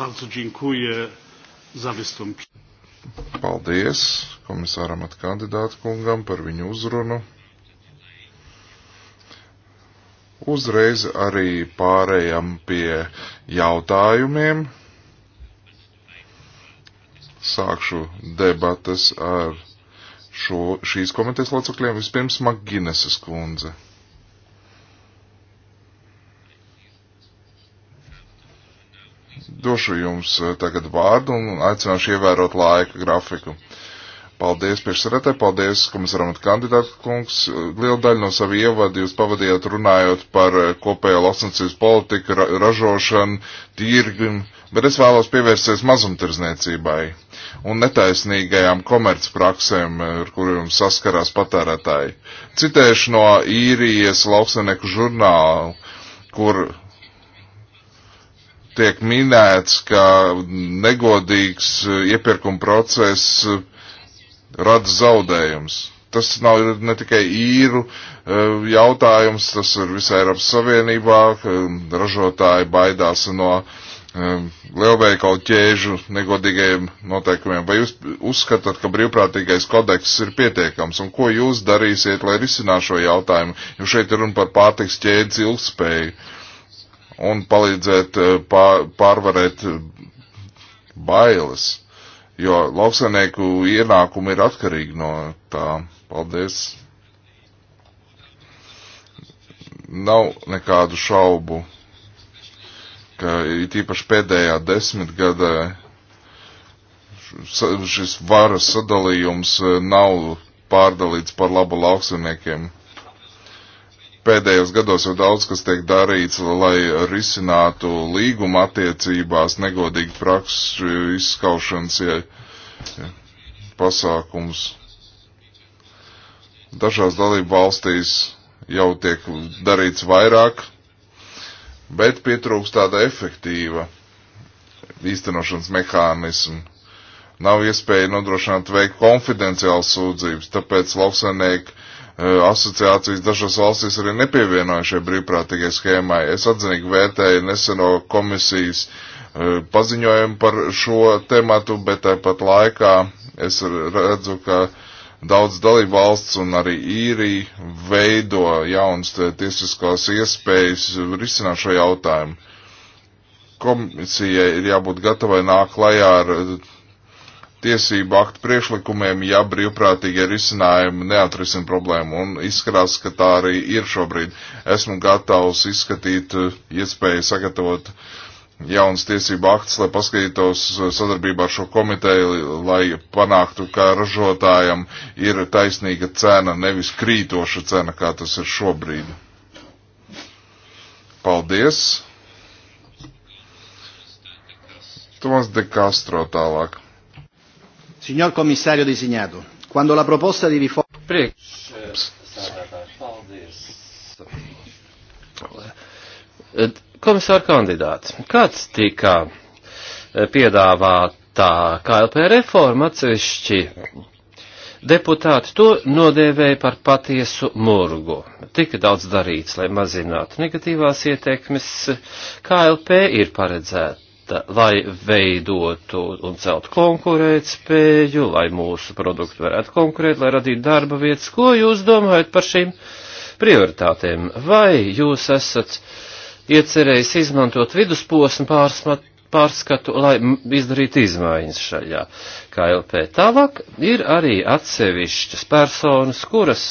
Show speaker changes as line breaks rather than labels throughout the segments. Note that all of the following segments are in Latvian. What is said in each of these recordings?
Bardzo dziękuję za wystąpienie.
Paldies komisāram atkandidātu kungam par viņu uzrunu. Uzreiz arī pārējām pie jautājumiem. Sākšu debatas ar šo, šīs komitejas locekļiem. Vispirms Magineses kundze. došu jums eh, tagad vārdu un aicināšu ievērot laika grafiku. Paldies priekšsarētē, paldies komisaram un kandidātu kungs. Liela daļa no savu ievadu jūs pavadījāt runājot par eh, kopējo lasnacības politiku, ra ražošanu, tirgu, bet es vēlos pievērsties mazumtirzniecībai un netaisnīgajām komercpraksēm, eh, ar kuriem saskarās patērētāji. Citēšu no īrijas lauksanieku žurnālu, kur tiek minēts, ka negodīgs e, iepirkuma process e, rada zaudējums. Tas nav ne tikai īru e, jautājums, tas ir visā Eiropas Savienībā, ražotāji baidās no lielveikalu ķēžu negodīgajiem noteikumiem. Vai jūs uzskatāt, ka brīvprātīgais kodeks ir pietiekams un ko jūs darīsiet, lai risinātu šo jautājumu, jo šeit ir runa par pārtiks ķēdes ilgspēju? Uh, un palīdzēt eh, pārvarēt eh, bailes, jo lauksaimnieku ienākumi ir atkarīgi no tā. Paldies! Nav nekādu šaubu, ka it īpaši pēdējā desmitgadē šis varas sadalījums eh, nav pārdalīts par labu lauksaimniekiem pēdējos gados jau daudz kas tiek darīts, lai risinātu līguma attiecībās negodīgi praksu izskaušanas ja, ja, pasākums. Dažās dalību valstīs jau tiek darīts vairāk, bet pietrūkst tāda efektīva īstenošanas mehānismu. Nav iespēja nodrošināt veikt konfidenciālas sūdzības, tāpēc lauksainieki asociācijas dažās valstīs arī nepievienojušie brīvprātīgie schēmai. Es atzinīgi vērtēju neseno komisijas paziņojumu par šo tematu, bet tāpat laikā es redzu, ka daudz dalību valsts un arī īrija veido jaunas tiesiskās iespējas risināt šo jautājumu. Komisijai ir jābūt gatavai nāk klajā ar tiesību aktu priekšlikumiem, ja brīvprātīgie risinājumi neatrisina problēmu, un izskatās, ka tā arī ir šobrīd. Esmu gatavs izskatīt eh, iespēju sagatavot jaunas tiesību aktas, lai paskatītos eh, sadarbībā ar šo komiteju, lai panāktu, ka ražotājam ir taisnīga cena, nevis krītoša cena, kā tas ir šobrīd. Paldies! Tomas de Castro tālāk. Signor komisārio designato, quando la proposta di riforma...
Priekšsēdētāji, paldies. Komisāra kandidāts, kāds tika eh, piedāvātā KLP reforma atsevišķi deputāti to nodēvēja par patiesu murgu. Tik daudz darīts, lai mazinātu negatīvās ietekmes. KLP ir paredzēta lai veidotu un celtu konkurētspēju, lai mūsu produktu varētu konkurēt, lai radītu darba vietas. Ko jūs domājat par šīm prioritātēm? Vai jūs esat iecerējis izmantot vidusposmu pārsmat, pārskatu, lai izdarītu izmaiņas šajā KLP? Tālāk ir arī atsevišķas personas, kuras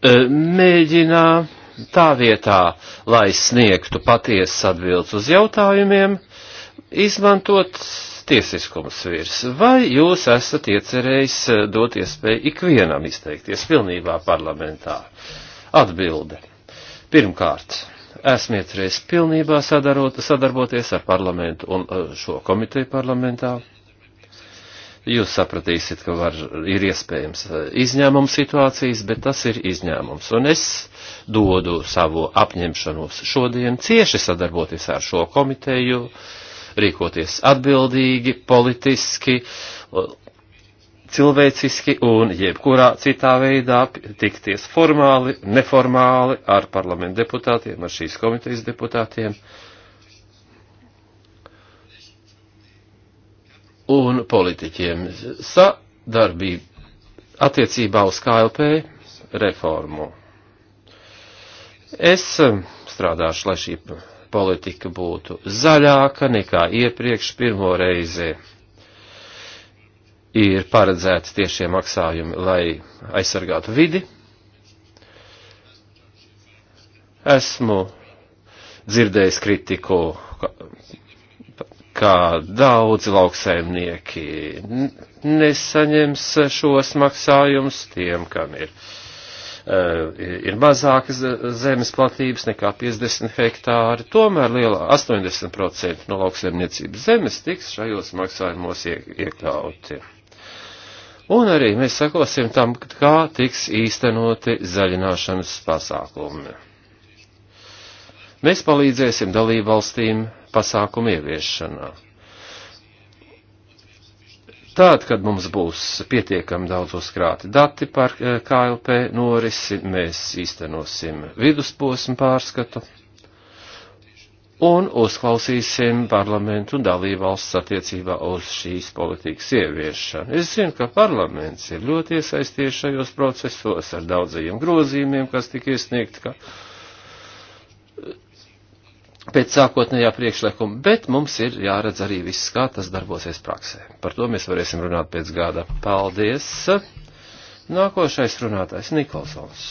mēģina tā vietā, lai sniegtu patiesas atbildes uz jautājumiem, izmantot tiesiskums virs, vai jūs esat iecerējis eh, dot iespēju ikvienam izteikties pilnībā parlamentā? Atbilde. Pirmkārt, esmu iecerējis pilnībā sadarot, sadarboties ar parlamentu un eh, šo komiteju parlamentā. Jūs sapratīsiet, ka var, ir iespējams eh, izņēmums situācijas, bet tas ir izņēmums. Un es dodu savu apņemšanos šodien cieši sadarboties ar šo komiteju, rīkoties atbildīgi, politiski, cilvēciski un jebkurā citā veidā tikties formāli, neformāli ar parlamentu deputātiem, ar šīs komitejas deputātiem. Un politiķiem sadarbība attiecībā uz KLP reformu. Es um, strādāšu, lai šī politika būtu zaļāka nekā iepriekš pirmo reizi ir paredzēti tiešie maksājumi, lai aizsargātu vidi. Esmu dzirdējis kritiku, ka, ka daudzi lauksaimnieki nesaņems šos maksājumus tiem, kam ir uh, Eh, ir mazākas zemes platības nekā 50 hektāri, tomēr lielā 80% no lauksaimniecības zemes tiks šajos maksājumos iekļauti. Un arī mēs sakosim tam, kā tiks īstenoti zaļināšanas pasākumi. Mēs palīdzēsim dalībvalstīm pasākumu ieviešanā. Tad, kad mums būs pietiekami daudz uzkrāti dati par eh, KLP norisi, mēs īstenosim vidusposmu pārskatu un uzklausīsim parlamentu dalībvalsts attiecībā uz šīs politikas ieviešanu. Es zinu, ka parlaments ir ļoti iesaistījies šajos procesos ar daudzajiem grozījumiem, kas tika iesniegti, ka pēc sākotnējā priekšlikuma, bet mums ir jāredz arī viss, kā tas darbosies praksē. Par to mēs varēsim runāt pēc gada. Paldies! Nākošais runātājs Nikolsons.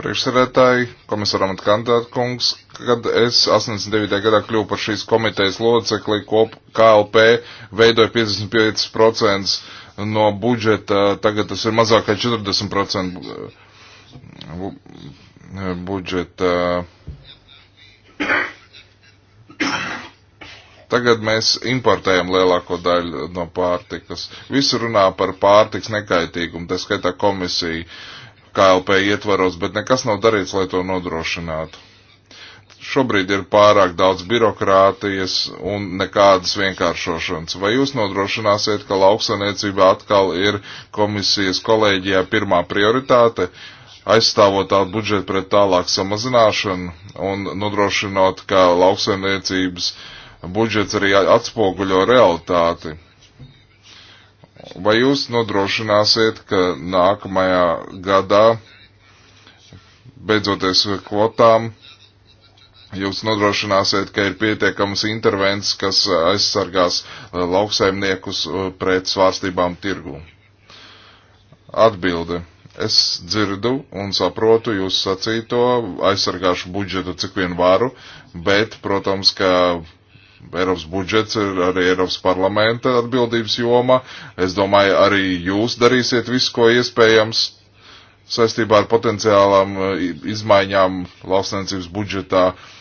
Priekšsarētāji, komisaram atkandāt kungs, kad es 89. gadā kļuvu par šīs komitejas locekli, kop KLP veidoja 55% no budžeta, tagad tas ir mazāk kā 40% budžeta. Tagad mēs importējam lielāko daļu no pārtikas. Visi runā par pārtiks nekaitīgumu, tā skaitā komisija KLP ietvaros, bet nekas nav darīts, lai to nodrošinātu. Šobrīd ir pārāk daudz birokrātijas un nekādas vienkāršošanas. Vai jūs nodrošināsiet, ka lauksaniecība atkal ir komisijas kolēģijā pirmā prioritāte? Uh, aizstāvot tādu budžetu pret tālāku samazināšanu un nodrošinot, ka lauksaimniecības budžets arī atspoguļo realitāti. Vai jūs nodrošināsiet, ka nākamajā gadā, beidzoties kvotām, jūs nodrošināsiet, ka ir pietiekamas intervences, kas aizsargās eh, lauksaimniekus eh, pret svārstībām tirgu? Atbilde. Es dzirdu un saprotu jūs sacīto, aizsargāšu budžetu cik vien varu, bet, protams, ka Eiropas budžets ir arī Eiropas parlamenta atbildības joma. Es domāju, arī jūs darīsiet visu, ko iespējams saistībā ar potenciālām e, izmaiņām lauksainicības budžetā. Uh,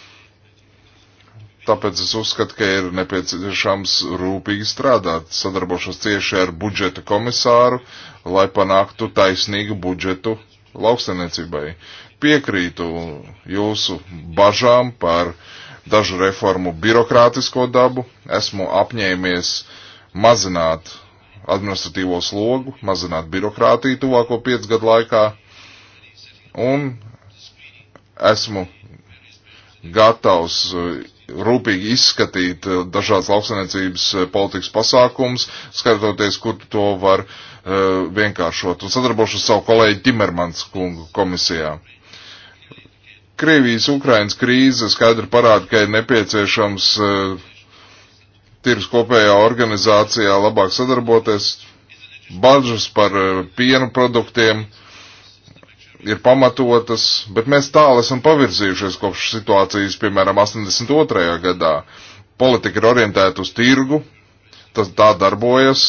Tāpēc es uzskatu, ka ir nepieciešams rūpīgi strādāt, sadarbošos cieši ar budžeta komisāru, lai panāktu taisnīgu budžetu lauksainiecībai. Piekrītu jūsu bažām par dažu reformu birokrātisko dabu. Esmu apņēmies mazināt administratīvo slogu, mazināt birokrātiju tuvāko piecu gadu laikā. Un esmu gatavs rūpīgi izskatīt eh, dažādas lauksainiecības eh, politikas pasākums, skatoties, kur to var uh, vienkāršot. Un sadarbošu ar savu kolēģi Timermans kungu komisijā. Krievijas-Ukrainas krīze skaidri parāda, ka ir nepieciešams uh, tirgus kopējā organizācijā labāk sadarboties, bažas par uh, pienu produktiem, uh, ir pamatotas, bet mēs tālu esam pavirzījušies kopš situācijas, piemēram, 82. gadā. Politika ir orientēta uz tirgu, tas tā darbojas.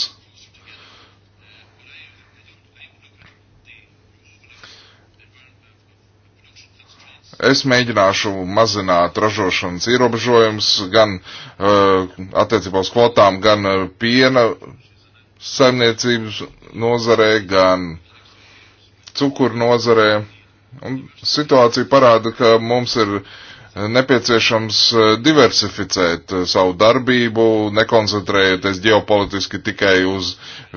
Es mēģināšu mazināt ražošanas ierobežojumus gan uh, attiecībā uz kvotām, gan uh, piena saimniecības nozarē, gan uh, cukuru nozarē. Un situācija parāda, ka mums ir nepieciešams eh, diversificēt eh, savu darbību, nekoncentrējoties ģeopolitiski tikai uz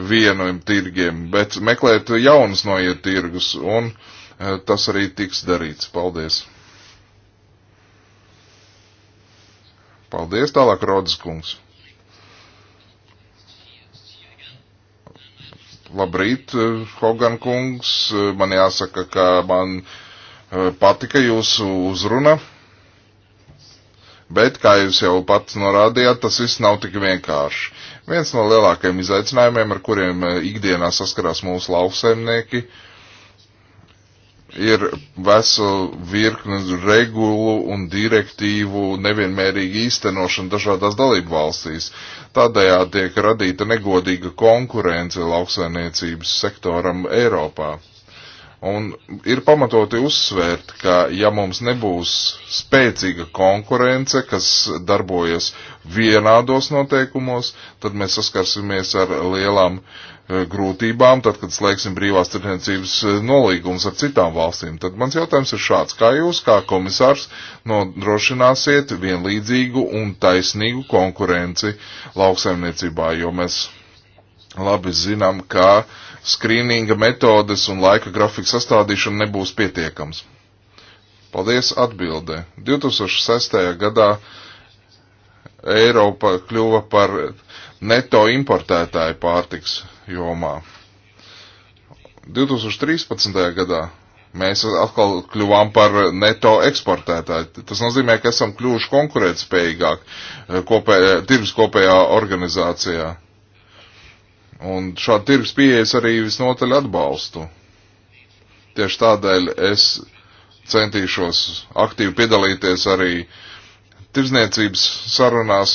vieniem tirgiem, bet meklēt jaunus noiet tirgus, un eh, tas arī tiks darīts. Paldies! Paldies, tālāk Rodas kungs. Labrīt, eh, Hogan kungs. Eh, man jāsaka, ka man eh, patika jūsu uzruna. Bet, kā jūs jau pats norādījāt, tas viss nav tik vienkārši. Viens no lielākajiem izaicinājumiem, ar kuriem ikdienā saskarās mūsu lauksaimnieki, ir ir vesela virkne regulu un direktīvu nevienmērīgi īstenošana dažādās dalību valstīs. Tādējādi tiek radīta negodīga konkurence lauksainiecības sektoram Eiropā. Un ir pamatoti uzsvērt, ka ja mums nebūs spēcīga konkurence, kas darbojas vienādos noteikumos, tad mēs saskarsimies ar lielām uh, Eh, grūtībām, tad, kad slēgsim brīvās tirdzniecības eh, nolīgumus ar citām valstīm. Tad mans jautājums ir šāds, kā jūs, kā komisārs, nodrošināsiet vienlīdzīgu un taisnīgu konkurenci lauksaimniecībā, jo mēs labi zinām, ka skrīninga metodes un laika grafika sastādīšana nebūs pietiekams. Paldies atbildē. 2006. gadā Eiropa kļuva par neto importētāju pārtiks jomā. 2013. gadā mēs atkal kļuvām par neto eksportētāju. Tas nozīmē, ka esam kļuvuši konkurētspējīgāk eh, kopē, tirgus kopējā organizācijā. Un šādu tirgus pieejas arī visnotaļ atbalstu. Tieši tādēļ es centīšos aktīvi piedalīties arī tirzniecības sarunās,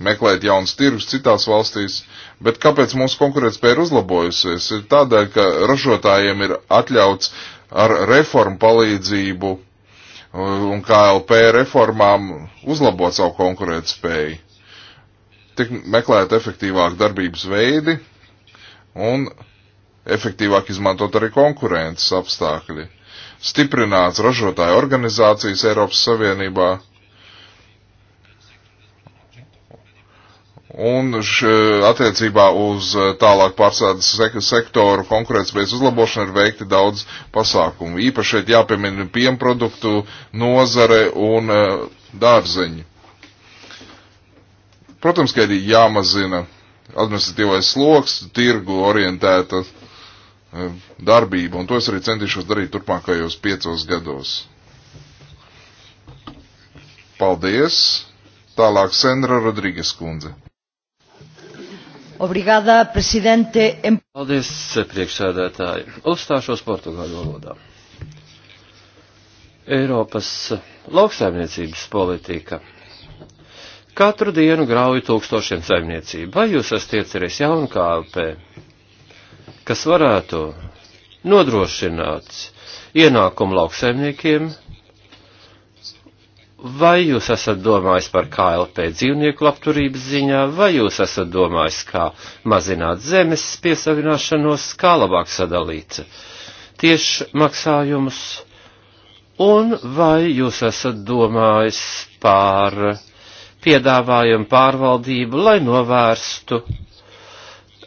meklēt jaunas tirgus citās valstīs Bet kāpēc mūsu konkurētspēja ir uzlabojusies? Ir tādēļ, ka ražotājiem ir atļauts ar reformu palīdzību uh, un KLP reformām uzlabot savu konkurētspēju. Tik meklēt efektīvāk darbības veidi un efektīvāk izmantot arī konkurences apstākļi. Stiprināts ražotāju organizācijas Eiropas Savienībā Un š, attiecībā uz eh, tālāk pārsādes sektoru konkurētspējas uzlabošanu ir veikti daudz pasākumu. Īpaši šeit jāpiemina piemproduktu nozare un eh, dārzeņi. Protams, ka ir jāmazina administratīvais sloks, tirgu orientēta eh, darbība, un to es arī centīšos darīt turpmākajos piecos gados. Paldies! Tālāk Sandra Rodrīgas kundze. Obrigada, prezidente. Paldies, priekšsēdētāji.
Uzstāšos portugāļu valodā. Eiropas lauksaimniecības politika katru dienu grauju tūkstošiem saimniecību. Vai jūs esat iecerējis jaunu KLP, kas varētu nodrošināt ienākumu lauksaimniekiem, Vai jūs esat domājis par KLP dzīvnieku labturības ziņā, vai jūs esat domājis, kā mazināt zemes piesavināšanos, kā labāk sadalīt tieši maksājumus, un vai jūs esat domājis par piedāvājumu pārvaldību, lai novērstu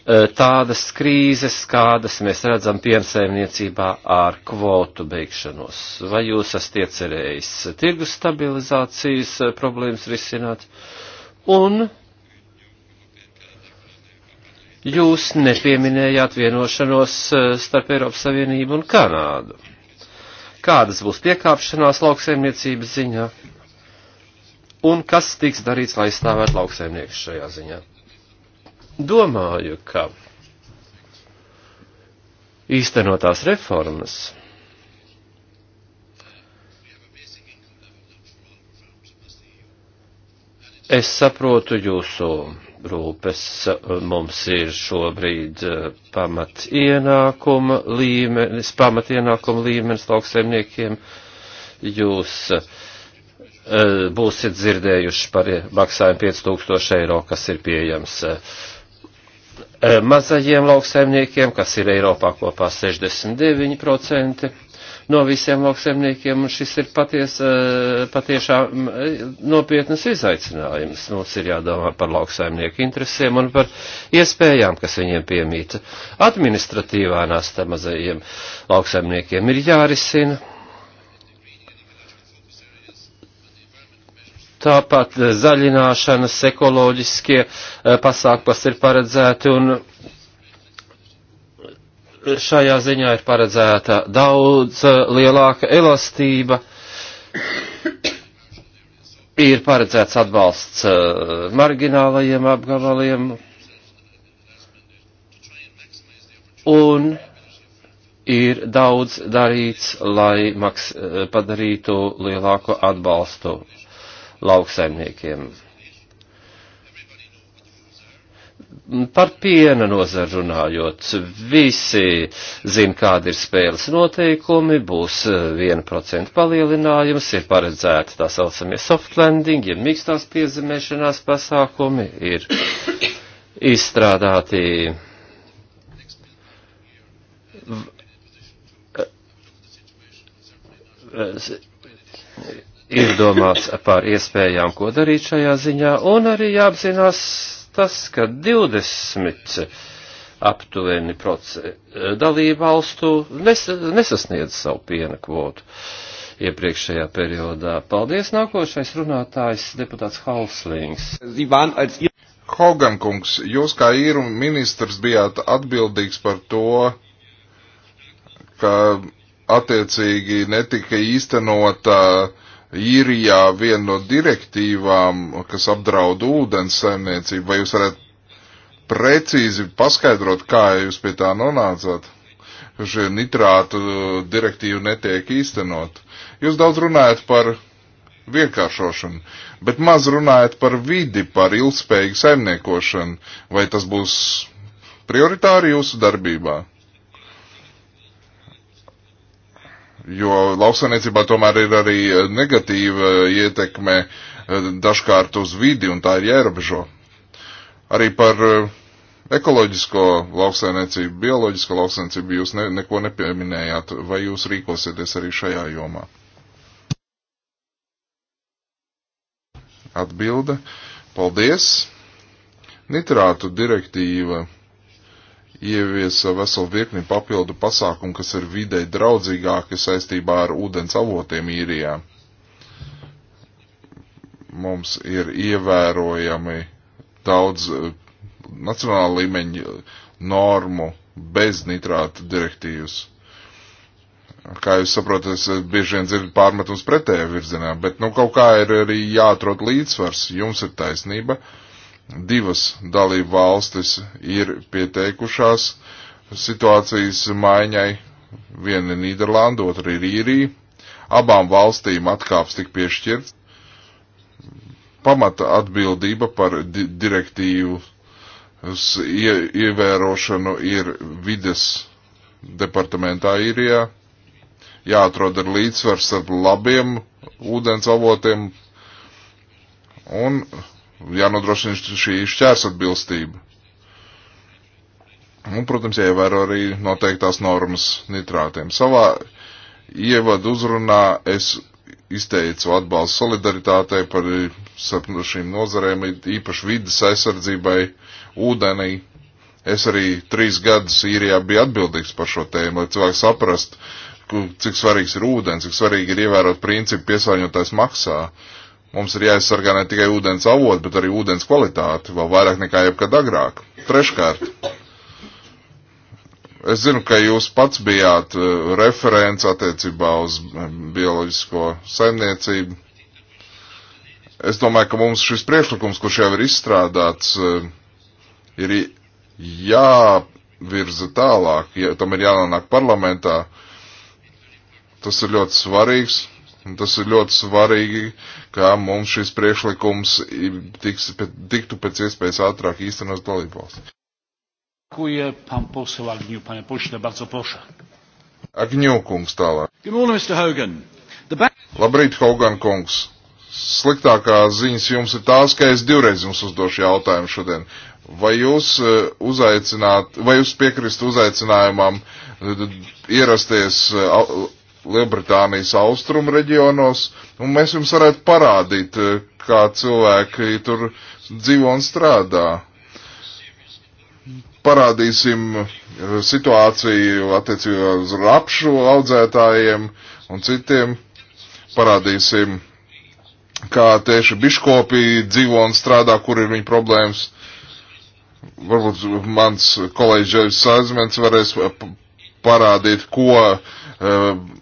Eh, tādas krīzes, kādas mēs redzam piensaimniecībā ar kvotu beigšanos? Vai jūs esat iecerējis tirgus stabilizācijas eh, problēmas risināt? Un jūs nepieminējāt vienošanos eh, starp Eiropas Savienību un Kanādu. Kādas būs piekāpšanās lauksaimniecības ziņā? Un kas tiks darīts, lai stāvētu lauksaimniekus šajā ziņā? Domāju, ka īstenotās reformas Es saprotu jūsu rūpes. Mums ir šobrīd eh, pamat ienākuma līmenis, pamat ienākuma līmenis lauksaimniekiem. Jūs eh, būsiet dzirdējuši par maksājumu 5000 eiro, kas ir pieejams eh, E, mazajiem lauksaimniekiem, kas ir Eiropā kopā 69% no visiem lauksaimniekiem, un šis ir paties, e, patiešām e, nopietnas izaicinājums. Mums ir jādomā par lauksaimnieku interesēm un par iespējām, kas viņiem piemīta. Administratīvā nasta mazajiem lauksaimniekiem ir jārisina tāpat eh, zaļināšanas, ekoloģiskie eh, pasākums ir paredzēti un šajā ziņā ir paredzēta daudz eh, lielāka elastība. Ir paredzēts atbalsts marginālajiem apgabaliem un ir daudz darīts, lai maks, padarītu lielāku atbalstu lauksaimniekiem. Par piena nozaru runājot, visi zina, kāda ir spēles noteikumi, būs 1% eh, palielinājums, ir paredzēta tā saucamie soft landing, ir mīkstās piezemēšanās pasākumi, ir izstrādāti v... Eh, ir domāts par iespējām, ko darīt šajā ziņā, un arī jāapzinās tas, ka 20 aptuveni dalību valstu nes, nesasniedz savu piena kvotu iepriekšējā periodā.
Paldies, nākošais runātājs, deputāts Hauslings. Hogan kungs, jūs kā īru ministrs bijāt atbildīgs par to, ka attiecīgi netika īstenota uh, īrijā viena no direktīvām, kas apdraud ūdens saimniecību, vai jūs varētu precīzi paskaidrot, kā jūs pie tā nonācāt? Šie nitrātu uh, direktīvu netiek īstenot. Jūs daudz runājat par vienkāršošanu, bet maz runājat par vidi, par ilgspējīgu saimniekošanu. Vai tas būs prioritāri jūsu darbībā? jo lauksaimniecībā tomēr ir arī eh, negatīva ietekme eh, dažkārt uz vidi, un tā ir jāierobežo. Arī par eh, ekoloģisko lauksaimniecību, bioloģisko lauksaimniecību jūs ne, neko nepieminējāt, vai jūs rīkosieties arī šajā jomā? Atbilde. Paldies. Nitrātu direktīva ieviesa eh, veselu virkni papildu pasākumu, kas ir videi draudzīgāki saistībā ar ūdens avotiem īrijā. Mums ir ievērojami daudz eh, nacionāla līmeņa normu bez nitrāta direktīvas. Kā jūs saprotat, es eh, bieži vien dzirdu pārmetums pretējā virzienā, bet nu kaut kā ir arī jāatrod līdzsvars, jums ir taisnība. Uh, Divas dalību valstis ir pieteikušās situācijas maiņai, viena Nīderlanda, otra ir Īrija. Abām valstīm atkāps tik piešķirts. Pamata atbildība par di direktīvu ievērošanu ir vides departamentā īrijā. Jāatrod ir līdzsvars ar labiem ūdens avotiem un jānodrošina šī šķērs atbilstība. Un, protams, jāievēro arī noteiktās normas nitrātiem. Savā ievadu uzrunā es izteicu atbalstu solidaritātei par šīm nozarēm, īpaši vidas aizsardzībai, ūdenī. Es arī trīs gadus īrijā biju atbildīgs par šo tēmu, lai cilvēki saprastu, cik svarīgs ir ūdens, cik svarīgi ir ievērot principu piesāņotais maksā. Uh, Mums ir jāaizsargā ne tikai ūdens avot, bet arī ūdens kvalitāte, vēl vairāk nekā jebkad agrāk. Treškārt, es zinu, ka jūs pats bijāt eh, referents attiecībā uz eh, bioloģisko saimniecību. Es domāju, ka mums šis priekšlikums, kurš jau ir izstrādāts, eh, ir jāvirza tālāk, ja tam ir jānonāk parlamentā. Tas ir ļoti svarīgs. Tas ir ļoti svarīgi, kā mums šis priekšlikums tiks, tiktu pēc iespējas ātrāk īstenos dalībvalstīs.
Dziękuję. Pan poseł Agniu, panie pośle, bardzo proszę.
Agniu kungs tālāk. Good morning, Mr. Hogan. The bank... Labrīt, Hogan kungs. Sliktākā ziņas jums ir tās, ka es divreiz jums uzdošu jautājumu šodien. Vai jūs e, uzaicināt, vai jūs piekrist uzaicinājumam e, ierasties e, Lielbritānijas austrumu reģionos, un mēs jums varētu parādīt, eh, kā cilvēki tur dzīvo un strādā. Parādīsim eh, situāciju attiecībā uz rapšu audzētājiem un citiem. Parādīsim, kā tieši biškopi dzīvo un strādā, kur ir viņa problēmas. Varbūt mans kolēģis Žēvis Saizmens varēs parādīt, ko uh,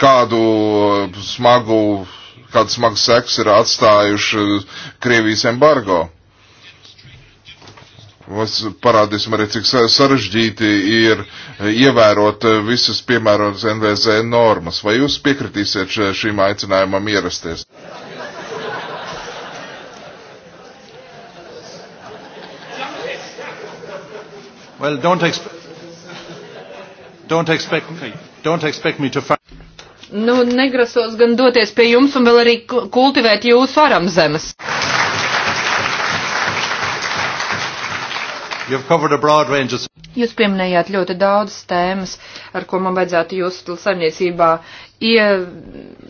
kādu smagu, kādu smagu seks ir atstājuši Krievijas embargo. Mēs parādīsim arī, cik sarežģīti ir ievērot visas piemērotas NVZ normas. Vai jūs piekritīsiet šīm aicinājumam ierasties? Well, don't, expe
don't, expect me, don't expect me to find
nu, negrasos gan doties pie jums un vēl arī kultivēt jūsu aram zemes.
Jūs
pieminējāt ļoti daudz tēmas, ar ko man vajadzētu jūsu saimniecībā ie,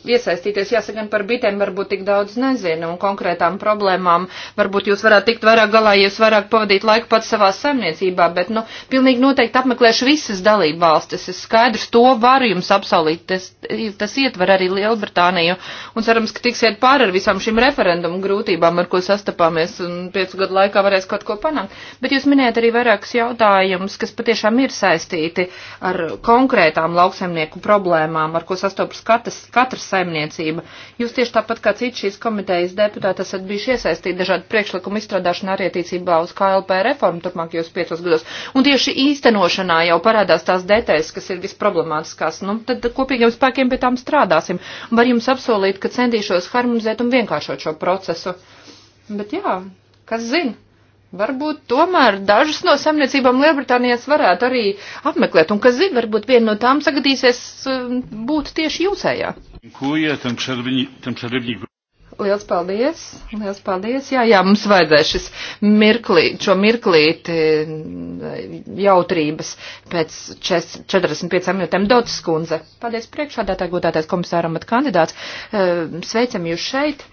iesaistīties. Jāsaka, par bitēm varbūt tik daudz nezinu un konkrētām problēmām. Varbūt jūs varētu tikt vairāk galā, ja jūs vairāk pavadīt laiku pats savā saimniecībā, bet, nu, pilnīgi noteikti apmeklēšu visas dalību valstis. Es skaidrs, to varu jums apsolīt. Tas, tas ietver arī Lielbritāniju un cerams, ka tiksiet pāri ar visām šīm referendumu grūtībām, ar ko sastapāmies un piecu gadu laikā varēs kaut ko panākt. Bet jūs minējat arī vairākus jautājumus, kas patiešām ir saistīti ar konkrētām lauksaimnieku problēmām, ar ko sastopamies sastopas katras, katras saimniecība. Jūs tieši tāpat kā citi šīs komitejas deputāti esat bijuši iesaistīti dažādu priekšlikumu izstrādāšanā arī attiecībā uz KLP reformu turpmākajos piecos gados. Un tieši īstenošanā jau parādās tās detaļas, kas ir visproblemātiskās. Nu, tad kopīgiem spēkiem pie tām strādāsim. Var jums apsolīt, ka centīšos harmonizēt un vienkāršot šo procesu. Bet jā, kas zina? Varbūt tomēr dažas no samniecībām Lielbritānijās varētu arī apmeklēt, un, kas zina, varbūt viena no tām sagadīsies um, būt tieši jūsējā. Liels paldies, liels paldies. Jā, jā, mums vajadzēja šis mirklīt, šo mirklīt mm, jautrības pēc 45 minūtēm. Dots skundze. Paldies priekšādātāju, godātais komisāram at kandidāts. Ehm, sveicam jūs šeit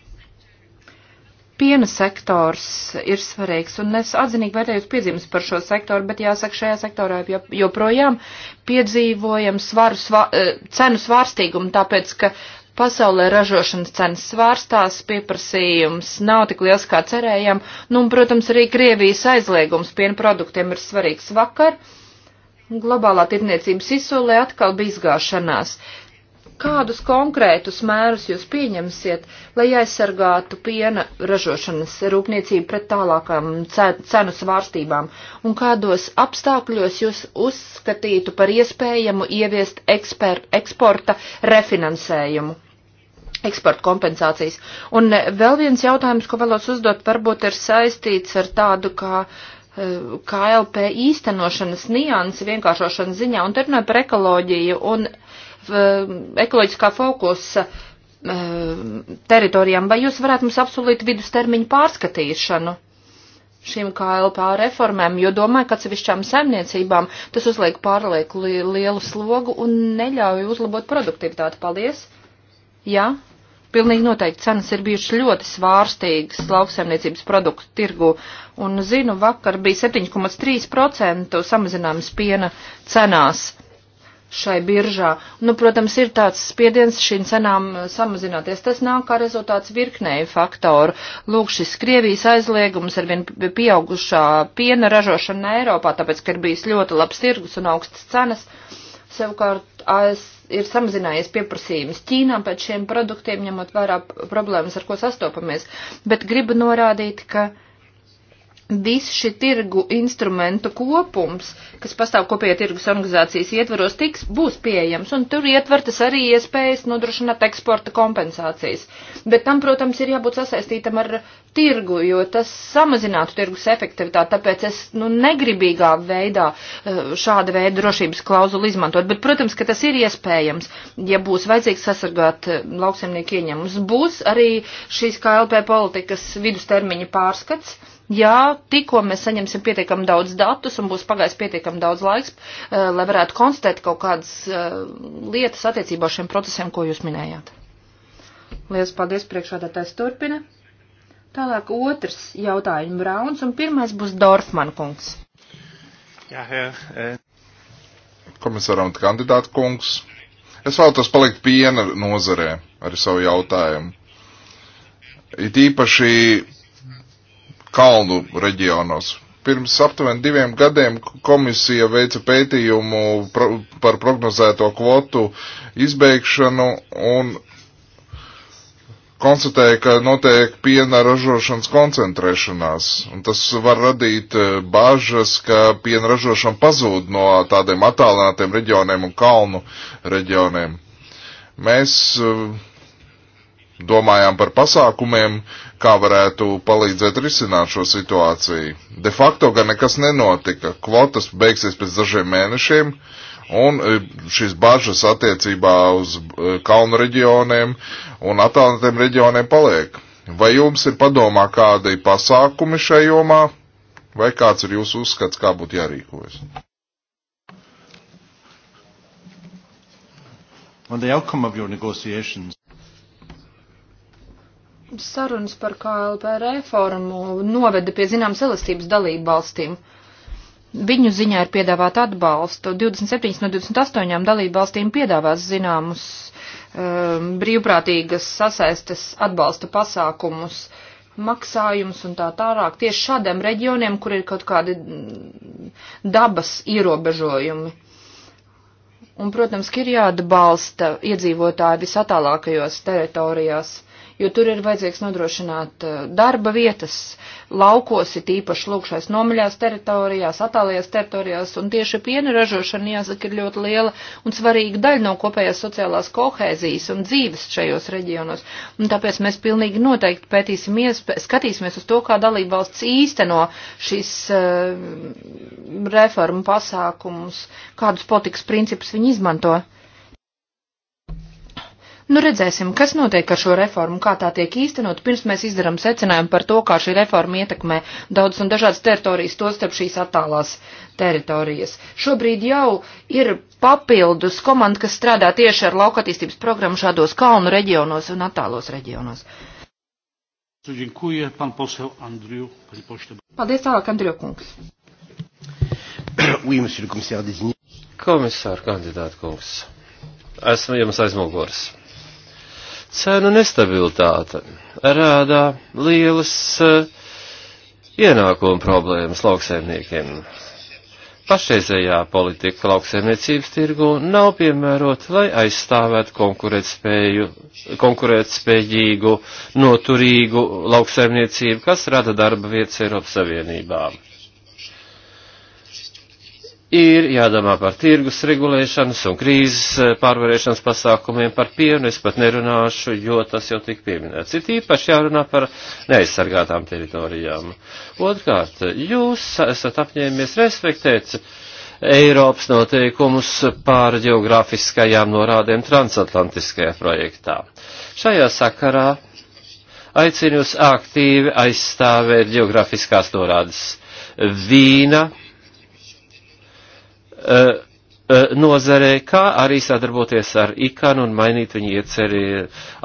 piena sektors ir svarīgs, un es atzinīgi vērtēju piedzīmes par šo sektoru, bet jāsaka, šajā sektorā joprojām piedzīvojam svaru, svā, e, cenu svārstīgumu, tāpēc, ka pasaulē ražošanas cenas svārstās, pieprasījums nav tik liels, kā cerējām, nu, un, protams, arī Krievijas aizliegums piena produktiem ir svarīgs vakar. Globālā tirniecības izsolē atkal bija izgāšanās. Kādus konkrētus mērus jūs pieņemsiet, lai aizsargātu piena ražošanas rūpniecību pret tālākām cenu svārstībām, un kādos apstākļos jūs uzskatītu par iespējamu ieviest eksper, eksporta refinansējumu? eksporta kompensācijas. Un eh, vēl viens jautājums, ko vēlos uzdot, varbūt ir saistīts ar tādu kā uh, eh, KLP īstenošanas niansi vienkāršošanas ziņā un te runāju par ekoloģiju un Um, ekoloģiskā fokusa um, teritorijām, vai jūs varētu mums apsolīt vidustermiņu pārskatīšanu? šīm KLP reformēm, jo domāju, ka atsevišķām saimniecībām tas uzliek pārlieku li lielu slogu un neļauj uzlabot produktivitāti. Paldies! Jā, pilnīgi noteikti cenas ir bijušas ļoti svārstīgas lauksaimniecības produktu tirgu, un zinu, vakar bija 7,3% samazinājums piena cenās šai biržā. Nu, protams, ir tāds spiediens šīm cenām eh, samazināties. Tas nāk kā rezultāts virknēju faktoru. Lūk, šis Krievijas aizliegums ar vien pieaugušā piena ražošana Eiropā, tāpēc, ka ir bijis ļoti labs tirgus un augstas cenas. Savukārt, AS ir samazinājies pieprasījums Ķīnām pēc šiem produktiem, ņemot vērā problēmas, ar ko sastopamies. Bet gribu norādīt, ka Viss šī tirgu instrumentu kopums, kas pastāv kopējā tirgus organizācijas ietvaros, tiks, būs pieejams, un tur ietvertas arī iespējas nodrošināt eksporta kompensācijas. Bet tam, protams, ir jābūt sasaistītam ar tirgu, jo tas samazinātu tirgus efektivitāti, tāpēc es, nu, negribīgā veidā eh, šāda veida drošības klauzulu izmantot. Bet, protams, ka tas ir iespējams, ja būs vajadzīgs sasargāt eh, lauksemnieku ieņemumus. Būs arī šīs KLP politikas vidustermiņa pārskats Jā, tikko mēs saņemsim pietiekam daudz datus un būs pagājis pietiekam daudz laiks, eh, lai varētu konstatēt kaut kādas eh, lietas attiecībā šiem procesiem, ko jūs minējāt. Lielas paldies, priekšādātājs turpina. Tālāk otrs jautājumu rauns un pirmais būs Dorfman kungs.
Jā, jā. E.
Komisāram kandidātu kungs. Es vēlos palikt piena nozarē ar savu jautājumu. It īpaši kalnu reģionos. Pirms aptuveni diviem gadiem komisija veica pētījumu par prognozēto kvotu izbeigšanu un konstatēja, ka notiek piena ražošanas koncentrēšanās, un tas var radīt e, bāžas, ka piena ražošana pazūd no tādiem attālinātiem reģioniem un kalnu reģioniem. Mēs e, domājām par pasākumiem, kā varētu palīdzēt risināt šo situāciju. De facto gan nekas nenotika. Kvotas beigsies pēc dažiem mēnešiem, un e, šīs bažas attiecībā uz e, kalnu reģioniem un attālinātiem reģioniem paliek. Vai jums ir padomā kādi pasākumi šajā jomā, vai kāds ir jūsu uzskats, kā būtu jārīkojas? On the outcome of your negotiations
sarunas par KLP reformu noveda pie zināmas elastības dalību valstīm. Viņu ziņā ir piedāvāt atbalstu. 27 no 28 dalību valstīm piedāvās zināmus um, brīvprātīgas sasaistes atbalsta pasākumus, maksājumus un tā tālāk tieši šādiem reģioniem, kur ir kaut kādi mm, dabas ierobežojumi. Un, protams, ka ir jāatbalsta iedzīvotāji visatālākajos teritorijās jo tur ir vajadzīgs nodrošināt eh, darba vietas laukos, ir īpaši lūkšais nomaļās teritorijās, attālajās teritorijās, un tieši piena ražošana, jāsaka, ir ļoti liela un svarīga daļa no kopējās sociālās kohēzijas un dzīves šajos reģionos. Un tāpēc mēs pilnīgi noteikti pētīsim, skatīsimies uz to, kā dalība valsts īsteno šīs uh, eh, reformu pasākumus, kādus politikas principus viņi izmanto. Nu, redzēsim, kas notiek ar šo reformu, kā tā tiek īstenot, pirms mēs izdarām secinājumu par to, kā šī reforma ietekmē daudzas un dažādas teritorijas, to starp šīs attālās teritorijas. Šobrīd jau ir papildus komanda, kas strādā tieši ar laukatīstības programmu šādos kalnu reģionos un attālos reģionos. Paldies tālāk, Andriju kungs.
Komisāra kandidāta kungs. Esmu jums aizmugurs. Cenu nestabilitāte rādā lielas eh, ienākuma problēmas lauksaimniekiem. Pašreizējā politika lauksaimniecības tirgu nav piemērota, lai aizstāvētu konkurētspēju, konkurētspējīgu, noturīgu lauksaimniecību, kas rada darba vietas Eiropas Savienībām ir jādomā par tirgus regulēšanas un krīzes eh, pārvarēšanas pasākumiem par pienu, es pat nerunāšu, jo tas jau tik pieminēts. Ir īpaši jārunā par neaizsargātām teritorijām. Otrkārt, jūs esat apņēmies respektēt Eiropas noteikumus pār geogrāfiskajām norādēm transatlantiskajā projektā. Šajā sakarā aicinu jūs aktīvi aizstāvēt geogrāfiskās norādes vīna, E, e, nozarē, kā arī sadarboties ar ikanu un mainīt viņu ieceri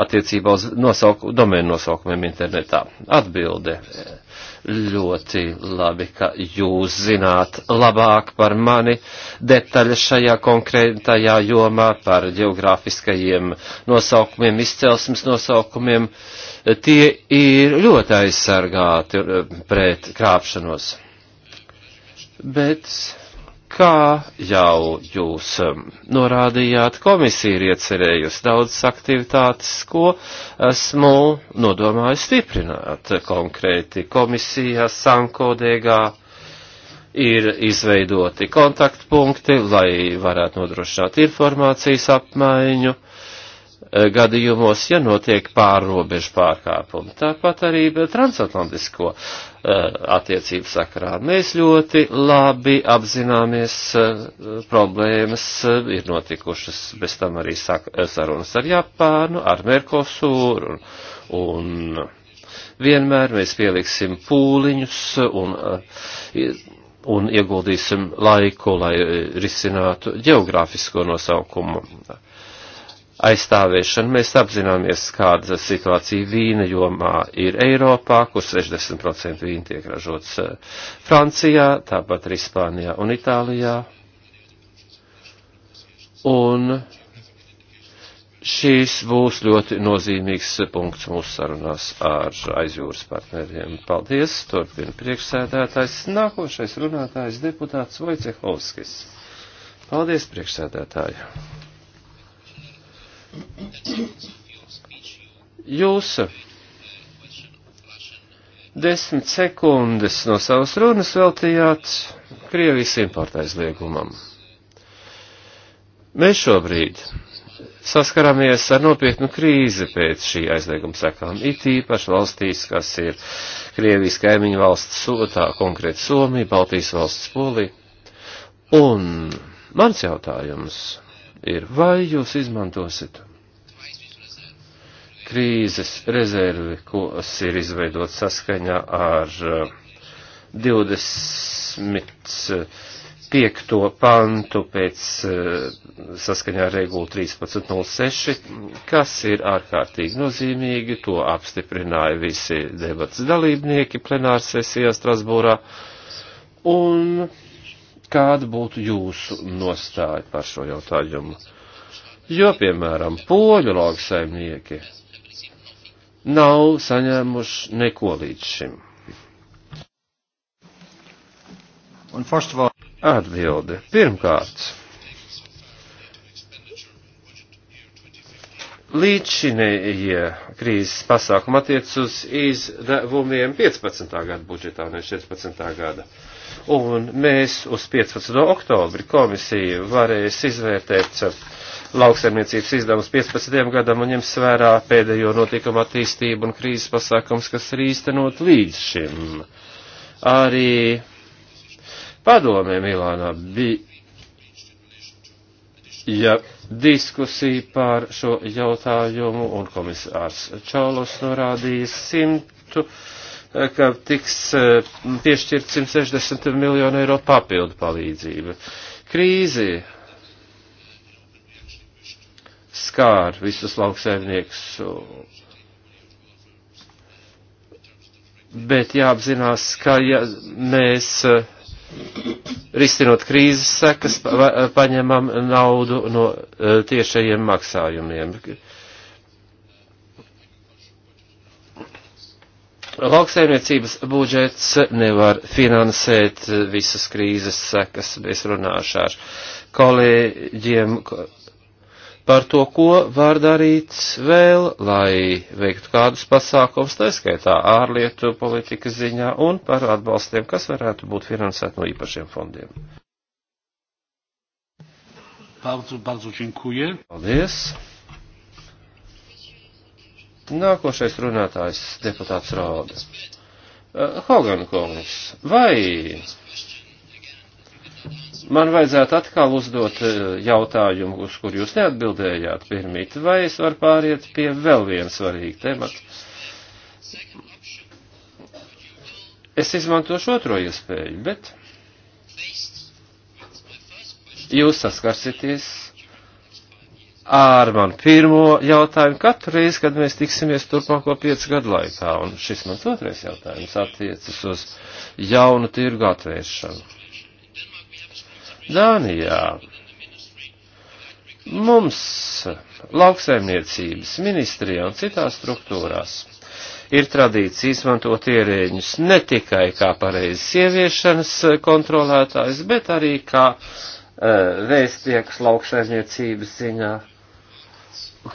attiecībā uz nosauku, domēnu nosaukumiem internetā. Atbilde. Ļoti labi, ka jūs zināt labāk par mani detaļas šajā konkrētajā jomā par geogrāfiskajiem nosaukumiem, izcelsmes nosaukumiem. Tie ir ļoti aizsargāti e, pret krāpšanos. Bet Kā jau jūs um, norādījāt, komisija ir iecerējusi daudzas aktivitātes, ko esmu nodomājis stiprināt konkrēti komisijā, sankodēgā, ir izveidoti kontaktpunkti, lai varētu nodrošināt informācijas apmaiņu Eh, gadījumos, ja notiek pārrobežu pārkāpumi. Tāpat arī transatlantisko eh, attiecību sakarā. Mēs ļoti labi apzināmies eh, problēmas, ir notikušas bez tam arī sarunas ar Japānu, ar Merkosūru un, un vienmēr mēs pieliksim pūliņus un, un ieguldīsim laiku, lai risinātu geogrāfisko nosaukumu aizstāvēšanu. Mēs apzināmies, kāda situācija vīna jomā ir Eiropā, kur 60% vīna tiek ražots eh, Francijā, tāpat arī Spānijā un Itālijā. Un šīs būs ļoti nozīmīgs punkts mūsu sarunās ar aizjūras partneriem. Paldies, turpina priekšsēdētājs. Nākošais runātājs deputāts Vojcehovskis. Paldies, priekšsēdētāji! Jūs desmit sekundes no savas runas veltījāt Krievijas importa aizliegumam. Mēs šobrīd saskaramies ar nopietnu krīzi pēc šī aizlieguma sekām, it īpaši valstīs, kas ir Krievijas kaimiņu valsts, tā konkrēti Somija, Baltijas valsts, Polija. Un mans jautājums ir, vai jūs izmantosiet krīzes rezervi, kas ir izveidot saskaņā ar 25. Eh, pantu pēc eh, saskaņā ar regulu 13.06, kas ir ārkārtīgi nozīmīgi, to apstiprināja visi debats dalībnieki plenārsesijā Strasbūrā. Un kāda būtu jūsu nostāja par šo jautājumu? Jo, piemēram, poļu lauksaimnieki nav saņēmuši neko līdz šim. Atbilde. Pirmkārt, līdzinējie krīzes pasākumi attiec uz izdevumiem 15. gada budžetā, ne 14. gada. Un mēs uz 15. oktobri komisiju varēs izvērtēt lauksaimniecības izdevumus 15. gadam un ņems vērā pēdējo notikumu attīstību un krīzes pasākums, kas ir īstenot līdz šim. Arī padomē Milānā bija ja diskusija par šo jautājumu un komisārs Čaulos norādīja simtu, ka tiks eh, piešķirt 160 miljonu eiro papildu palīdzību. Krīzi skār visus lauksaimniekus. Bet jāapzinās, ka ja mēs eh, risinot krīzes sekas eh, paņemam naudu no eh, tiešajiem maksājumiem. lauksaimniecības budžets nevar finansēt visas krīzes sekas. Es runāšu ar kolēģiem par to, ko var darīt vēl, lai veiktu kādus pasākums, taiskaitā ārlietu politikas ziņā un par atbalstiem, kas varētu būt finansēti no īpašiem fondiem.
Bardzo, bardzo dziękuję.
Paldies. Nākošais runātājs deputāts Rauda. Eh, Hogan kungs, vai man vajadzētu atkal uzdot e, jautājumu, uz kur jūs neatbildējāt pirmīt, vai es varu pāriet pie vēl viena svarīga temata. Es izmantošu otro iespēju, bet jūs saskarsieties ar manu pirmo jautājumu katru reizi, kad mēs tiksimies turpmāko piecu gadu laikā, un šis mans otrais jautājums attiecas uz jaunu tirgu atvēršanu Dānijā mums lauksaimniecības ministrijā un citās struktūrās ir tradīcija izmantot ierēģus ne tikai kā pareizes ieviešanas kontrolētājs, bet arī kā uh, vēstnieks lauksaimniecības ziņā,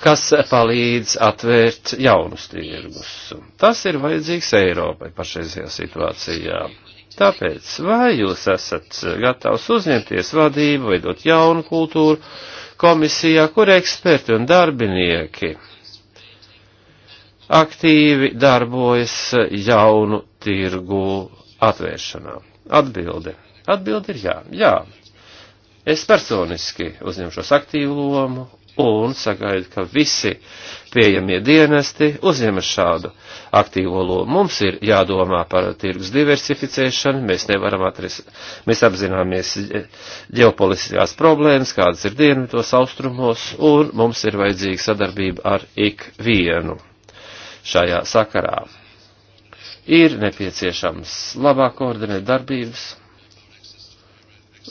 kas palīdz atvērt jaunus tirgus. Tas ir vajadzīgs Eiropai pašreizajā situācijā. Tāpēc, vai jūs esat gatavs uzņemties vadību, veidot jaunu kultūru komisijā, kur eksperti un darbinieki aktīvi darbojas jaunu tirgu atvēršanā? Atbilde. Atbilde ir jā. Jā. Es personiski uzņemšos aktīvu lomu un sagaidu, ka visi pieejamie dienesti uzņemas šādu aktīvo lomu. Mums ir jādomā par tirgus diversificēšanu, mēs nevaram atrast, mēs apzināmies ģeopolitiskās problēmas, kādas ir dienvidos austrumos, un mums ir vajadzīga sadarbība ar ikvienu šajā sakarā. Ir nepieciešams labāk koordinēt darbības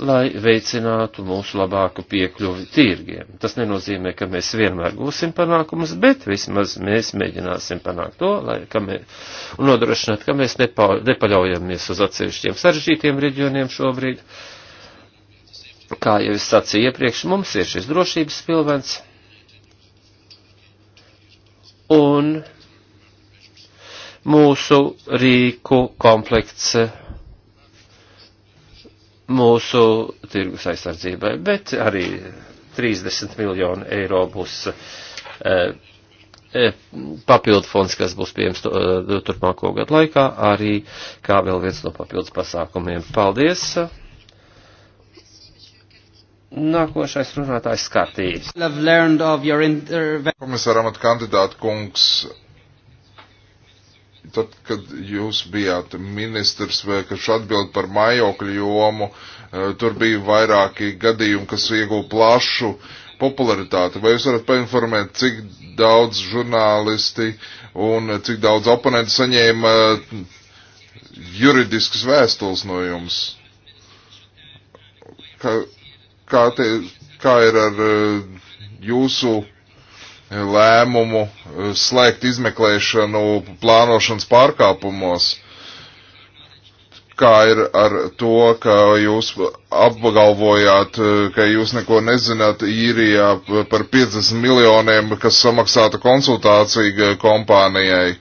lai veicinātu mūsu labāku piekļuvi tirgiem. Tas nenozīmē, ka mēs vienmēr gūsim panākumus, bet vismaz mēs mēģināsim panākt to, lai, ka mē, un nodrošināt, ka mēs nepa, nepaļaujamies uz atsevišķiem sarežģītiem reģioniem šobrīd. Kā jau es sacīju iepriekš, mums ir šis drošības pilvens. Un mūsu rīku komplekts mūsu tirgus aizsardzībai, bet arī 30 miljonu eiro būs eh, eh, papildu fonds, kas būs pieejams eh, turpmāko gadu laikā, arī kā vēl viens no papildus pasākumiem. Paldies! Nākošais
runātājs skatīs. Komisāra amata kandidāta kungs, tad, kad jūs bijāt ministrs, kas atbild par mājokļu jomu, e, tur bija vairāki gadījumi, kas ieguva plašu popularitāti. Vai jūs varat painformēt, cik daudz žurnālisti un cik daudz oponenti saņēma e, juridiskas vēstules no jums? Kā, kā, te, kā ir ar e, jūsu lēmumu eh, slēgt izmeklēšanu plānošanas pārkāpumos. Kā ir ar to, ka jūs apgalvojāt, eh, ka jūs neko nezināt īrijā par 50 miljoniem, kas samaksāta konsultācija eh, kompānijai,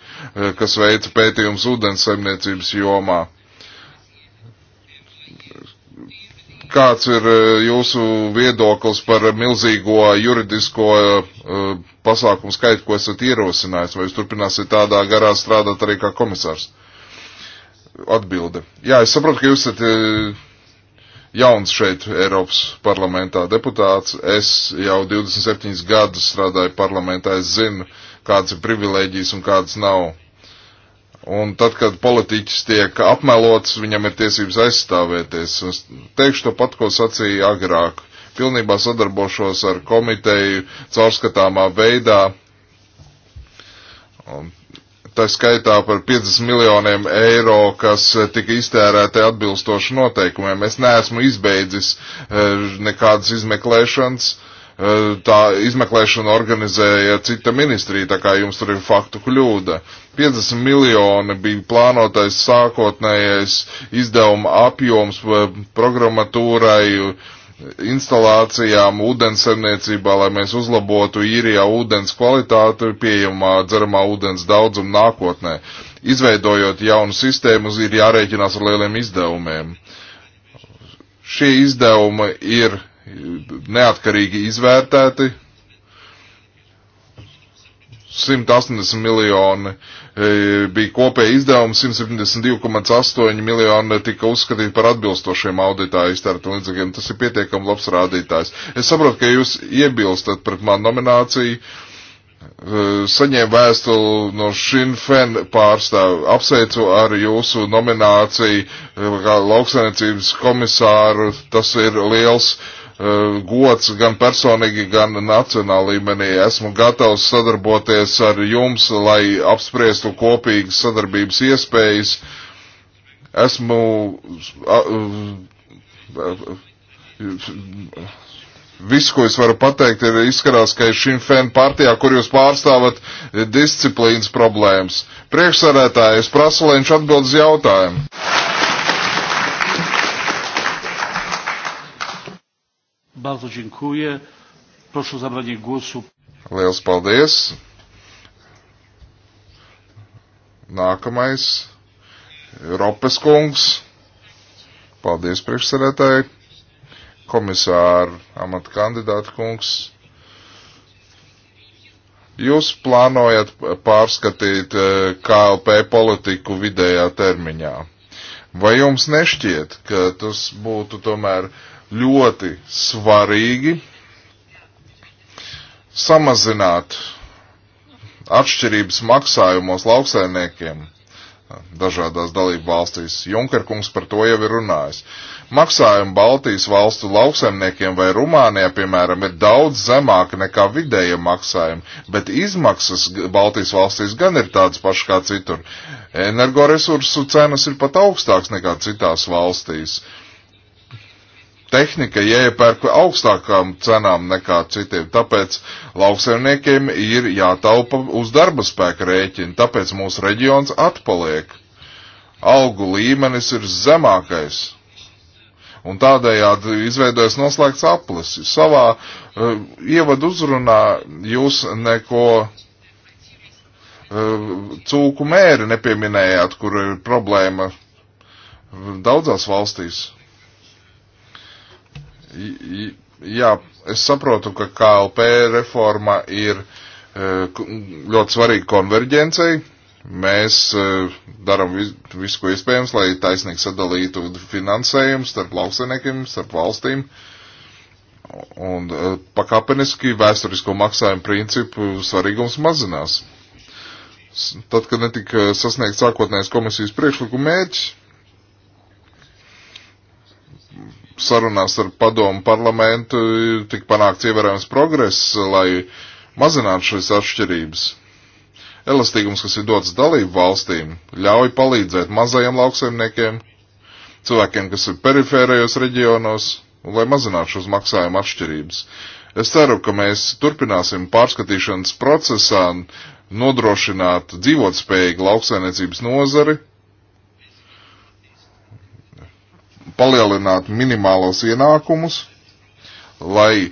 kas veica pētījums ūdens saimniecības jomā? kāds ir eh, jūsu viedoklis par milzīgo juridisko eh, pasākumu skaitu, ko esat ierosinājis, vai jūs turpināsiet tādā garā strādāt arī kā komisārs? Atbilde. Jā, es saprotu, ka jūs esat eh, jauns šeit Eiropas parlamentā deputāts. Es jau 27 gadus strādāju parlamentā, es zinu, kādas ir privilēģijas un kādas nav. Un tad, kad politiķis tiek apmelots, viņam ir tiesības aizstāvēties. Es teikšu to pat, ko sacīju agrāk. Pilnībā sadarbošos ar komiteju caurskatāmā veidā. Un tā skaitā par 50 miljoniem eiro, kas tika iztērēti atbilstoši noteikumiem. Es neesmu izbeidzis eh, nekādas izmeklēšanas tā izmeklēšana organizēja cita ministrija, tā kā jums tur ir faktu kļūda. 50 miljoni bija plānotais sākotnējais izdevuma apjoms programmatūrai, instalācijām, ūdensemniecībā, lai mēs uzlabotu īrijā ūdens kvalitāti, pieejamā dzeramā ūdens daudzumu nākotnē. Izveidojot jaunu sistēmu, ir jārēķinās ar lieliem izdevumiem. Šie izdevumi ir neatkarīgi izvērtēti. 180 miljoni e, bija kopēja izdevuma, 172,8 miljoni tika uzskatīti par atbilstošiem auditā iztērta līdzekļiem. Tas ir pietiekami labs rādītājs. Es saprotu, ka jūs iebilstat pret manu nomināciju. E, saņēmu vēstuli no Šinfen pārstāvu. Apsveicu ar jūsu nomināciju e, kā lauksainiecības komisāru. Tas ir liels uh, Eh, gods gan personīgi, gan nacionāla līmenī. Esmu gatavs sadarboties ar jums, lai apspriestu kopīgas sadarbības iespējas. Esmu eh, viss, ko es varu pateikt, ir izskatās, ka šim fēnu partijā, kur jūs pārstāvat, eh, disciplīnas problēmas. Priekšsarētāji, es prasu, lai viņš atbild uz jautājumu.
Bardzo dziękuję. Proszę o zabranie głosu.
Liels paldies. Nākamais. Ropes kungs. Paldies priekšsarētāji. Komisāra amata kandidāta kungs. Jūs plānojat pārskatīt eh, KLP politiku vidējā termiņā. Vai jums nešķiet, ka tas būtu tomēr uh, ļoti svarīgi samazināt atšķirības maksājumos lauksaimniekiem dažādās dalību valstīs. Junkerkungs par to jau ir runājis. Maksājumi Baltijas valstu lauksaimniekiem vai Rumānijā, piemēram, ir daudz zemāki nekā vidēja maksājumi, bet izmaksas Baltijas valstīs gan ir tādas pašas kā citur. Energoresursu cenas ir pat augstāks nekā citās valstīs. Uh, tehnika jāiepērk augstākām cenām nekā citiem. Tāpēc lauksaimniekiem ir jātaupa uz darba spēka rēķina, tāpēc mūsu reģions atpaliek. Algu līmenis ir zemākais. Un tādējādi izveidojas noslēgts aplis. Savā uh, ievadu uzrunā jūs neko uh, cūku mēri nepieminējāt, kur ir problēma eh, daudzās valstīs. Jā, es saprotu, ka KLP reforma ir e, ļoti svarīga konverģencei. Mēs e, darām visu, ko iespējams, lai taisnīgi sadalītu finansējumu starp lauksaimniekiem, starp valstīm. Un e, pakāpeniski vēsturisko maksājumu principu svarīgums mazinās. Tad, kad netika sasniegts sākotnējais komisijas priekšlikuma mērķis, sarunās ar padomu parlamentu tik panākts ievērojams progress, lai mazinātu šīs atšķirības. Elastīgums, kas ir dots dalību valstīm, ļauj palīdzēt mazajiem lauksaimniekiem, cilvēkiem, kas ir perifērajos reģionos, lai mazinātu šos maksājumu atšķirības. Es ceru, ka mēs turpināsim pārskatīšanas procesā nodrošināt dzīvotspējīgu lauksainiecības nozari palielināt minimālos ienākumus, lai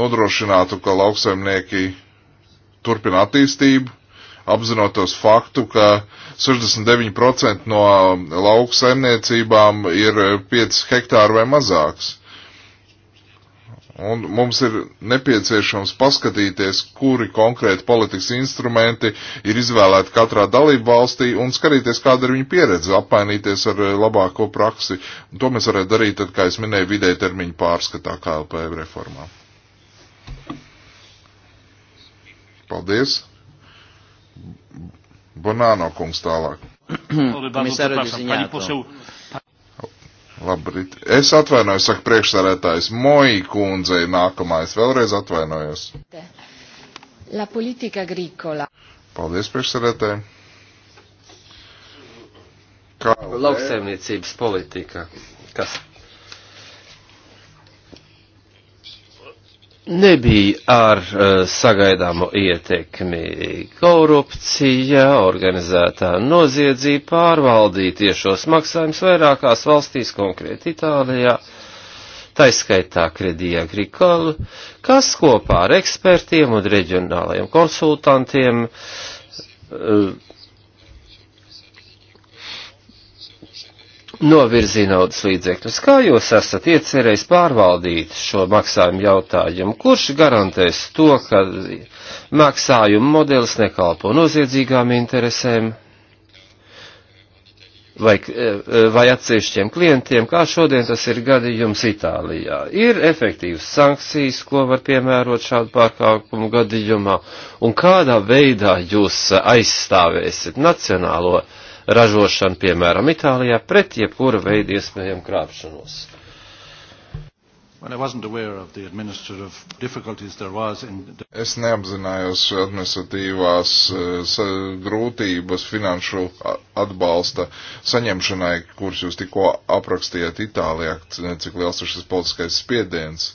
nodrošinātu, ka lauksaimnieki turpina attīstību, apzinotos faktu, ka 69% no lauksaimniecībām ir 5 hektāru vai mazāks. Un mums ir nepieciešams paskatīties, kuri konkrēti politikas instrumenti ir izvēlēti katrā dalību valstī un skatīties, kāda ir viņa pieredze, apmainīties ar eh, labāko praksi. Un to mēs varētu darīt, tad, kā es minēju, vidēja termiņu pārskatā KLP reformā. Paldies. Bonāno kungs tālāk. Komisāra Džiņāto. Labrīt. Es atvainojos, saka priekšsarētājs Moji kundzei nākamā. Es vēlreiz atvainojos.
La politika agricola.
Paldies priekšsarētājai. Kā
lauksaimniecības politika, kas nebija ar eh, sagaidāmo ietekmi korupcija, organizētā noziedzība pārvaldīja tiešos maksājumus vairākās valstīs, konkrēti Itālijā, taiskaitā kredijā Grikolu, kas kopā ar ekspertiem un reģionālajiem konsultantiem uh, novirzīja naudas līdzekļus. Kā jūs esat iecerējis pārvaldīt šo maksājumu jautājumu? Kurš garantēs to, ka maksājumu modelis nekalpo noziedzīgām interesēm vai, vai atsevišķiem klientiem, kā šodien tas ir gadījums Itālijā? Ir efektīvas sankcijas, ko var piemērot šādu pārkāpumu gadījumā, un kādā veidā jūs aizstāvēsiet nacionālo uh, ražošanu, piemēram, Itālijā, pret jebkura veida iespējamu krāpšanos.
Es neapzinājos administratīvās eh, grūtības finanšu atbalsta saņemšanai, kurus jūs tikko aprakstījāt Itālijā, cik liels ir šis politiskais spiediens.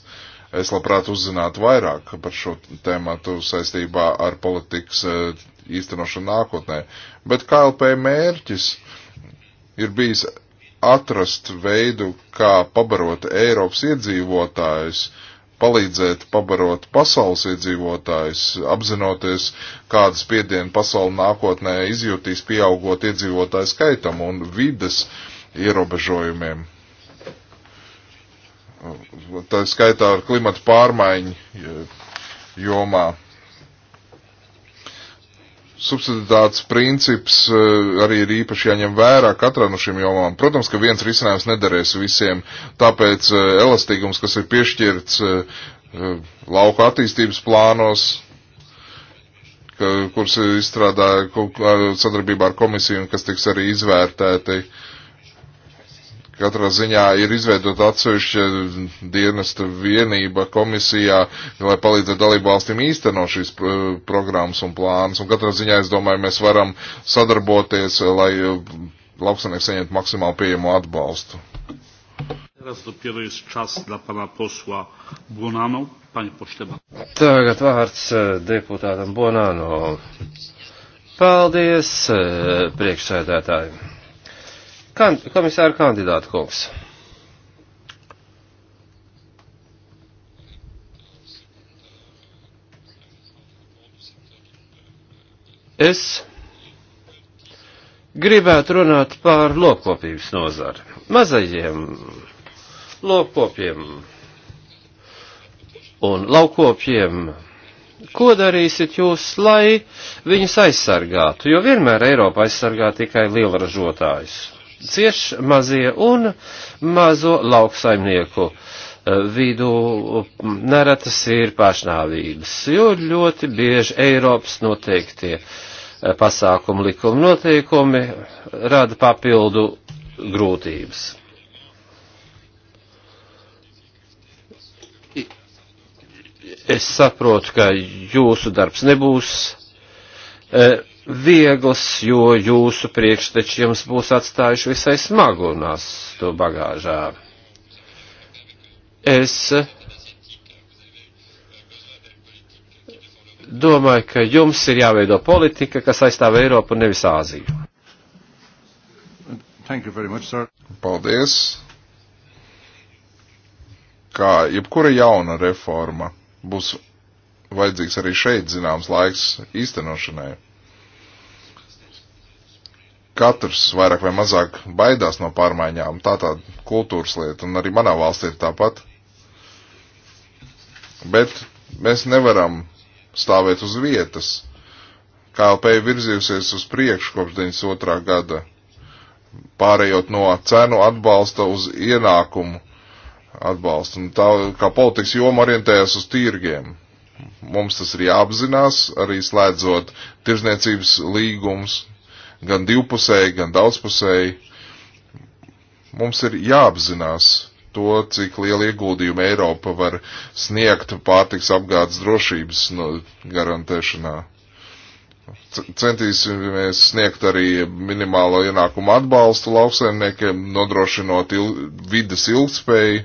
Es labprāt uzzinātu vairāk par šo tēmatu saistībā ar politikas eh, īstenošanu nākotnē. Bet KLP mērķis ir bijis atrast veidu, kā pabarot Eiropas iedzīvotājus, palīdzēt pabarot pasaules iedzīvotājus, apzinoties, kādas piedienu pasauli nākotnē izjūtīs pieaugot iedzīvotāju skaitam un vides ierobežojumiem tā skaitā ar klimatu pārmaiņu jomā subsidiāts princips eh, arī ir īpaši jāņem vērā katrā no šīm jomām. Protams, ka viens risinājums nederēs visiem, tāpēc eh, elastīgums, kas ir piešķirts eh, lauka attīstības plānos, ka, kurus izstrādāja sadarbībā ar komisiju un kas tiks arī izvērtēti. Uh, Katrā ziņā ir izveidota atsevišķa dienesta vienība komisijā, lai palīdzētu dalību valstīm īstenot šīs programmas un plānas. Un katrā ziņā, es domāju, mēs varam sadarboties, lai lauksanieks saņemtu maksimāli pieejamo atbalstu.
Tagad vārds e, deputātam Bonano. Paldies, e, priekšsēdētāji. Kan komisāra kandidāta kungs. Es gribētu runāt par lopkopības nozari. Mazajiem lopkopiem un laukopiem ko darīsiet jūs, lai viņus aizsargātu, jo vienmēr Eiropa aizsargā tikai lielražotājus cieš mazie un mazo lauksaimnieku eh, vidū mm, neratas ir pašnāvības, jo ļoti bieži Eiropas noteiktie eh, pasākumu likuma noteikumi rada papildu grūtības. Es saprotu, ka jūsu darbs nebūs eh, vieglas, jo jūsu priekšteči jums būs atstājuši visai smagu nastu bagāžā. Es domāju, ka jums ir jāveido politika, kas aizstāv
Eiropu un nevis Āziju. Much, sir. Paldies. Kā jebkura jauna reforma būs vajadzīgs arī šeit zināms laiks īstenošanai katrs vairāk vai mazāk baidās no pārmaiņām. Tā tāda kultūras lieta, un arī manā valstī ir tāpat. Bet mēs nevaram stāvēt uz vietas. KLP ir virzījusies uz priekšu kopš 92. gada, pārējot no cenu atbalsta uz ienākumu atbalstu. Un tā kā politikas joma orientējas uz tirgiem. Mums tas ir jāapzinās, arī slēdzot tirzniecības līgums, gan divpusēji, gan daudzpusēji. Mums ir jāapzinās to, cik lielu ieguldījumu Eiropa var sniegt pārtiks apgādes drošības nu, garantēšanā. Centīsimies sniegt arī minimālo ienākumu atbalstu lauksaimniekiem, nodrošinot il vidas ilgspēju,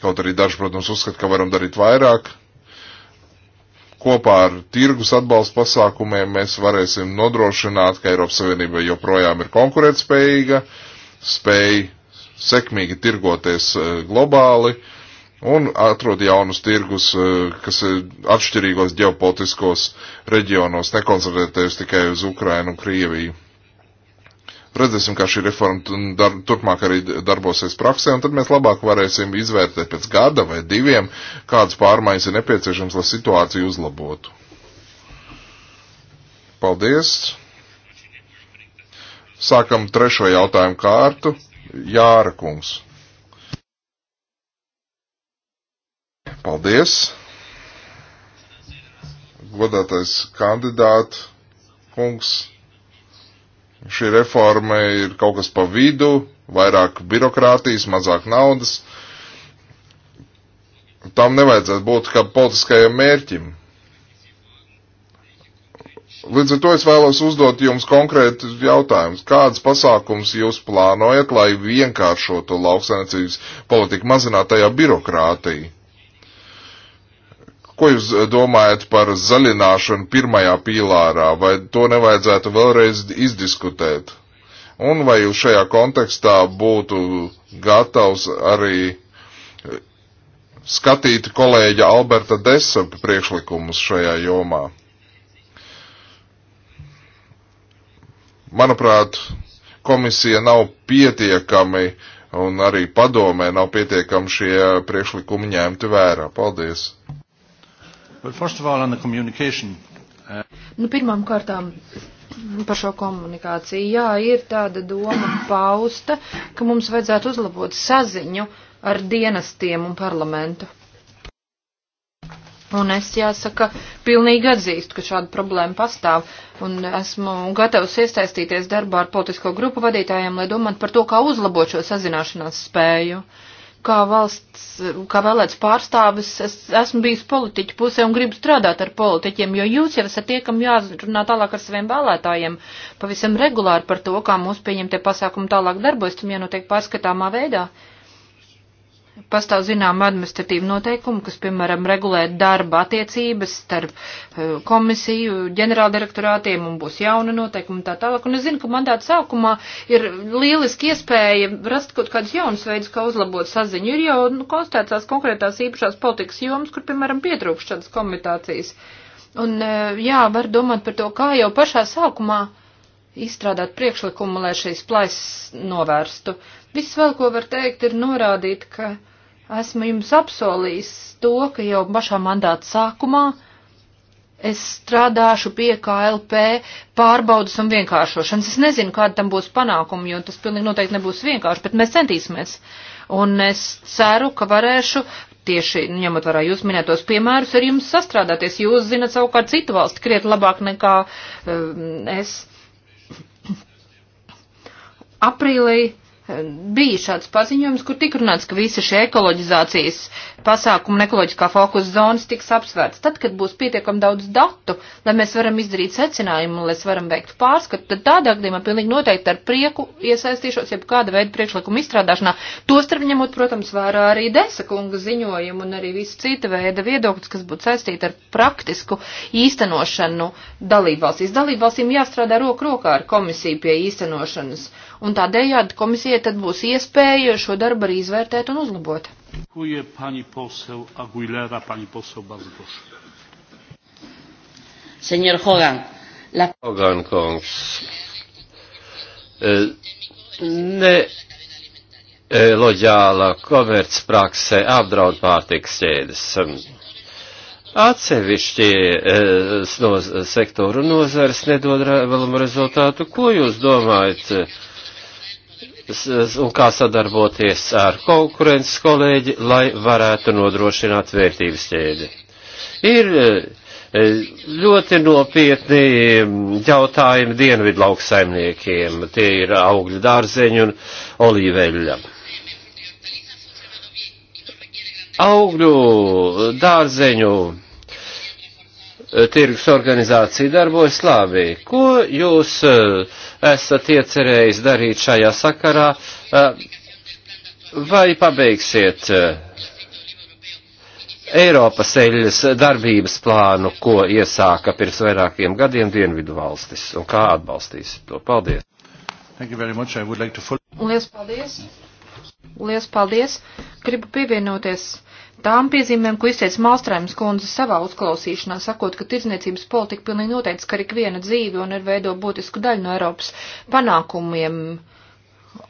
kaut arī daži, protams, uzskata, ka varam darīt vairāk, kopā ar tirgus atbalsta pasākumiem mēs varēsim nodrošināt, ka Eiropas Savienība joprojām ir konkurētspējīga, spēj sekmīgi tirgoties e, globāli un atrod jaunus tirgus, e, kas ir atšķirīgos ģeopolitiskos reģionos, nekoncentrēties tikai uz Ukrainu un Krieviju. Redzēsim, kā šī reforma dar, turpmāk arī darbosies praksē, un tad mēs labāk varēsim izvērtēt pēc gada vai diviem, kādas pārmaiņas ir nepieciešams, lai situāciju uzlabotu. Paldies! Sākam trešo jautājumu kārtu. Jāra kungs. Paldies! Godātais kandidāts kungs šī reforma ir kaut kas pa vidu, vairāk birokrātijas, mazāk naudas. Tam nevajadzētu būt kā politiskajam mērķim. Līdz ar to es vēlos uzdot jums konkrētu jautājumu. Kādas pasākums jūs plānojat, lai vienkāršotu lauksainiecības politiku, mazinātu tajā birokrātiju? Ko jūs eh, domājat par zaļināšanu pirmajā pīlārā, vai to nevajadzētu vēlreiz izdiskutēt? Un vai jūs šajā kontekstā būtu gatavs arī eh, skatīt kolēģa Alberta Desa priekšlikumus šajā jomā? Manuprāt, komisija nav pietiekami un arī padomē nav pietiekami šie priekšlikumi ņemti vērā. Paldies!
All, uh...
Nu, pirmām kārtām par šo komunikāciju. Jā, ir tāda doma pausta, ka mums vajadzētu uzlabot saziņu ar dienestiem un parlamentu. Un es jāsaka, pilnīgi atzīstu, ka šāda problēma pastāv, un esmu gatavs iesaistīties darbā ar politisko grupu vadītājiem, lai domātu par to, kā uzlabot šo sazināšanās spēju. Uh, kā valsts, kā vēlēts pārstāvis, es esmu bijis politiķu pusē un gribu strādāt ar politiķiem, jo jūs jau esat tie, kam jārunā tālāk ar saviem vēlētājiem pavisam regulāri par to, kā mūsu pieņemtie pasākumi tālāk darbojas, tam jānotiek pārskatāmā veidā. Uh, pastāv zinām administratīvu noteikumu, kas, piemēram, regulē darba attiecības starp e, komisiju, ģenerāldirektorātiem un būs jauna noteikuma tā tālāk. Un es zinu, ka mandāta sākumā ir lieliski iespēja rast kaut kādus jaunus veidus, kā uzlabot saziņu. Ir jau nu, konstatētās konkrētās īpašās politikas jomas, kur, piemēram, pietrūkst šādas komunikācijas. Un e, jā, var domāt par to, kā jau pašā sākumā izstrādāt priekšlikumu, lai šīs plaisas novērstu. Viss vēl, ko var teikt, ir norādīt, ka Esmu jums apsolījis to, ka jau pašā mandāta sākumā es strādāšu pie KLP pārbaudas un vienkāršošanas. Es nezinu, kāda tam būs panākuma, jo tas pilnīgi noteikti nebūs vienkārši, bet mēs centīsimies. Un es ceru, ka varēšu tieši ņemot vērā jūs minētos piemērus, ar jums sastrādāties. Jūs zinat savukārt citu valstu kriet labāk nekā um, es. Aprīlī bija šāds paziņojums, kur tika runāts, ka visi šie ekoloģizācijas pasākumi un ekoloģiskā fokusa zonas tiks apsvērts. Tad, kad būs pietiekam daudz datu, lai mēs varam izdarīt secinājumu un lai mēs varam veikt pārskatu, tad tādā gadījumā pilnīgi noteikti ar prieku iesaistīšos jeb kāda veida priekšlikumu izstrādāšanā. Tostarp ņemot, protams, vērā arī desakunga ziņojumu un arī visu cita veida viedokļus, kas būtu saistīti ar praktisku īstenošanu dalībvalstīs. Dalībvalstīm jāstrādā roku rokā ar komisiju pie īstenošanas. Uh, un tādējādi komisija tad būs iespēja šo darbu arī izvērtēt un uzlabot.
Kuje, pani posel Aguilera, pani posel Bazdoš.
Senjor Hogan. La...
Hogan kungs. E, ne e, loģāla komercprakse apdraud pārtiks ķēdes atsevišķi e, no sektoru nozares nedod vēlamu rezultātu. Ko jūs domājat un kā sadarboties ar konkurences kolēģi, lai varētu nodrošināt vērtības ķēdi. Ir e, ļoti nopietni jautājumi dienvidu lauksaimniekiem. Tie ir augļu dārzeņi un olīveļļa. Augļu dārzeņu Eh, tirgus organizācija darbojas Slāvī. Ko jūs eh, esat iecerējis darīt šajā sakarā? Eh, vai pabeigsiet Eiropas eļas darbības plānu, ko iesāka pirms vairākiem gadiem Dienvidu valstis, un kā atbalstīs to? Paldies! Like to...
Liels paldies! Liels paldies! Gribu pievienoties tām piezīmēm, ko izteica Malstrēmas kundze savā uzklausīšanā, sakot, ka tirzniecības politika pilnīgi noteikti skar ikviena dzīve un ir veido būtisku daļu no Eiropas panākumiem.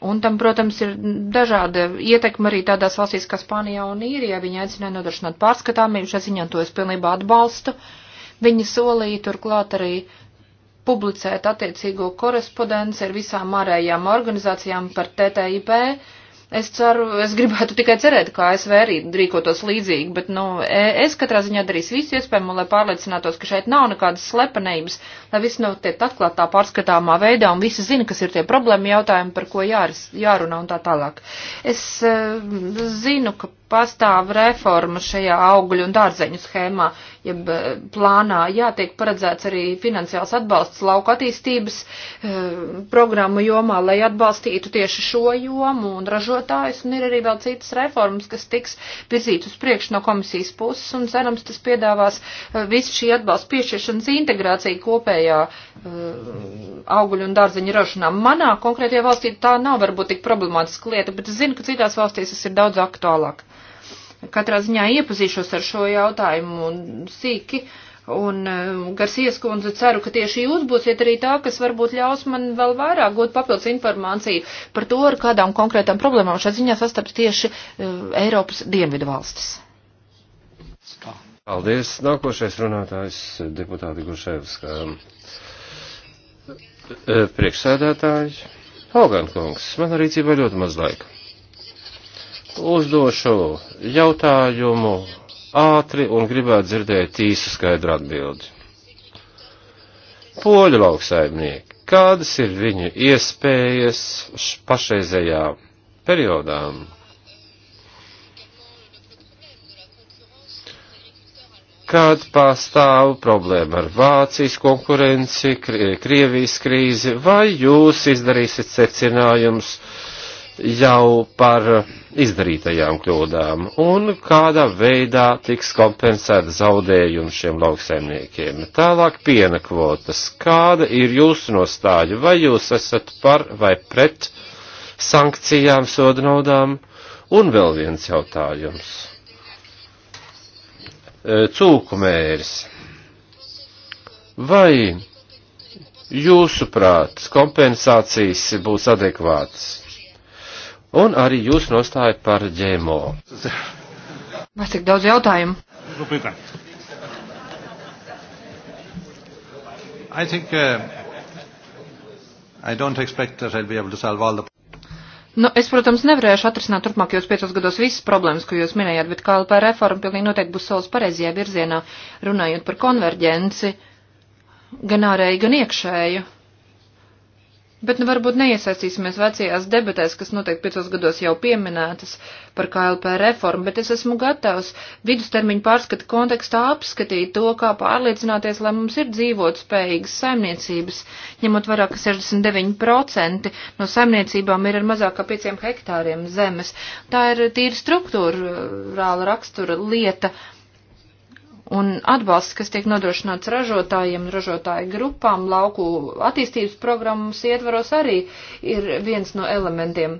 Un tam, protams, ir dažāda ietekma arī tādās valstīs kā Spānijā un Īrijā. Viņa aicināja nodrošināt pārskatāmību, šā ziņā to es pilnībā atbalstu. Viņa solīja turklāt arī publicēt attiecīgo korespondenci ar visām ārējām organizācijām par TTIP Es ceru, es gribētu tikai cerēt, ka ASV arī rīkotos līdzīgi, bet, nu, es katrā ziņā darīšu visu iespējamo, lai pārliecinātos, ka šeit nav nekādas slepenības, lai viss notiek atklātā, pārskatāmā veidā un visi zina, kas ir tie problēma jautājumi, par ko jāris, jārunā un tā tālāk. Es uh, zinu, ka pastāv reforma šajā augļu un dārzeņu schēmā, jeb eh, plānā jātiek paredzēts arī finansiāls atbalsts lauku attīstības e, programmu jomā, lai atbalstītu tieši šo jomu un ražotājus, un ir arī vēl citas reformas, kas tiks virzīt uz priekšu no komisijas puses, un cerams, tas piedāvās eh, visu šī atbalsta piešķiršanas integrāciju kopējā e, augļu un dārzeņu ražanā. Manā konkrētajā valstī tā nav varbūt tik problemātiska lieta, bet es zinu, ka citās valstīs tas ir daudz aktuālāk katrā ziņā iepazīšos ar šo jautājumu sīki. Un eh, Garsies kundze ceru, ka tieši jūs būsiet arī tā, kas varbūt ļaus man vēl vairāk gūt papildus informāciju par to, ar kādām konkrētām problēmām šā ziņā sastaps tieši eh, Eiropas dienvidu valstis.
Paldies. Nākošais runātājs deputāti Guševska. Eh, Priekšsēdētāji. Hogan kungs, man arī cībā ļoti maz laika. Uzdošu jautājumu ātri un gribētu dzirdēt īsu skaidru atbildi. Poļu lauksaimnieki, kādas ir viņu iespējas pašreizējā periodā? kad pastāv problēma ar Vācijas konkurenci, Krievijas krīzi, vai jūs izdarīsiet secinājumus jau par izdarītajām kļūdām un kādā veidā tiks kompensēta zaudējumi šiem lauksaimniekiem. Tālāk piena kvotas. Kāda ir jūsu nostāja? Vai jūs esat par vai pret sankcijām, soda naudām? Un vēl viens jautājums. E, cūku mērs. Vai jūsuprāt kompensācijas būs adekvātas? un arī jūs nostāja par ģēmo.
Vai cik daudz jautājumu? Rupita.
I think uh,
I don't expect that I'll be able to solve all the
Nu, es, protams, nevarēšu atrisināt turpmākajos piecos gados visas problēmas, ko jūs minējāt, bet KLP reforma pilnīgi noteikti būs solis pareizajā virzienā, runājot par konverģenci, gan ārēji, gan iekšēju. Bet nu, varbūt neiesaistīsimies vecajās debatēs, kas noteikti piecos gados jau pieminētas par KLP reformu, bet es esmu gatavs vidustermiņu pārskata kontekstā apskatīt to, kā pārliecināties, lai mums ir dzīvot spējīgas saimniecības, ņemot vairāk, ka 69% no saimniecībām ir ar mazāk kā 5 hektāriem zemes. Tā ir tīra struktūra, rāla rakstura lieta. Uh, Un atbalsts, kas tiek nodrošināts ražotājiem, ražotāju grupām, lauku attīstības programmas ietvaros arī ir viens no elementiem.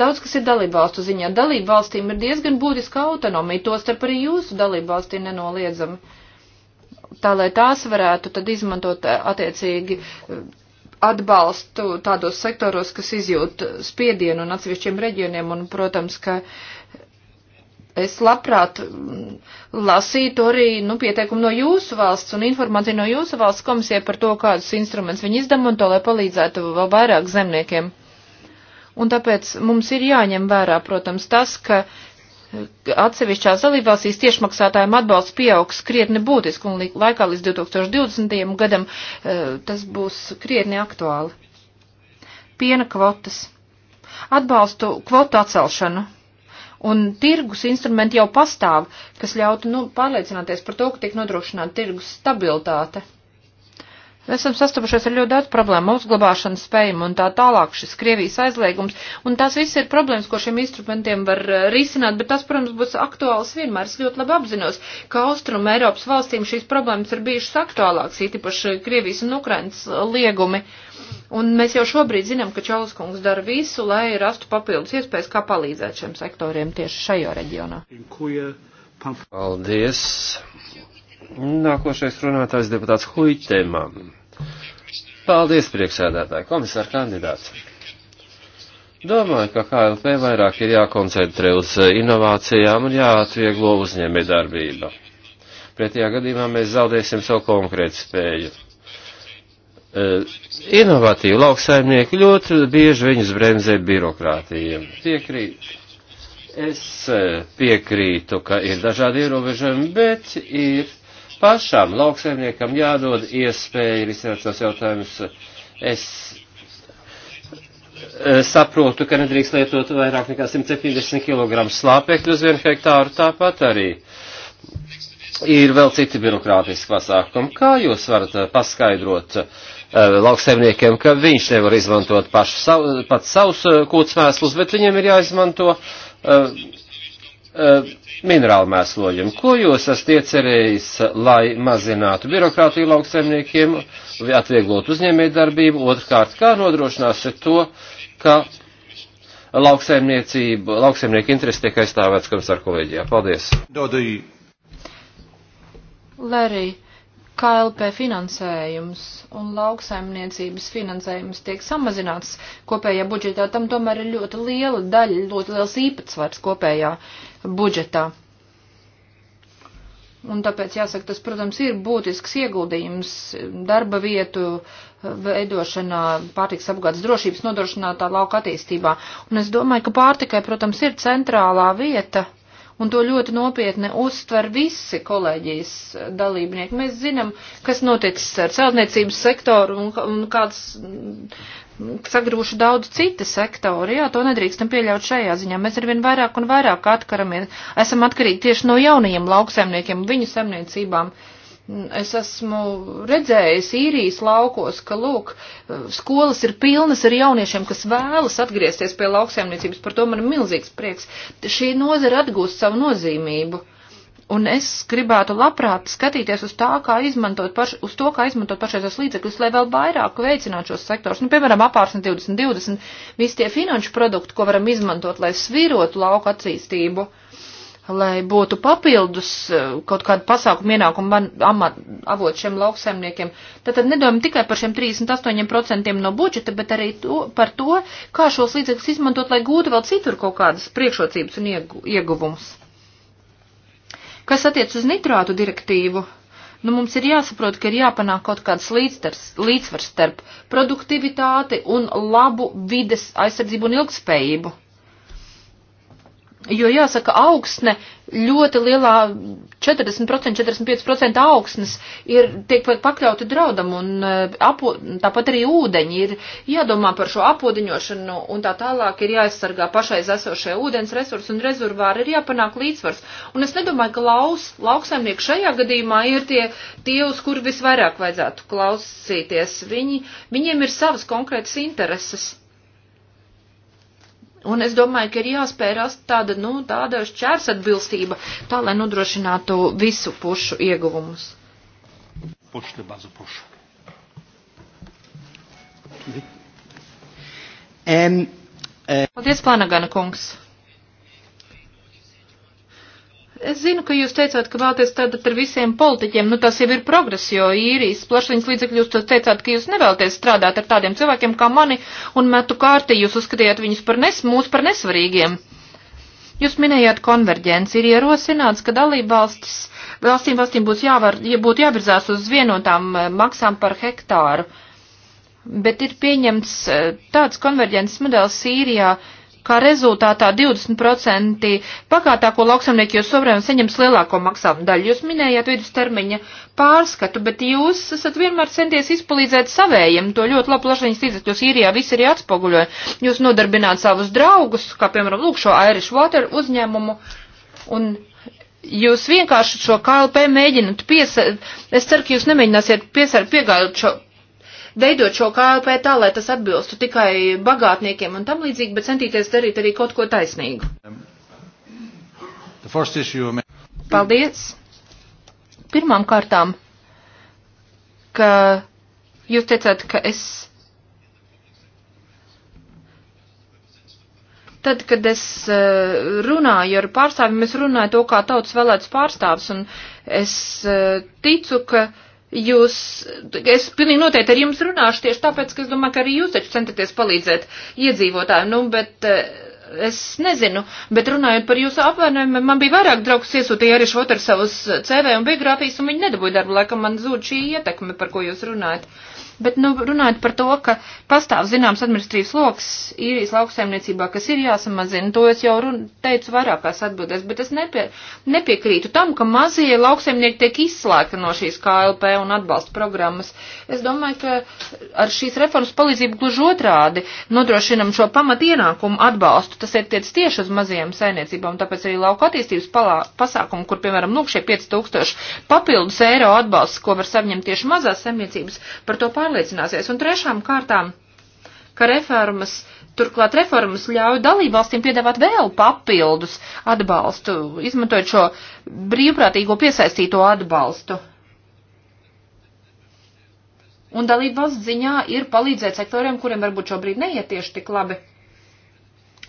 Daudz kas ir dalībvalstu ziņā. Dalībvalstīm ir diezgan būtiska autonomija, tostarp arī jūsu dalībvalstī nenoliedzami. Tā, lai tās varētu tad izmantot eh, attiecīgi eh, atbalstu tādos sektoros, kas izjūt spiedienu un atsevišķiem reģioniem, un, protams, ka uh, es labprāt mm, lasītu arī nu, pieteikumu no jūsu valsts un informāciju no jūsu valsts komisija par to, kādus instrumentus viņi izdemonto, lai palīdzētu vēl vairāk zemniekiem. Un tāpēc mums ir jāņem vērā, protams, tas, ka atsevišķās dalībvalstīs tiešmaksātājiem atbalsts pieaugs krietni būtiski un laikā līdz 2020. gadam eh, tas būs krietni aktuāli. Piena kvotas. Atbalstu kvotu atcelšanu un tirgus instrumenti jau pastāv, kas ļautu nu, pārliecināties par to, ka tiek nodrošināta tirgus stabilitāte. Esam sastapušies ar ļoti daudz problēmu, uzglabāšanas spējumu un tā tālāk šis Krievijas aizliegums, un tās viss ir problēmas, ko šiem instrumentiem var eh, risināt, bet tas, protams, būs aktuāls vienmēr. Es ļoti labi apzinos, ka Austrum Eiropas valstīm šīs problēmas ir bijušas aktuālākas, īpaši Krievijas un Ukrainas liegumi. Uh, Un mēs jau šobrīd zinām, ka Čauskungs dara visu, lai rastu papildus iespējas, kā palīdzēt šiem sektoriem tieši šajā reģionā.
Paldies. Nākošais runātājs deputāts Huitēmā. Paldies, priekšsēdētāji, komisāra kandidāts. Domāju, ka KLP vairāk ir jākoncentrē uz eh, inovācijām un jāatvieglo uzņēmē darbība. Pretējā gadījumā mēs zaudēsim savu konkrētu spēju. Eh, inovatīvi lauksaimnieki ļoti bieži viņus bremzē birokrātijiem. Piekrīt. Es eh, piekrītu, ka ir dažādi ierobežojumi, bet ir pašām lauksaimniekam jādod iespēja risināt šos jautājumus. Es eh, saprotu, ka nedrīkst lietot vairāk nekā 170 kg slāpekļu uz vienu hektāru, tāpat arī ir vēl citi birokrātiski pasākumi. Kā jūs varat paskaidrot uh, Eh, lauksaimniekiem, ka viņš nevar izmantot pašu savu, pats savus eh, kūts mēslus, bet viņiem ir jāizmanto uh, uh, minerālu mēslojumu. Ko jūs esat iecerējis, lai mazinātu birokrātiju lauksaimniekiem, atvieglot uzņēmēju darbību? Otrkārt, kā nodrošināsiet to, ka lauksaimniecība, lauksaimnieku interesi tiek aizstāvēts komisāru kolēģijā? Paldies! Dodī.
Larry. KLP finansējums un lauksaimniecības finansējums tiek samazināts kopējā budžetā, tam tomēr ir ļoti liela daļa, ļoti liels īpatsvars kopējā budžetā. Un tāpēc jāsaka, tas, protams, ir būtisks ieguldījums darba vietu veidošanā, pārtiks apgādes drošības nodrošinātā lauka attīstībā. Un es domāju, ka pārtikai, protams, ir centrālā vieta un to ļoti nopietni uztver visi kolēģijas eh, dalībnieki. Mēs zinām, kas noticis ar celtniecības sektoru un, un kāds mm, sagrūšu daudz citi sektori. Jā, to nedrīkstam pieļaut šajā ziņā. Mēs arvien vairāk un vairāk atkaramies, esam atkarīgi tieši no jaunajiem lauksaimniekiem, viņu saimniecībām. Uh, Es esmu redzējis īrijas laukos, ka, lūk, skolas ir pilnas ar jauniešiem, kas vēlas atgriezties pie lauksaimniecības. Par to man ir milzīgs prieks. Šī nozara atgūst savu nozīmību. Un es gribētu labprāt skatīties uz, tā, kā izmantot paš, uz to, kā izmantot pašreizos līdzekļus, lai vēl vairāk veicinātu šos sektors. Nu, piemēram, apārsni 2020, visi tie finanšu produkti, ko varam izmantot, lai svirotu lauku attīstību lai būtu papildus eh, kaut kādu pasākumu ienākumu man amat, avot šiem lauksaimniekiem. Tātad nedomājam tikai par šiem 38% no budžeta, bet arī to, par to, kā šos līdzekļus izmantot, lai gūtu vēl citur kaut kādas priekšrocības un ieguvumus. Kas attiec uz nitrātu direktīvu, nu mums ir jāsaprot, ka ir jāpanāk kaut kāds līdztars, līdzsvars starp produktivitāti un labu vides aizsardzību un ilgspējību jo jāsaka, augsne ļoti lielā 40%, 45% augsnes ir, tiek pakļauti draudam un eh, apo, tāpat arī ūdeņi ir jādomā par šo apodiņošanu un tā tālāk ir jāaizsargā pašais esošie ūdens resursi un rezervāri ir jāpanāk līdzsvars. Un es nedomāju, ka laus, lauksaimnieki šajā gadījumā ir tie, tie, uz kur visvairāk vajadzētu klausīties. Viņi, viņiem ir savas konkrētas intereses Un es domāju, ka ir jāspēj rast tāda, nu, tāda šķērs atbilstība, tā lai nodrošinātu visu pušu ieguvumus.
Pušu bazu pušu.
Um, um. Eh, Paldies, Planagana kungs. Es zinu, ka jūs teicāt, ka vēlaties tātad ar visiem politiķiem, nu tas jau ir progress, jo īrijas plašiņas līdzekļi jūs teicāt, ka jūs nevēlaties strādāt ar tādiem cilvēkiem kā mani un metu kārtī, jūs uzskatījāt viņus par nes, mūs par nesvarīgiem. Jūs minējāt konverģenci, ir ierosināts, ka dalībvalstis, valstīm valstīm būs jāvar, ja būtu jāvirzās uz vienotām eh, maksām par hektāru, bet ir pieņemts eh, tāds konverģences modelis Sīrijā, kā rezultātā 20% pakātāko lauksamnieku jūs sovrējumu saņems lielāko maksājumu daļu. Jūs minējāt vidustermiņa pārskatu, bet jūs esat vienmēr centies izpalīdzēt savējiem. To ļoti labi plašiņas līdzekļos īrijā visi arī atspoguļoja. Jūs nodarbināt savus draugus, kā piemēram lūk šo Irish Water uzņēmumu. Un jūs vienkārši šo KLP mēģinat piesa, es ceru, ka jūs nemēģināsiet piesar, piegādāt šo veidot šo KLP tā, lai tas atbilstu tikai bagātniekiem un tam līdzīgi, bet centīties darīt arī kaut ko taisnīgu. Um, Paldies! Pirmām kārtām, ka jūs teicāt, ka es. tad, kad es uh, runāju ar pārstāvjiem, es runāju to kā tautas vēlētas pārstāvs, un es uh, ticu, ka Jūs, es pilnīgi noteikti ar jums runāšu tieši tāpēc, ka es domāju, ka arī jūs taču centaties palīdzēt iedzīvotājiem, nu, bet eh, es nezinu, bet runājot par jūsu apvainojumiem, man bija vairāk draugs iesūtīja arī švotar savus eh, CV un biogrāfijas, un viņi nedabūja darbu, laikam man zūd šī ietekme, par ko jūs runājat. Uh, Bet, nu, runājot par to, ka pastāv zināms administrīvs loks īrijas lauksaimniecībā, kas ir jāsamazina, to es jau run, teicu vairākās atbildēs, bet es nepie, nepiekrītu tam, ka mazie lauksaimnieki tiek izslēgti no šīs KLP un atbalsta programmas. Es domāju, ka ar šīs reformas palīdzību gluži otrādi nodrošinam šo pamatienākumu atbalstu. Tas ir tiec tieši uz mazajām saimniecībām, tāpēc arī lauka attīstības palā, pasākumu, kur, piemēram, lūk šie 5000 papildus eiro atbalsts, ko var saņemt tieši mazās saimniecības, par to pārējām pārliecināsies. Un trešām kārtām, ka reformas, turklāt reformas ļauj dalībvalstīm piedāvāt vēl papildus atbalstu, izmantojot šo brīvprātīgo piesaistīto atbalstu. Un dalībvalsts ziņā ir palīdzēt sektoriem, kuriem varbūt šobrīd neiet tieši tik labi.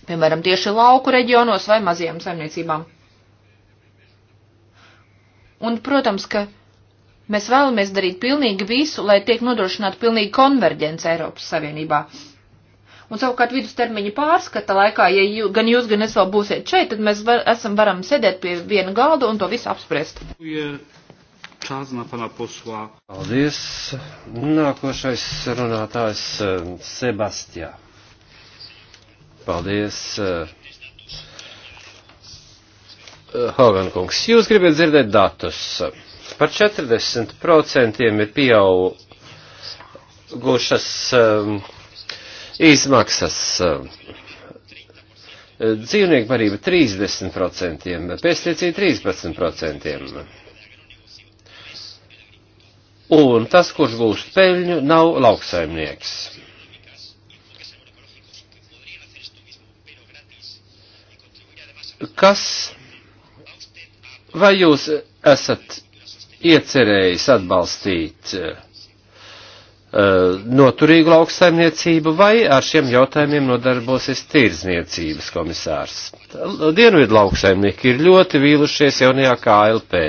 Piemēram, tieši lauku reģionos vai mazajām saimniecībām. Un, protams, ka Mēs vēlamies darīt pilnīgi visu, lai tiek nodrošināta pilnīga konverģence Eiropas Savienībā. Un savukārt vidustermiņa pārskata laikā, ja jū, gan jūs, gan es vēl būsiet šeit, tad mēs var, esam varam sēdēt pie viena galda un to visu apspriest.
Paldies.
Nākošais runātājs eh, Sebastijā. Paldies. Eh, eh, Hogan kungs, jūs gribat dzirdēt datus. Par 40% ir pieaugušas um, izmaksas. Um, dzīvnieku barība 30%, pēstniecība 13%. Un tas, kurš gūst peļņu, nav lauksaimnieks. Kas, vai jūs esat iecerējis atbalstīt eh, noturīgu lauksaimniecību vai ar šiem jautājumiem nodarbosies tirdzniecības komisārs. Dienvidu lauksaimnieki ir ļoti vīlušies jaunajā KLP.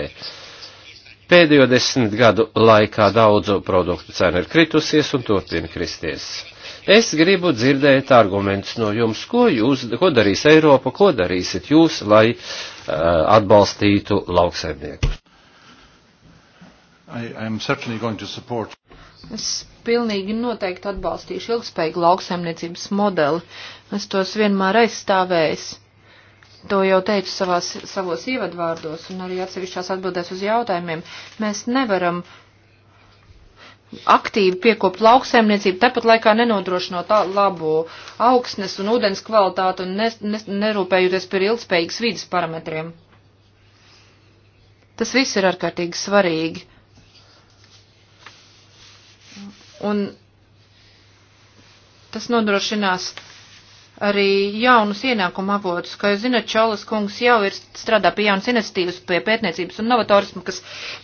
Pēdējo desmit gadu laikā daudzu produktu cena ir kritusies un turpina kristies. Es gribu dzirdēt argumentus no jums, ko, jūs, ko darīs Eiropa, ko darīsiet jūs, lai uh, atbalstītu lauksaimniekus.
I,
es pilnīgi noteikti atbalstīšu ilgspējīgu lauksaimniecības modeli. Es tos vienmēr aizstāvējis. To jau teicu savās, savos ievadvārdos un arī atsevišķās atbildēs uz jautājumiem. Mēs nevaram aktīvi piekopt lauksaimniecību, tepat laikā nenodrošinot labu augsnes un ūdens kvalitātu un ne, ne, nerūpējoties par ilgspējīgas vidas parametriem. Tas viss ir ārkārtīgi svarīgi. Un tas nodrošinās arī jaunus ienākumu avotus, kā jūs zināt, Čolas kungs jau ir strādā pie jaunas iniciatīvas, pie pētniecības un novatorismu, kas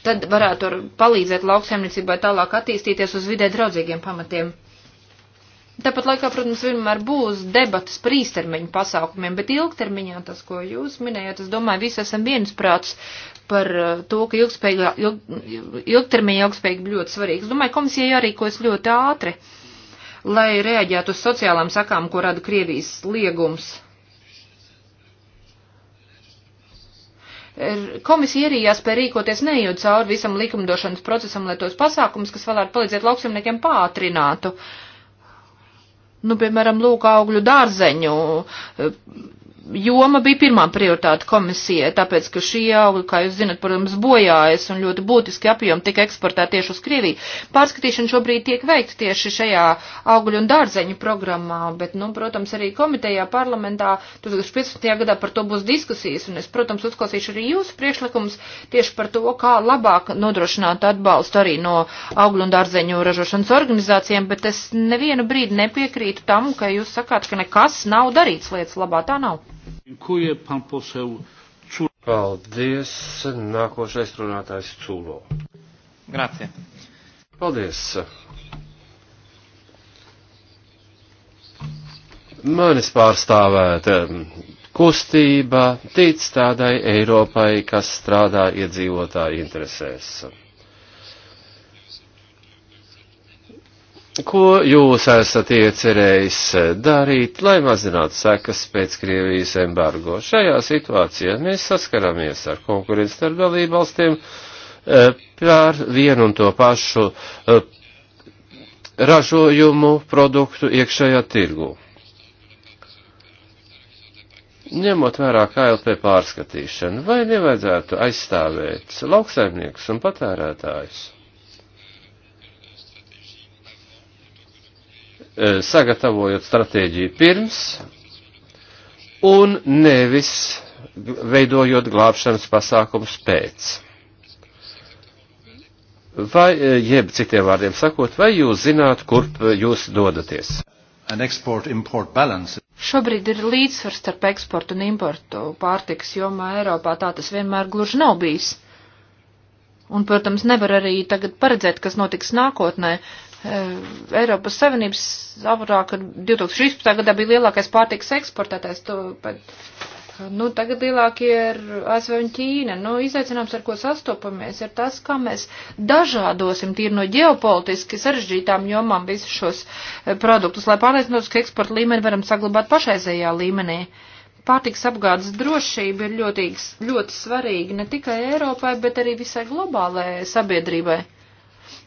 tad varētu palīdzēt lauksaimniecībai tālāk attīstīties uz vidē draudzīgiem pamatiem. Tāpat laikā, protams, vienmēr būs debatas par īstermiņu pasākumiem, bet ilgtermiņā tas, ko jūs minējāt, es domāju, visi esam viensprāts par uh, to, ka ilgspējīga, ilg, ilgtermiņa ilgspējīga ļoti svarīga. Es domāju, komisija jārīkojas ļoti ātri, lai reaģētu uz sociālām sakām, ko rada Krievijas liegums er, komisija arī jāspēj rīkoties neejot cauri visam likumdošanas procesam, lai tos pasākums, kas vēlētu palīdzēt lauksimniekiem, pātrinātu. Uh, nu, piemēram, lūk, augļu dārzeņu joma bija pirmā prioritāte komisijai, tāpēc, ka šī auga, kā jūs zinat, protams, bojājas un ļoti būtiski apjomi tika eksportēti tieši uz Krieviju. Pārskatīšana šobrīd tiek veikta tieši šajā augļu un dārzeņu programmā, bet, nu, protams, arī komitejā parlamentā 2015. gadā par to būs diskusijas, un es, protams, uzklausīšu arī jūsu priekšlikums tieši par to, kā labāk nodrošināt atbalstu arī no augļu un dārzeņu ražošanas organizācijām, bet es nevienu brīdi nepiekrītu tam, ka jūs sakāt, ka nekas nav darīts lietas labā. Tā nav.
Paldies. Nākošais runātājs Cūlo. Grazie. Paldies. Manis pārstāvēt kustība tic tādai Eiropai, kas strādā iedzīvotāju interesēs. Ko jūs esat iecerējis eh, darīt, lai mazinātu sekas pēc Krievijas embargo? Šajā situācijā mēs saskaramies ar konkurenci starp dalību valstiem eh, par vienu un to pašu eh, ražojumu produktu iekšējā tirgū. Ņemot vērā KLP pārskatīšanu, vai nevajadzētu aizstāvēt lauksaimniekus un patērētājus? E, sagatavojot stratēģiju pirms un nevis veidojot glābšanas pasākums pēc. Vai, e, jeb citiem vārdiem sakot, vai jūs zināt, kurp jūs dodaties?
Šobrīd ir līdzsvars starp eksportu un importu pārtikas jomā Eiropā, tā tas vienmēr gluži nav bijis. Un, protams, nevar arī tagad paredzēt, kas notiks nākotnē, Eh, Eiropas Savienības avarā, kad 2016. gadā bija lielākais pārtiks eksportētājs, to, bet, nu, tagad lielākie ir ASV un Ķīna. Nu, izaicinājums, ar ko sastopamies, ir tas, kā mēs dažādosim tīri no ģeopolitiski sarežģītām jomām visus šos eh, produktus, lai pārliecinātos, ka eksporta līmeni varam saglabāt pašaizējā līmenī. Pārtiks apgādes drošība ir ļoti, ļoti svarīga ne tikai Eiropai, bet arī visai globālajai sabiedrībai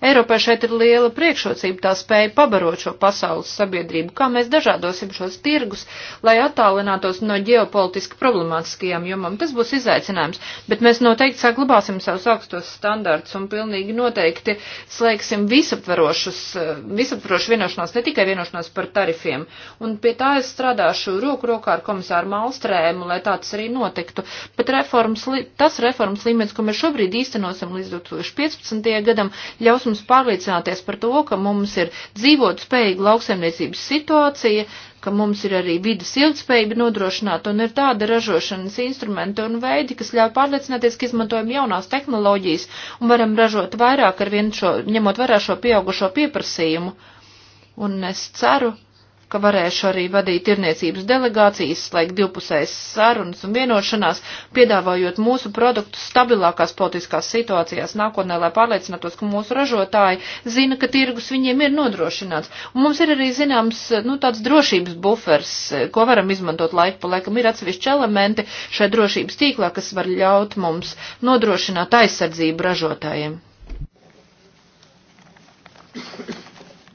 Eiropai šeit ir liela priekšrocība, tā spēja pabarot šo pasaules sabiedrību, kā mēs dažādosim šos tirgus, lai attālinātos no ģeopolitiski problemātiskajām jomām. Tas būs izaicinājums, bet mēs noteikti saglabāsim savus augstos standartus un pilnīgi noteikti slēgsim visaptvarošus, eh, visaptvarošu vienošanos, ne tikai vienošanos par tarifiem. Un pie tā es strādāšu roku rokā ar komisāru Malstrēmu, lai tāds arī notiktu. Bet reformas, tas reformas līmenis, ko mēs šobrīd īstenosim līdz 2015. gadam, ļaus mums pārliecināties par to, ka mums ir dzīvot spējīga lauksaimniecības situācija, ka mums ir arī vidas ilgspējība nodrošināta un ir tāda ražošanas instrumenta un veidi, kas ļauj pārliecināties, ka izmantojam jaunās tehnoloģijas un varam ražot vairāk ar vienu šo, ņemot vērā šo pieaugušo pieprasījumu. Un es ceru, ka ka varēšu arī vadīt tirniecības delegācijas, slēgt divpusējas sarunas un vienošanās, piedāvājot mūsu produktus stabilākās politiskās situācijās nākotnē, lai pārliecinātos, ka mūsu ražotāji zina, ka tirgus viņiem ir nodrošināts. Un mums ir arī zināms, nu, tāds drošības bufers, ko varam izmantot laiku pa laikam. Ir atsevišķi elementi šai drošības tīklā, kas var ļaut mums nodrošināt aizsardzību ražotājiem.
Thank you.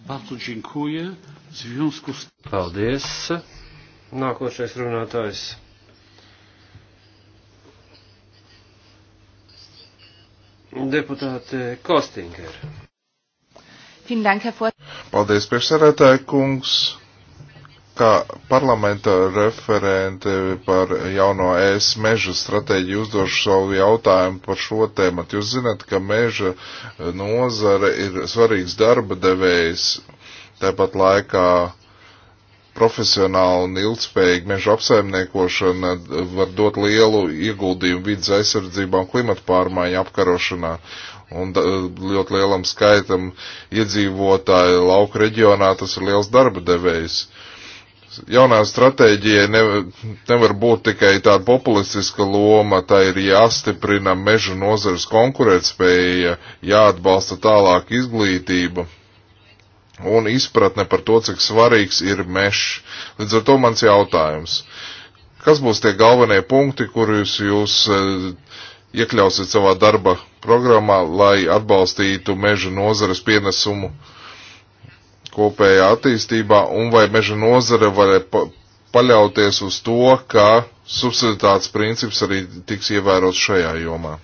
Bardzo dziękuję. W związku z... Paldies. Nākošais runātājs. Deputāte Kostinger.
Paldies, priekšsarētāja kungs kā parlamenta referente par jauno ES meža stratēģiju uzdošu savu jautājumu par šo tēmu. Jūs zināt, ka meža nozara ir svarīgs darba devējs, tāpat laikā profesionāli un ilgspējīgi meža apsaimniekošana var dot lielu ieguldījumu vidas aizsardzībā un klimata pārmaiņu apkarošanā. Un ļoti lielam skaitam iedzīvotāju lauku reģionā tas ir liels darba devējs. Uh, jaunā stratēģija ne, nevar būt tikai tāda populistiska loma, tā ir jāstiprina meža nozares konkurētspēja, jāatbalsta tālāk izglītība un izpratne par to, cik svarīgs ir mežs. Līdz ar to mans jautājums. Kas būs tie galvenie punkti, kurus jūs eh, iekļausiet savā darba programmā, lai atbalstītu meža nozares pienesumu? kopējā attīstībā un vai meža nozare var pa paļauties uz to, ka subsiditātes princips arī tiks ievērots šajā jomā.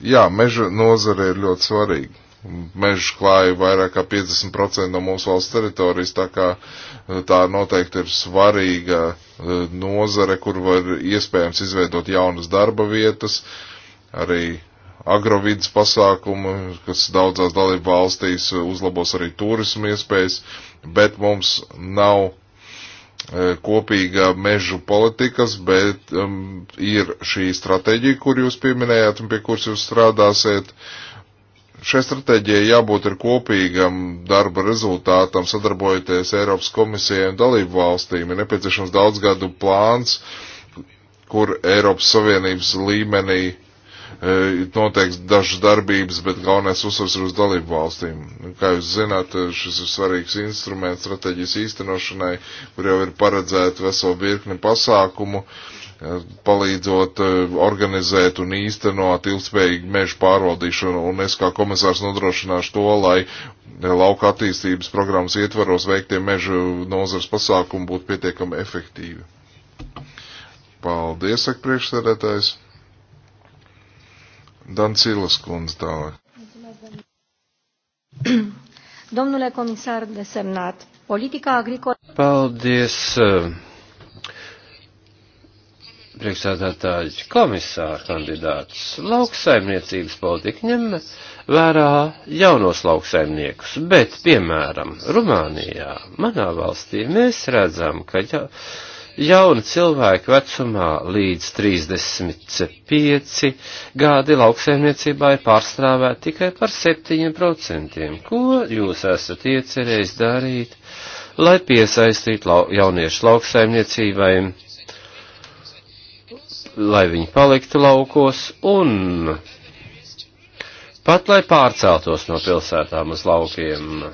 Jā, meža nozare ir ļoti svarīga. Meža klāja vairāk kā 50% no mūsu valsts teritorijas, tā kā eh, tā noteikti ir svarīga eh, nozare, kur var iespējams izveidot jaunas darba vietas, arī agrovidas pasākumu, kas daudzās dalību valstīs uzlabos arī turismu iespējas, bet mums nav e, kopīga mežu politikas, bet um, ir šī stratēģija, kur jūs pieminējāt un pie kuras jūs strādāsiet. Šai stratēģijai jābūt ir kopīgam darba rezultātam, sadarbojoties Eiropas komisijai un dalību valstīm. Ir nepieciešams daudzgadu plāns, kur Eiropas Savienības līmenī uh, E, noteikti dažas darbības, bet galvenais uzsvars ir uz dalību valstīm. Kā jūs zināt, e, šis ir svarīgs instruments strateģijas īstenošanai, kur jau ir paredzēta vesela virkne pasākumu, e, palīdzot organizēt un īstenot ilgspējīgu mežu pārvaldīšanu, un es kā komisārs nodrošināšu to, lai lauka attīstības programmas ietvaros veiktie mežu nozars pasākumi būtu pietiekami efektīvi. Paldies, saka priekšsēdētājs. Dancilas kundze tālāk.
Domnule eh, komisār desemnāt, politika agrikola.
Paldies, priekšsēdētāji, komisāra kandidāts. Lauksaimniecības politika ņem vērā jaunos lauksaimniekus, bet, piemēram, Rumānijā, manā valstī, mēs redzam, ka jau. Ja, Jauni cilvēki vecumā līdz 35 gadi lauksaimniecībā ir pārstāvēti tikai par 7%. Ko jūs esat iecerējis darīt, lai piesaistītu lau, jauniešu lauksaimniecībai, lai viņi paliktu laukos un pat lai pārceltos no pilsētām uz laukiem?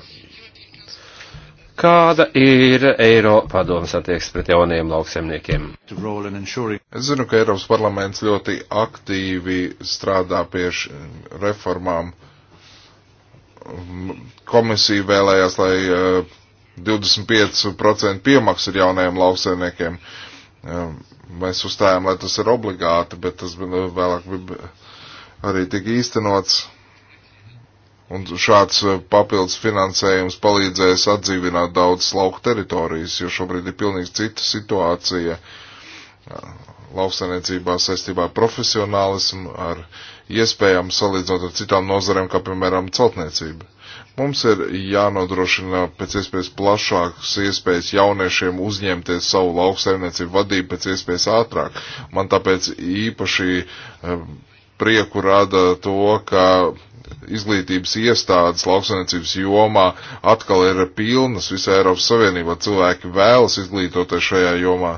Kāda ir Eiro
padomas attieks pret jauniem lauksemniekiem? Es zinu, ka Eiropas parlaments ļoti aktīvi strādā pie reformām. Komisija vēlējās, lai 25% eh, piemaksa ir jaunajiem lauksemniekiem. Eh, mēs uzstājām, lai tas ir obligāti, bet tas eh, vēlāk bija arī tika īstenots Un šāds eh, papildus finansējums palīdzēs atdzīvināt daudzas lauku teritorijas, jo šobrīd ir pilnīgi cita situācija eh, lauksainiecībā saistībā ar profesionālismu, ar iespējām salīdzinot ar citām nozarēm, kā piemēram celtniecība. Mums ir jānodrošina pēc iespējas plašākas iespējas jauniešiem uzņemties savu lauksaimniecību vadību pēc iespējas ātrāk. Man tāpēc īpaši eh, prieku rada to, ka izglītības iestādes lauksaimniecības jomā atkal ir pilnas visā Eiropas Savienībā. Cilvēki vēlas izglītoties šajā jomā.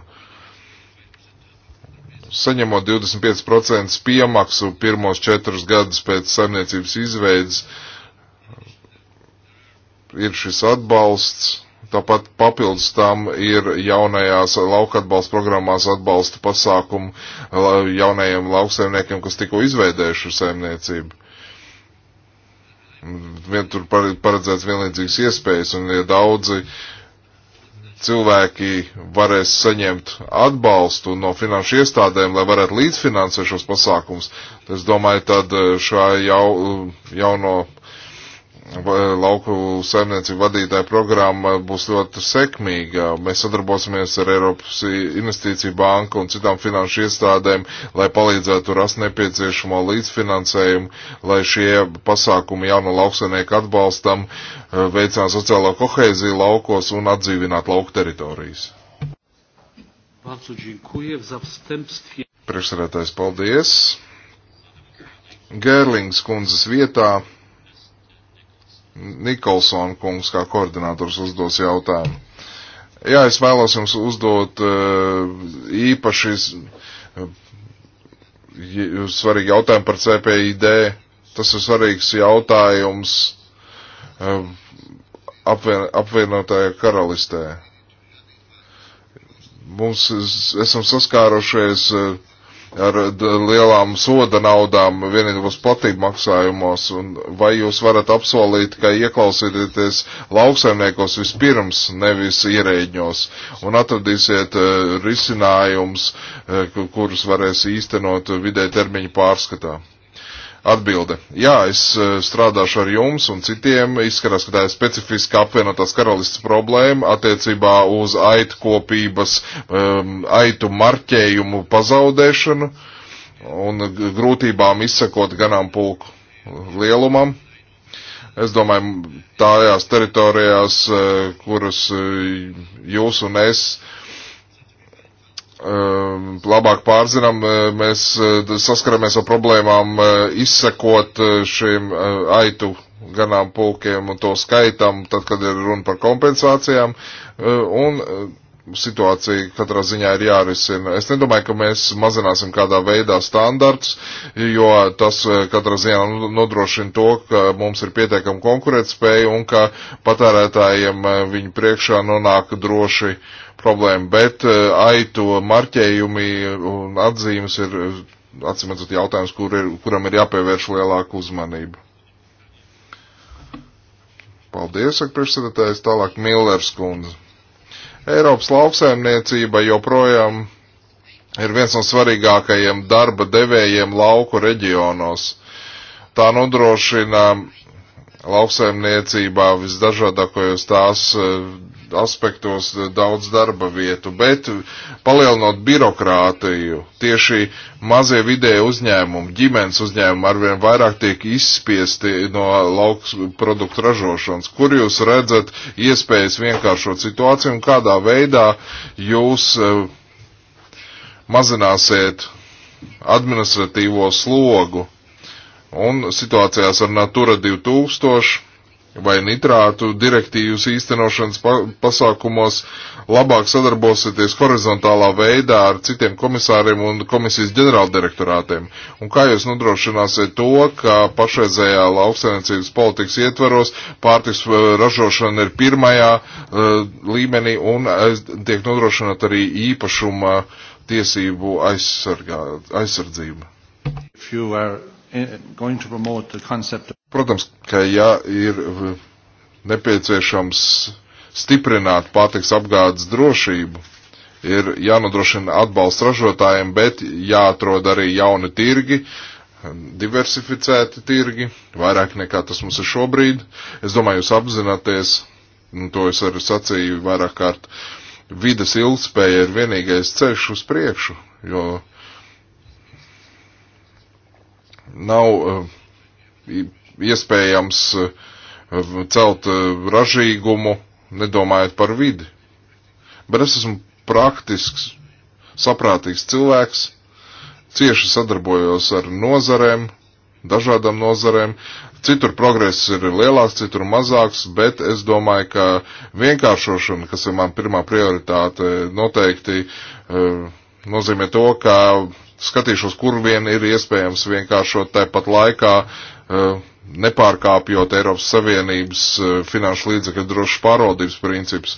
Saņemot 25% piemaksu pirmos četrus gadus pēc saimniecības izveidas, ir šis atbalsts Tāpat papildus tam ir jaunajās lauka atbalsta programmās atbalsta pasākumu jaunajiem lauksaimniekiem, kas tikko izveidējuši saimniecību. Vien tur paredzēts vienlīdzīgas iespējas, un ja daudzi cilvēki varēs saņemt atbalstu no finanšu iestādēm, lai varētu līdzfinansēt šos pasākums, es domāju, tad eh, šā jau, eh, jauno lauku saimniecību vadītāja programma būs ļoti sekmīga. Mēs sadarbosimies ar Eiropas investīciju banku un citām finanšu iestādēm, lai palīdzētu rast nepieciešamo līdzfinansējumu, lai šie pasākumi jauno lauksaimnieku atbalstam eh, veicinātu sociālo kohēziju laukos un atdzīvināt lauku teritorijas. Priekšsēdētājs, paldies! Gērlings kundzes vietā Nikolson kungs kā koordinators uzdos jautājumu. Jā, es vēlos jums uzdot eh, īpaši eh, svarīgi jautājumu par CPID. Tas ir svarīgs jautājums eh, apvien, apvienotajā karalistē. Mums esam saskārušies uh, ar lielām soda naudām vienības platību maksājumos, un vai jūs varat apsolīt, ka ieklausīties lauksaimniekos vispirms, nevis ierēģņos, un atradīsiet e, risinājums, e, kurus varēs īstenot vidē termiņu pārskatā? Atbilde. Jā, es e, strādāšu ar jums un citiem. Izskatās, ka tā ir specifiska apvienotās karalistas problēma attiecībā uz aitu kopības, um, aitu marķējumu pazaudēšanu un grūtībām izsakot ganām pulku lielumam. Es domāju, tājās teritorijās, e, kuras e, jūs un es uh, Ehm, labāk pārzinām, e, mēs e, saskaramies ar problēmām e, izsekot šiem aitu ganām pulkiem un to skaitam, tad, kad ir runa par kompensācijām, un situācija katrā ziņā ir jārisina. Es nedomāju, ka mēs mazināsim kādā veidā standarts, jo tas katrā ziņā nodrošina to, ka mums ir pietiekama konkurētspēja un ka patērētājiem viņu priekšā nonāk droši uh, problēma, bet eh, aito marķējumi un atzīmes ir, atsimedzot, jautājums, kur ir, kuram ir jāpievērš lielāka uzmanība. Paldies, saka priekšsēdētājs, tālāk Millers kundze. Eiropas lauksaimniecība joprojām ir viens no svarīgākajiem darba devējiem lauku reģionos. Tā nodrošina lauksaimniecībā visdažādākajos tās eh, aspektos daudz darba vietu, bet palielinot birokrātiju, tieši mazie vidēji uzņēmumi, ģimenes uzņēmumi arvien vairāk tiek izspiesti no lauks produktu ražošanas. Kur jūs redzat iespējas vienkāršot situāciju un kādā veidā jūs eh, mazināsiet administratīvo slogu un situācijās ar Natura 2000 vai nitrātu direktīvas īstenošanas pa pasākumos labāk sadarbosieties horizontālā veidā ar citiem komisāriem un komisijas ģenerāldirektorātiem? Un kā jūs nodrošināsiet to, ka pašreizējā lauksainiecības politikas ietveros pārtiks eh, ražošana ir pirmajā uh, līmenī un eh, tiek nodrošināt arī īpašuma tiesību aizsargā, aizsardzība? If you are going to promote the concept. Protams, ka ja ir eh, nepieciešams stiprināt pārtiks apgādes drošību, ir jānodrošina atbalsts ražotājiem, bet jāatrod arī jauni tirgi, diversificēti tirgi, vairāk nekā tas mums ir šobrīd. Es domāju, jūs apzināties, un to es arī sacīju vairāk kārt, vidas ilgspēja ir vienīgais ceļš uz priekšu, jo nav eh, iespējams eh, celt eh, ražīgumu, nedomājot par vidi. Bet es esmu praktisks, saprātīgs cilvēks, cieši sadarbojos ar nozarēm, dažādām nozarēm. Citur progress ir lielāks, citur mazāks, bet es domāju, ka vienkāršošana, kas ir man pirmā prioritāte, noteikti nozīmē to, ka skatīšos, kur vien ir iespējams vienkāršot tāpat laikā, eh, nepārkāpjot Eiropas Savienības eh, finanšu līdzekļu drošas pārvaldības principus.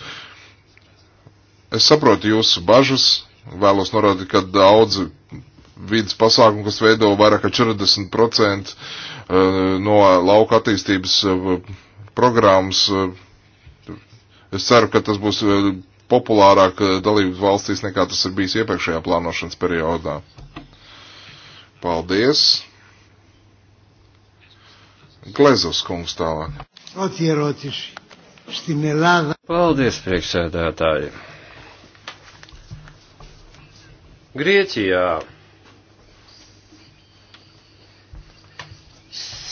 Es saprotu jūsu bažas, vēlos norādīt, ka daudzi vidas pasākumi, kas veido vairāk kā 40% eh, no lauka attīstības programmas. Es ceru, ka tas būs populārāk eh, dalību valstīs nekā tas ir bijis iepriekšējā plānošanas periodā. Paldies! Glezos kungs tālāk. Paldies, priekšsēdētāji!
Grieķijā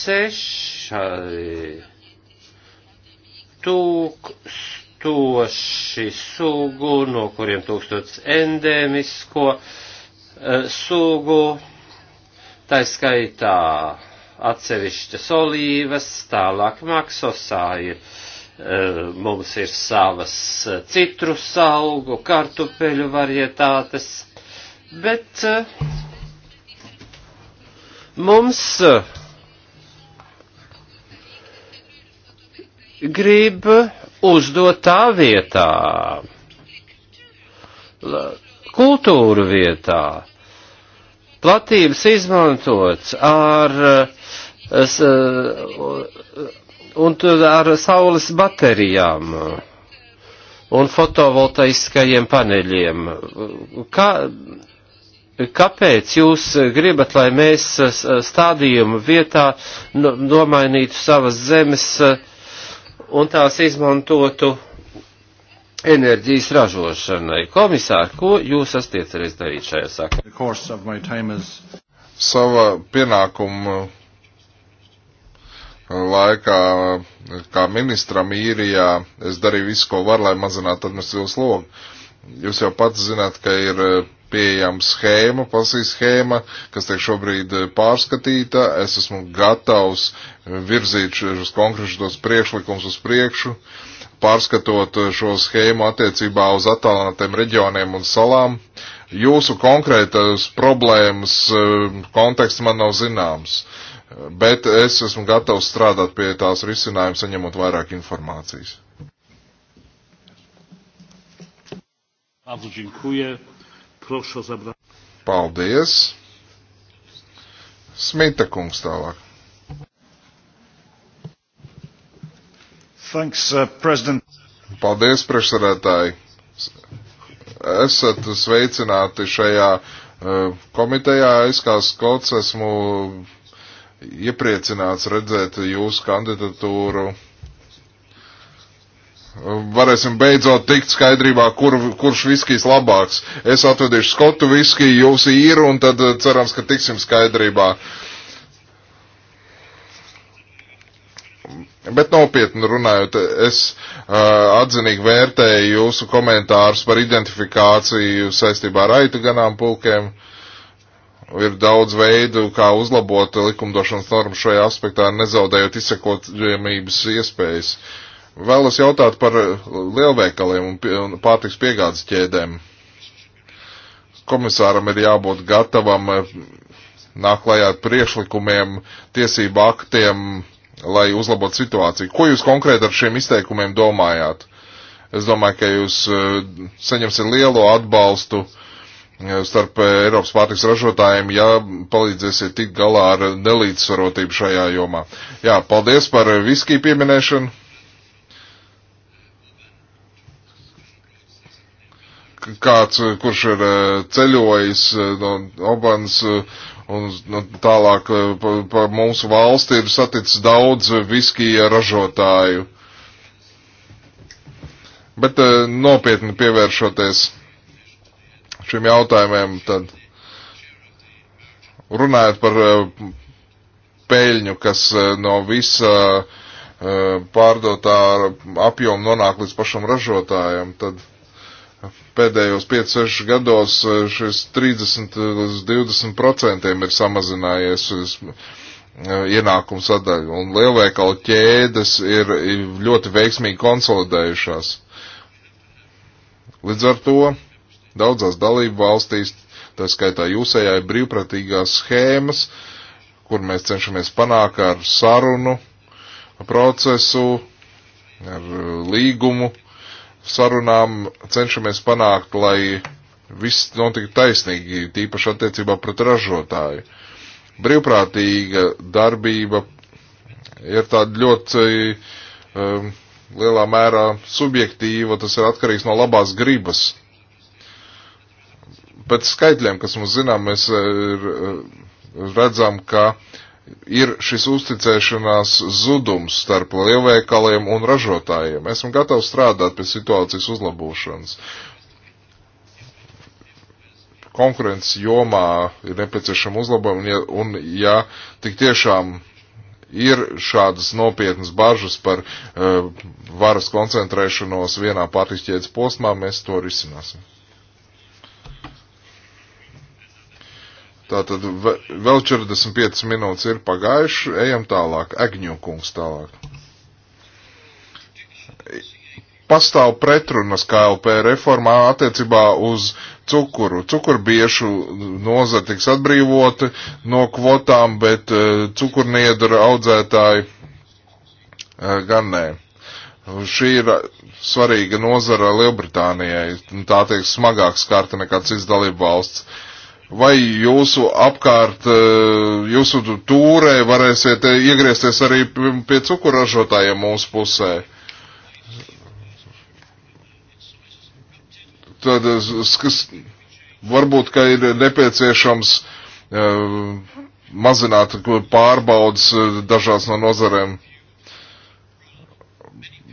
seši tūkstoši tūkstoši sugu, no kuriem tūkstots endēmisko e, sugu, tā skaitā atsevišķas olīvas, tālāk maksosā ir, e, mums ir savas e, citrus augu, kartupeļu varietātes, bet mums grib uzdot tā vietā, kultūru vietā, platības izmantots ar, es, un ar saules baterijām un fotovoltaiskajiem paneļiem. Kā, kāpēc jūs gribat, lai mēs stādījumu vietā nomainītu savas zemes uh, un tās izmantotu enerģijas ražošanai. Komisār, ko jūs astiecaties darīt šajā
sakarā? Sava pienākuma laikā, kā ministram īrijā, es darīju visu, ko varu, lai mazinātu administratīvas logu. Jūs jau pats zināt, ka ir pieejama schēma, pasīs schēma, kas tiek šobrīd eh, pārskatīta. Es esmu gatavs eh, virzīt šos konkrētos priekšlikums uz priekšu, pārskatot eh, šo schēmu attiecībā uz attālinātiem reģioniem un salām. Jūsu konkrētas problēmas konteksts man nav zināms, bet es esmu gatavs strādāt pie tās risinājuma, saņemot vairāk informācijas.
Bardzo dziękuję prošu zabrāt.
Paldies. Smita kungs tālāk. Thanks, uh, President. Paldies, priekšsarētāji. Esat sveicināti šajā uh, komitejā. Es kā skots esmu iepriecināts redzēt jūsu kandidatūru varēsim beidzot tikt skaidrībā, kur, kurš viskijs labāks. Es atvedīšu skotu viskiju, jūs īru, un tad eh, cerams, ka tiksim skaidrībā. Bet nopietni runājot, es uh, atzinīgi vērtēju jūsu komentārus par identifikāciju saistībā ar aitu ganāmpulkiem. Ir daudz veidu, kā uzlabot likumdošanas normu šajā aspektā, nezaudējot izsekojamības iespējas. Uh, Vēlos jautāt par eh, lielveikaliem un pārtiks piegādes ķēdēm. Komisāram ir jābūt gatavam eh, nāk klajā ar priekšlikumiem, tiesību aktiem, lai uzlabotu situāciju. Ko jūs konkrēti ar šiem izteikumiem domājāt? Es domāju, ka jūs eh, saņemsiet lielo atbalstu starp Eiropas pārtiks ražotājiem, ja palīdzēsiet tikt galā ar nelīdzsvarotību šajā jomā. Jā, paldies par viskiju pieminēšanu. kāds, eh, kurš ir eh, ceļojis eh, no Obanas un tālāk pa, pa mūsu valsti ir saticis daudz viskija ražotāju. Bet nopietni pievēršoties šiem jautājumiem, tad runājot par peļņu, kas no visa pārdotā apjoma nonāk līdz pašam ražotājam, tad Pēdējos 5-6 gados eh, šis 30 līdz 20 procentiem ir samazinājies šis eh, ienākums sadaļa, un lielveikala ķēdes ir ļoti veiksmīgi konsolidējušās. Līdz ar to daudzās dalību valstīs, tā skaitā jūsējā ir brīvprātīgās schēmas, kur mēs cenšamies panākt ar sarunu procesu, ar eh, līgumu, uh, sarunām cenšamies panākt, lai viss notika taisnīgi, tīpaši attiecībā pret ražotāju. Brīvprātīga darbība ir tāda ļoti um, lielā mērā subjektīva, tas ir atkarīgs no labās gribas. Pēc skaitļiem, kas mums zinām, mēs ir, uh, redzam, ka uh, ir šis uzticēšanās zudums starp lielveikaliem un ražotājiem. Esmu gatavs strādāt pie situācijas uzlabošanas. Konkurences jomā ir nepieciešama uzlabojuma, un, ja, un ja tik tiešām ir šādas nopietnas bažas par uh, varas koncentrēšanos vienā pārtišķietas posmā, mēs to risināsim. Tātad vēl 45 minūtes ir pagājuši, ejam tālāk, Egņokungs tālāk. Pastāv pretrunas KLP reformā attiecībā uz cukuru. Cukurbiešu nozara tiks atbrīvota no kvotām, bet e, cukurniedara audzētāji e, gan nē. Šī ir svarīga nozara Lielbritānijai, tā tiek smagāk skārta nekā cits dalību valsts. Uh, vai jūsu apkārt, eh, jūsu tūrē varēsiet eh, iegriezties arī pie cukuražotājiem mūsu pusē. Tad eh, skas, varbūt, ka ir nepieciešams mazināt pārbaudas dažās no nozarēm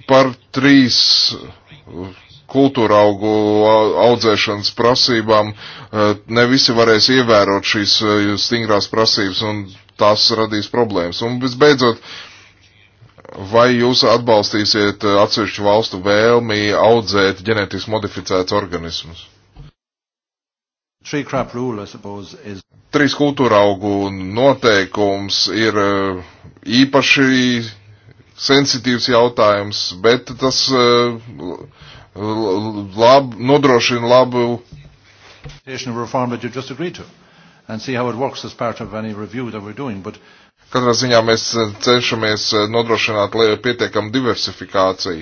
par trīs kultūra augu audzēšanas prasībām, eh, ne visi varēs ievērot šīs eh, stingrās prasības un tas radīs problēmas. Un visbeidzot, vai jūs atbalstīsiet eh, atsevišķu valstu vēlmi audzēt ģenetiski modificēts organismus?
Rule, suppose, is...
Trīs kultūra augu noteikums ir īpaši sensitīvs jautājums, bet tas uh, lab, nodrošina labu. Reform that you just agreed to and see how it works as part of
any review that we're doing. But
Katrā ziņā mēs eh, cenšamies eh, nodrošināt pietiekamu diversifikāciju.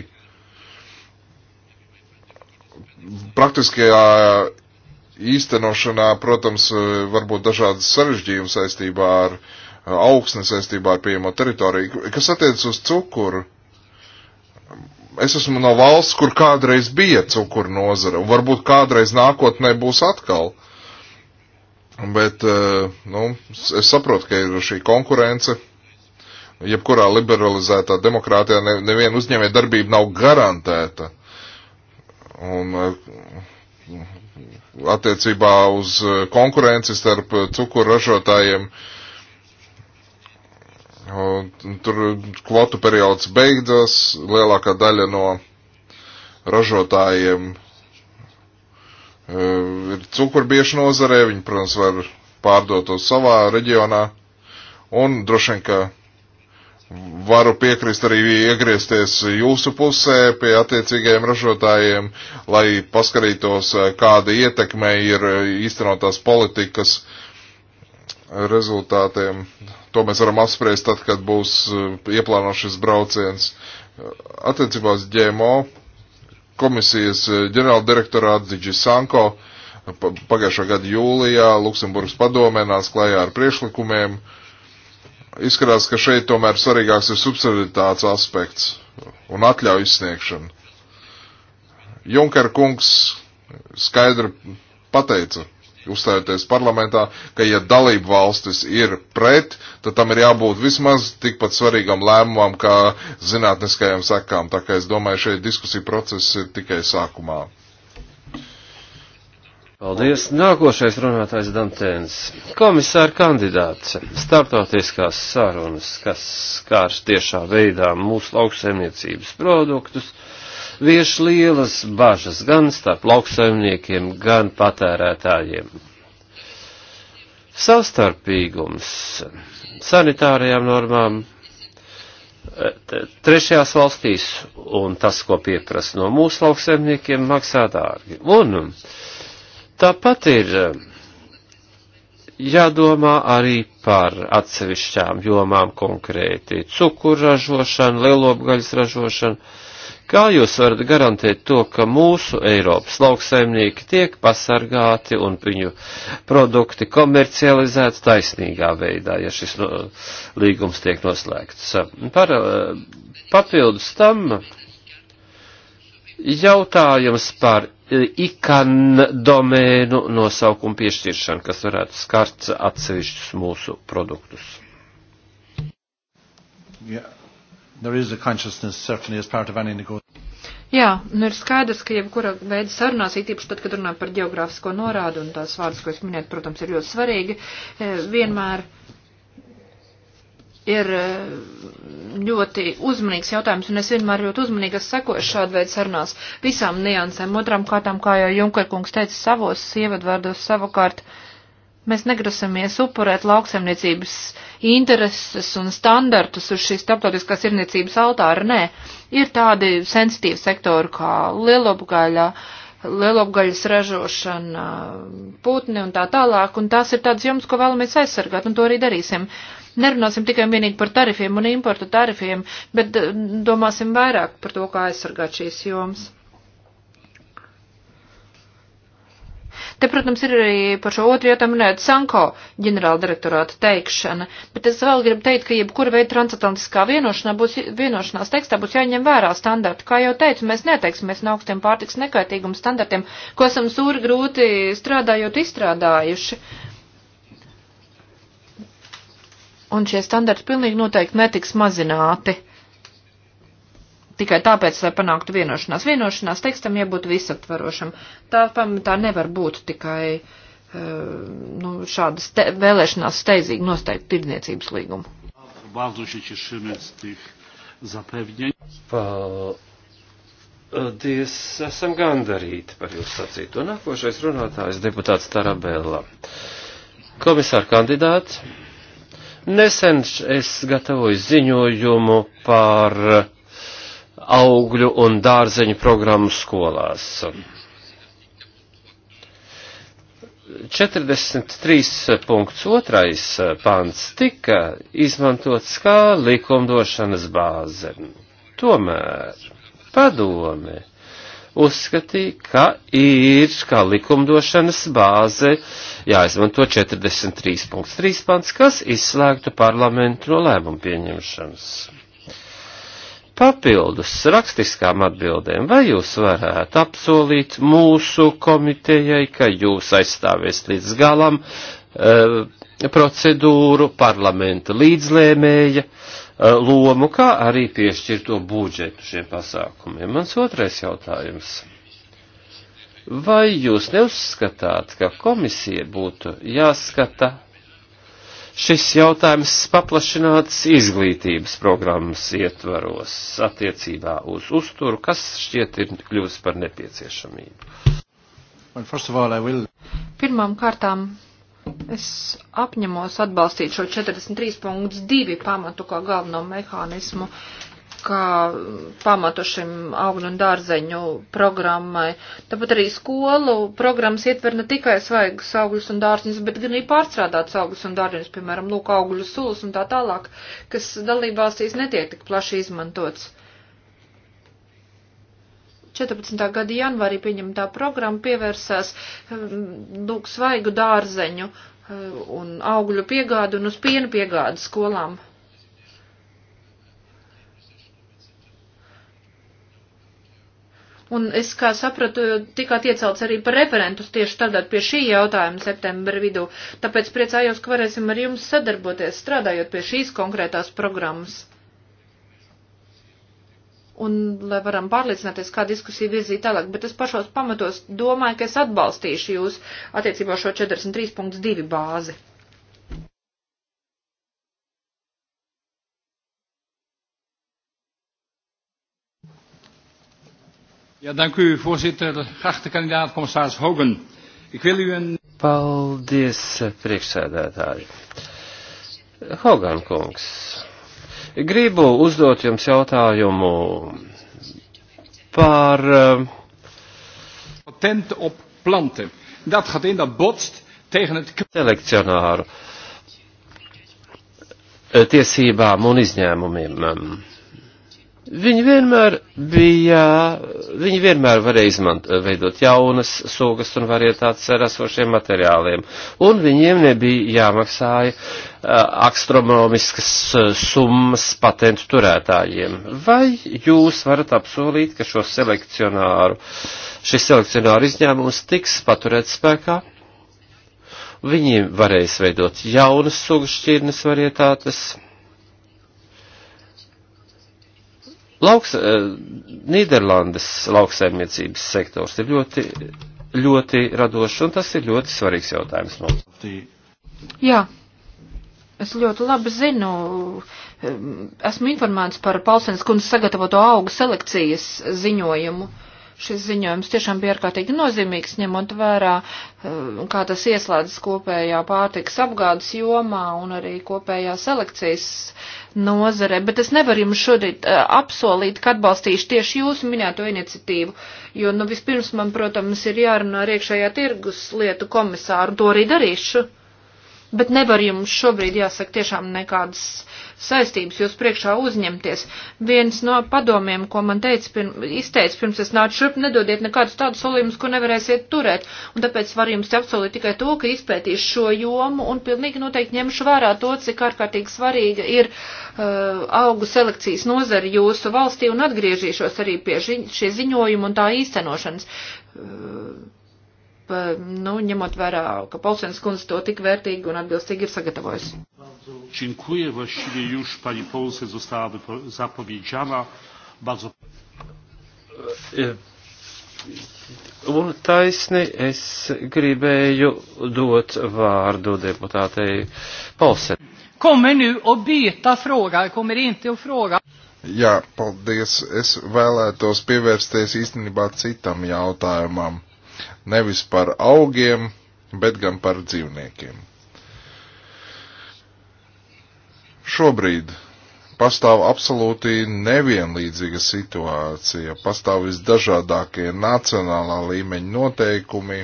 Praktiskajā īstenošanā, protams, eh, var būt dažādas sarežģījumi saistībā ar augsni, saistībā ar pieejamo teritoriju. Kas attiec uz cukuru, es esmu no valsts, kur kādreiz bija cukuru nozara, un varbūt kādreiz nākotnē būs atkal. Bet, eh, nu, es saprotu, ka ir šī konkurence. Jebkurā liberalizētā demokrātijā ne, neviena uzņēmē darbība nav garantēta. Un eh, attiecībā uz eh, konkurenci starp cukuru ražotājiem uh, Tur kvotu periods beidzas, lielākā daļa no ražotājiem e, ir cukurbiešu nozarē, viņi, protams, var pārdot to savā reģionā, un droši vien, ka varu piekrist arī iegriezties jūsu pusē pie attiecīgajiem ražotājiem, lai paskarītos, e, kāda ietekme ir e, īstenotās politikas rezultātiem to mēs varam apspriest tad, kad būs eh, ieplānots šis brauciens. Attiecībā uz GMO komisijas eh, ģenerāla direktorāta Digi Sanko pagājušā gada jūlijā Luksemburgas padomē nāca klajā ar priešlikumiem. Izskatās, ka šeit tomēr svarīgāks ir subsidiaritāts aspekts un atļauju izsniegšana. Junker kungs skaidri pateica, uzstājoties parlamentā, ka ja dalību valstis ir pret, tad tam ir jābūt vismaz tikpat svarīgam lēmumam, kā zinātniskajām sekām. Tā kā es domāju, šeit diskusija process ir tikai sākumā. Paldies. Nākošais runātājs Dantēns. Komisāra
kandidāts. Startautiskās sarunas, kas skārs tiešā veidā mūsu lauksaimniecības produktus vieš lielas bažas gan starp lauksaimniekiem, gan patērētājiem. Savstarpīgums sanitārajām normām eh, trešajās valstīs un tas, ko pieprasa no mūsu lauksaimniekiem, maksā dārgi. Un tāpat ir eh, jādomā arī par atsevišķām jomām konkrēti cukuru ražošanu, lielopgaļas ražošanu Kā jūs varat garantēt to, ka mūsu Eiropas lauksaimnieki tiek pasargāti un viņu produkti komercializēts taisnīgā veidā, ja šis no, līgums tiek noslēgts? Par eh, papildus tam jautājums par eh, ikan domēnu nosaukumu piešķiršanu, kas varētu skart atsevišķus mūsu produktus.
Yeah.
Jā, nu ir skaidrs, ka jebkura veida sarunās, īpaši tad, kad runā par geogrāfisko norādu un tās vārdus, ko es minēju, protams, ir ļoti svarīgi, e, vienmēr ir e, ļoti uzmanīgs jautājums, un es vienmēr ļoti uzmanīgi sekoju šādu veidu sarunās visām niansēm. Otram kārtām, kā jau Junkerkungs teica savos ievadvārdos, savukārt. Uh, Mēs negrasamies upurēt lauksemniecības intereses un standartus uz šīs starptautiskās irniecības altāra, nē. Ir tādi sensitīvi sektori kā lielopgaļā, lielopgaļas ražošana, putni un tā tālāk, un tās ir tāds jums, ko vēlamies aizsargāt, un to arī darīsim. Nerunāsim tikai un vienīgi par tarifiem un importu tarifiem, bet eh, domāsim vairāk par to, kā aizsargāt šīs jomas. Te, protams, ir arī par šo otru jautājumu runājot Sanko ģenerāla direktorāta teikšana, bet es vēl gribu teikt, ka jebkura veida transatlantiskā vienošanā būs, vienošanās tekstā būs jāņem vērā standarti. Kā jau teicu, mēs neteiksimies no augstiem pārtiks nekaitīguma standartiem, ko esam sūri grūti strādājot izstrādājuši. Un šie standarti pilnīgi noteikti netiks mazināti tikai tāpēc, lai panāktu vienošanās. Vienošanās tekstam jābūt visaptvarošam. Tā, tā nevar būt tikai uh, nu, šāda ste vēlēšanās steidzīgi nosteikt tirdzniecības līgumu.
Paldies, esam gandarīti par jūsu sacīto. Nākošais runātājs deputāts Tarabella. Komisāra kandidāts. Nesen es gatavoju ziņojumu par augļu un dārzeņu programmu skolās. 43.2. pāns tika izmantots kā likumdošanas bāze. Tomēr padome uzskatīja, ka ir kā likumdošanas bāze jāizmanto 43.3. pants, kas izslēgtu parlamentu no lēmumu pieņemšanas papildus rakstiskām atbildēm, vai jūs varētu apsolīt mūsu komitejai, ka jūs aizstāvēsiet līdz galam e, procedūru parlamenta līdzlēmēja e, lomu, kā arī piešķirto budžetu šiem pasākumiem? Mans otrais jautājums. Vai jūs neuzskatāt, ka komisija būtu jāskata šis jautājums paplašināts izglītības programmas ietvaros attiecībā uz uzturu, kas šķiet ir kļuvis par nepieciešamību. All,
will...
Pirmām kārtām es apņemos atbalstīt šo 43.2 pamatu kā galveno mehānismu kā pamatu šim augļu un dārzeņu programmai. Tāpat arī skolu programmas ietver ne tikai svaigas augļus un dārzeņus, bet gan arī pārstrādāts augļus un dārzeņus, piemēram, lūk, augļu sulas un tā tālāk, kas dalībvalstīs netiek tik plaši izmantots. 14. gada janvārī pieņemtā programma pievērsās um, lūk svaigu dārzeņu uh, un augļu piegādu un uz piena piegādu skolām. Un es, kā sapratu, tikāt iecelts arī par referentus tieši strādāt pie šī jautājuma septembra vidū. Tāpēc priecājos, ka varēsim ar jums sadarboties, strādājot pie šīs konkrētās programmas. Un lai varam pārliecināties, kā diskusija virzīt tālāk, bet es pašos pamatos domāju, ka es atbalstīšu jūs attiecībā šo 43.2 bāzi.
Ja, dank u, voorzitter. Geachte kandidaat, commissaris Hogan. Ik wil u een... Paldies, priekšsēdētāji. Hogan kungs, gribu uzdot jums jautājumu par... Eh, Patent op planten. Dat gaat in, dat botst tegen het... Selekcionāru eh, tiesībām un izņēmumiem Viņi vienmēr bija, viņi vienmēr varēja izmantot, veidot jaunas sugas un varietātes ar esošiem materiāliem, un viņiem nebija jāmaksāja uh, astronomiskas uh, summas patentu turētājiem. Vai jūs varat apsolīt, ka šo selekcionāru, šis selekcionāru izņēmums tiks paturēt spēkā? Viņiem varēs veidot jaunas sugas šķirnes varietātes Lauks, eh, Nīderlandes lauksaimniecības sektors ir ļoti, ļoti radošs, un tas ir ļoti svarīgs jautājums mums.
Jā, es ļoti labi zinu, eh, esmu informēts par Paulsens kundzes sagatavoto augu selekcijas ziņojumu. Uh, šis ziņojums tiešām bija ārkārtīgi nozīmīgs, ņemot vērā, eh, kā tas ieslēdzas kopējā pārtikas apgādes jomā un arī kopējā selekcijas nozare. Bet es nevaru jums šodien eh, apsolīt, ka atbalstīšu tieši jūsu minēto iniciatīvu, jo, nu, vispirms man, protams, ir jārunā ar iekšējā tirgus lietu komisāru, to arī darīšu. Bet nevar jums šobrīd jāsaka tiešām nekādas saistības jūs priekšā uzņemties. Viens no padomiem, ko man teica, pirm, izteica pirms es nācu šurp, nedodiet nekādus tādus solījumus, ko nevarēsiet turēt. Un tāpēc var jums apsolīt tikai to, ka izpētīšu šo jomu un pilnīgi noteikti ņemšu vērā to, cik ārkārtīgi svarīga ir uh, augu selekcijas nozara jūsu valstī un atgriežīšos arī pie ži, šie ziņojumi un tā īstenošanas. Uh, pa, nu, ņemot vērā, ka Polsēnas kundze to tik vērtīgi un atbilstīgi ir sagatavojusi.
Dziękuję. Właściwie już pani Polsce została zapowiedziana. Bardzo... E,
un taisni es gribēju dot vārdu deputātei Polsē. Kommer nu och byta fråga, kommer inte att fråga.
Jā, paldies. Es vēlētos pievērsties īstenībā citam jautājumam nevis par augiem, bet gan par dzīvniekiem. Šobrīd pastāv absolūti nevienlīdzīga situācija, pastāv visdažādākie nacionālā līmeņa noteikumi,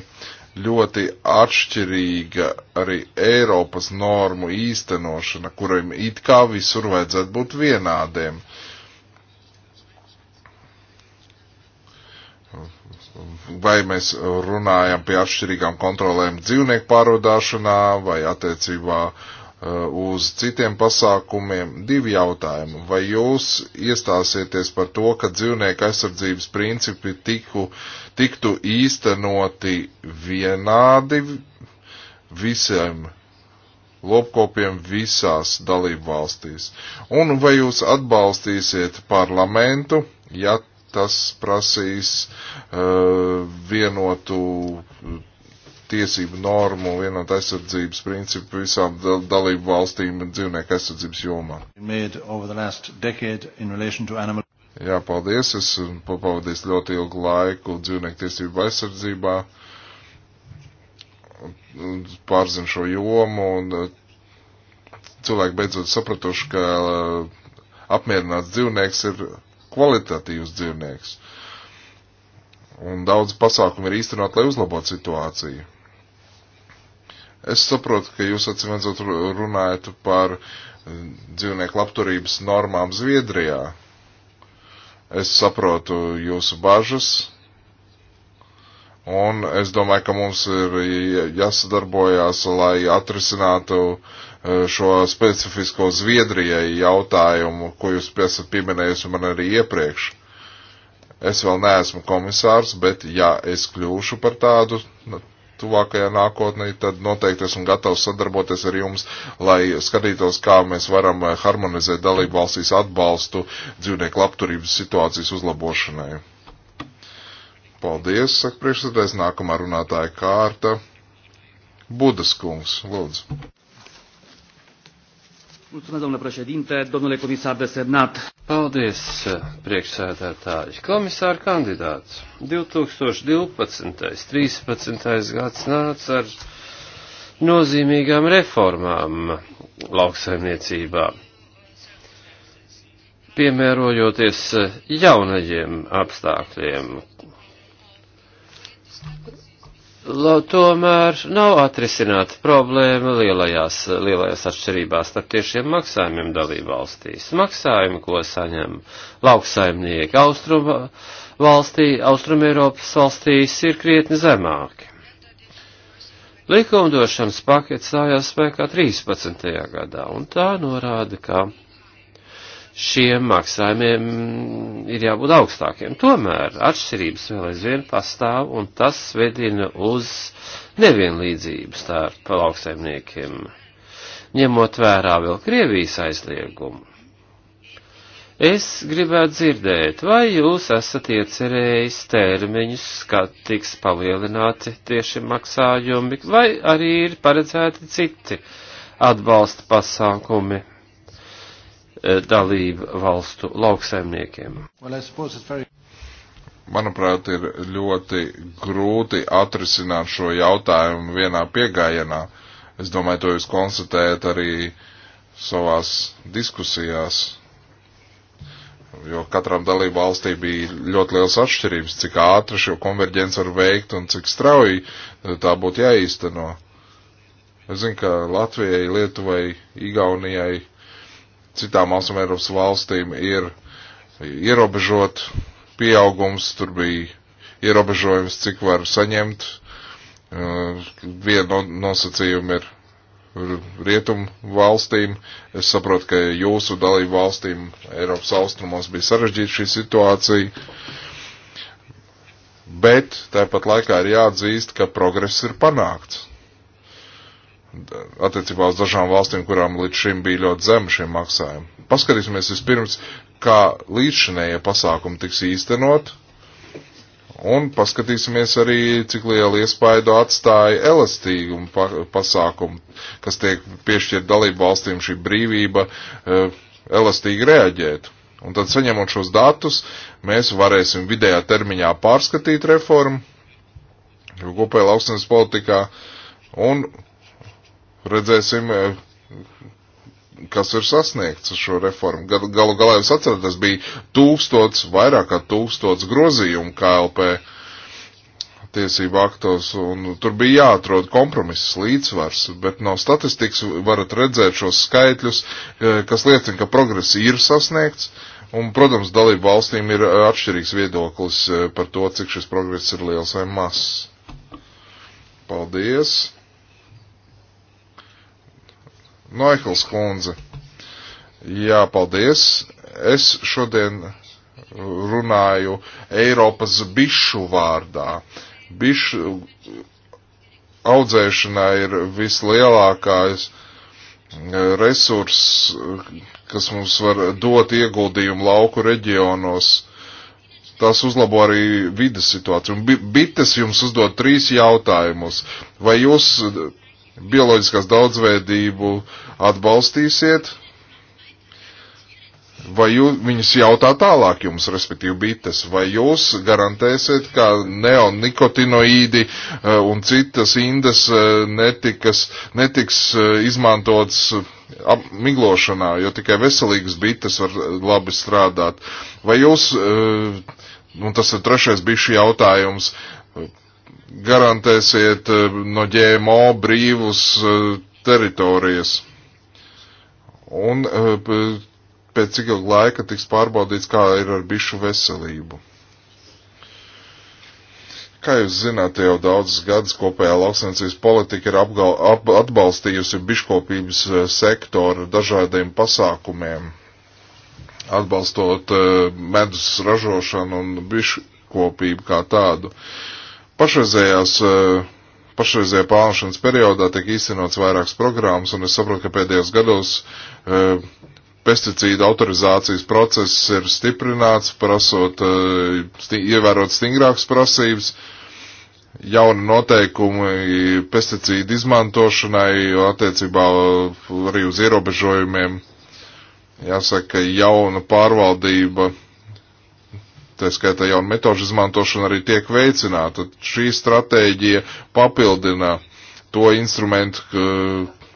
ļoti atšķirīga arī Eiropas normu īstenošana, kuriem it kā visur vajadzētu būt vienādiem. vai mēs runājam pie atšķirīgām kontrolēm dzīvnieku pārvadāšanā vai attiecībā uh, uz citiem pasākumiem. Divi jautājumi. Vai jūs iestāsieties par to, ka dzīvnieku aizsardzības principi tiku, tiktu īstenoti vienādi visiem lopkopiem visās dalību valstīs? Un vai jūs atbalstīsiet parlamentu, ja tas prasīs uh, vienotu uh, tiesību normu, vienotu aizsardzības principu visām dalību valstīm dzīvnieku aizsardzības jomā. Jā, paldies. Es um, pavadīju ļoti ilgu laiku dzīvnieku tiesību aizsardzībā. Pārzinu šo jomu un uh, cilvēki beidzot sapratuši, ka uh, apmierināts dzīvnieks ir kvalitatīvs dzīvnieks. Un daudz pasākumu ir īstenot, lai uzlabotu situāciju. Es saprotu, ka jūs atsimedzot runājat par eh, dzīvnieku labturības normām Zviedrijā. Es saprotu jūsu bažas, un es domāju, ka mums ir jāsadarbojās, lai atrisinātu uh, Eh, šo specifisko Zviedrijai jautājumu, ko jūs esat pieminējusi man arī iepriekš. Es vēl neesmu komisārs, bet ja es kļūšu par tādu tuvākajā nākotnē, tad noteikti esmu gatavs sadarboties ar jums, lai skatītos, kā mēs varam eh, harmonizēt dalību valstīs atbalstu dzīvnieku labturības situācijas uzlabošanai. Paldies, saka priekšsēdētājs, nākamā runātāja kārta. Budas kungs, lūdzu.
Mulțumesc, domnule președinte, domnule comisar desemnat. Paldies, priekšsēdētāji. Komisāra kandidāts 2012.13. gads nāca ar nozīmīgām reformām lauksaimniecībā, piemērojoties jaunajiem apstākļiem, Lau tomēr nav atrisināta problēma lielajās, lielajās atšķirībās starp tiešiem maksājumiem dalībvalstīs. Maksājumi, ko saņem lauksaimnieki austruma valstī, austrum Eiropas valstīs, ir krietni zemāki. Likumdošanas pakets stājās spēkā 13. gadā, un tā norāda, ka šiem maksājumiem ir jābūt augstākiem. Tomēr atšķirības vēl aizvien pastāv, un tas vedina uz nevienlīdzību starp lauksaimniekiem, ņemot vērā vēl Krievijas aizliegumu. Es gribētu dzirdēt, vai jūs esat iecerējis termiņus, kad tiks palielināti tieši maksājumi, vai arī ir paredzēti citi atbalsta pasākumi Eh, dalību valstu lauksaimniekiem.
Well, very...
Manuprāt, ir ļoti grūti atrisināt šo jautājumu vienā piegājienā. Es domāju, to jūs konstatējat arī savās diskusijās, jo katram dalību valstī bija ļoti liels atšķirības, cik ātri šo konverģents var veikt un cik strauji tā būtu jāīsteno. Es zinu, ka Latvijai, Lietuvai, Igaunijai citām Austrumēropas valstīm ir ierobežot pieaugums, tur bija ierobežojums, cik var saņemt. Uh, viena nosacījuma ir rietumu valstīm. Es saprotu, ka jūsu dalību valstīm Eiropas austrumos bija sarežģīta šī situācija. Bet tāpat laikā ir jāatzīst, ka progress ir panākts attiecībā uz dažām valstīm, kurām līdz šim bija ļoti zemi šie maksājumi. Paskatīsimies vispirms, kā līdzšinējie pasākumi tiks īstenot, un paskatīsimies arī, cik lielu iespaidu atstāja elastīgumu pa pasākumu, kas tiek piešķirt dalību valstīm šī brīvība e, elastīgi reaģēt. Un tad saņemot šos datus, mēs varēsim vidējā termiņā pārskatīt reformu, kopēja lauksnes politikā, un Redzēsim, eh, kas ir sasniegts ar šo reformu. Galu galā jūs atceraties, bija tūkstots, vairāk kā tūkstots grozījumu KLP tiesību aktos, un tur bija jāatrod kompromiss līdzsvars, bet no statistikas varat redzēt šos skaitļus, eh, kas liecina, ka progress ir sasniegts, un, protams, dalību valstīm ir eh, atšķirīgs viedoklis par to, cik šis progress ir liels vai mazs. Paldies! Noihils kundze. Jā, paldies. Es šodien runāju Eiropas bišu vārdā. Bišu audzēšanā ir vislielākais eh, resurs, kas mums var dot ieguldījumu lauku reģionos. Tas uzlabo arī vidas situāciju. Bites jums uzdod trīs jautājumus. Vai jūs bioloģiskās daudzveidību atbalstīsiet, vai jū, viņas jautā tālāk jums, respektīvi bites, vai jūs garantēsiet, ka neonikotinoīdi eh, un citas indas eh, netikas, netiks eh, izmantots ap, miglošanā, jo tikai veselīgas bites var labi strādāt. Vai jūs, un tas ir trešais bišu jautājums, garantēsiet eh, no ģēmo brīvus eh, teritorijas. Un eh, pēc cik ilga laika tiks pārbaudīts, kā ir ar bišu veselību. Kā jūs zināt, jau daudzas gadus kopējā lauksainicības politika ir apgal, ap, atbalstījusi biškopības sektoru dažādiem pasākumiem, atbalstot medus ražošanu un biškopību kā tādu. Uh, Pašreizējās, eh, pašreizējā plānošanas periodā tiek īstenots vairākas programmas, un es saprotu, ka pēdējos gados eh, pesticīdu autorizācijas process ir stiprināts, prasot, eh, sti ievērot stingrākas prasības, jauni noteikumi pesticīdu izmantošanai, attiecībā arī uz ierobežojumiem. Jāsaka, jauna pārvaldība tā skaitā jaunu metožu izmantošana arī tiek veicināta. Šī stratēģija papildina to instrumentu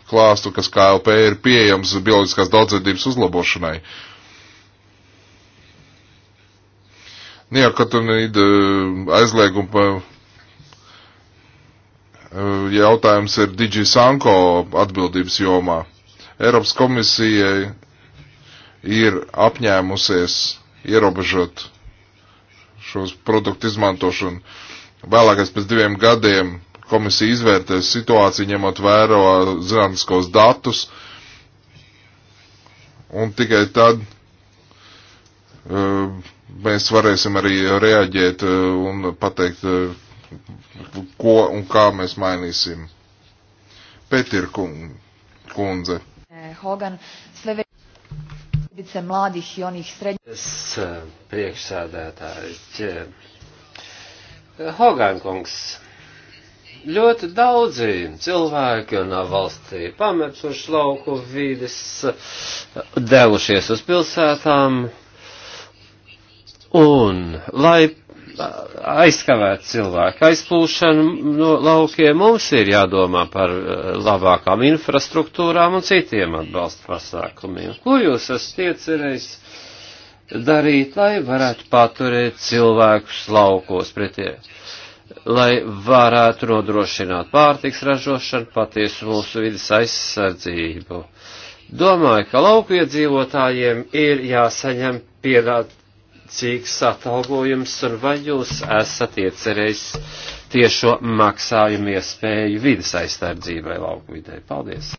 klāstu, kas KLP ir pieejams bioloģiskās daudzveidības uzlabošanai. Neokatonīda eh, aizlieguma eh, jautājums ir Digi Sanko atbildības jomā. Eiropas komisijai ir apņēmusies ierobežot šos produktu izmantošanu. Vēlākais pēc diviem gadiem komisija izvērtēs situāciju, ņemot vērā zinātniskos datus, un tikai tad uh, mēs varēsim arī reaģēt uh, un pateikt, uh, ko un kā mēs mainīsim. Petir kundze.
Hogan, Sleve posebice mladih i onih srednjih.
Eh,
Priekšsādētāji, eh, Hogankungs, ļoti daudzi cilvēki no valstī pametuši lauku vides, eh, devušies uz pilsētām, un, lai aizskavēt cilvēku aizplūšanu no laukiem. Mums ir jādomā par eh, labākām infrastruktūrām un citiem atbalsta pasākumiem. Ko jūs esat iecerējis darīt, lai varētu paturēt cilvēkus laukos pretie? lai varētu nodrošināt pārtiks ražošanu, patiesu mūsu vidas aizsardzību. Domāju, ka lauku iedzīvotājiem ir jāsaņem pienāt, attiecīgs atalgojums un vai jūs esat iecerējis tiešo maksājumu iespēju vidas aizsardzībai lauku vidē. Paldies!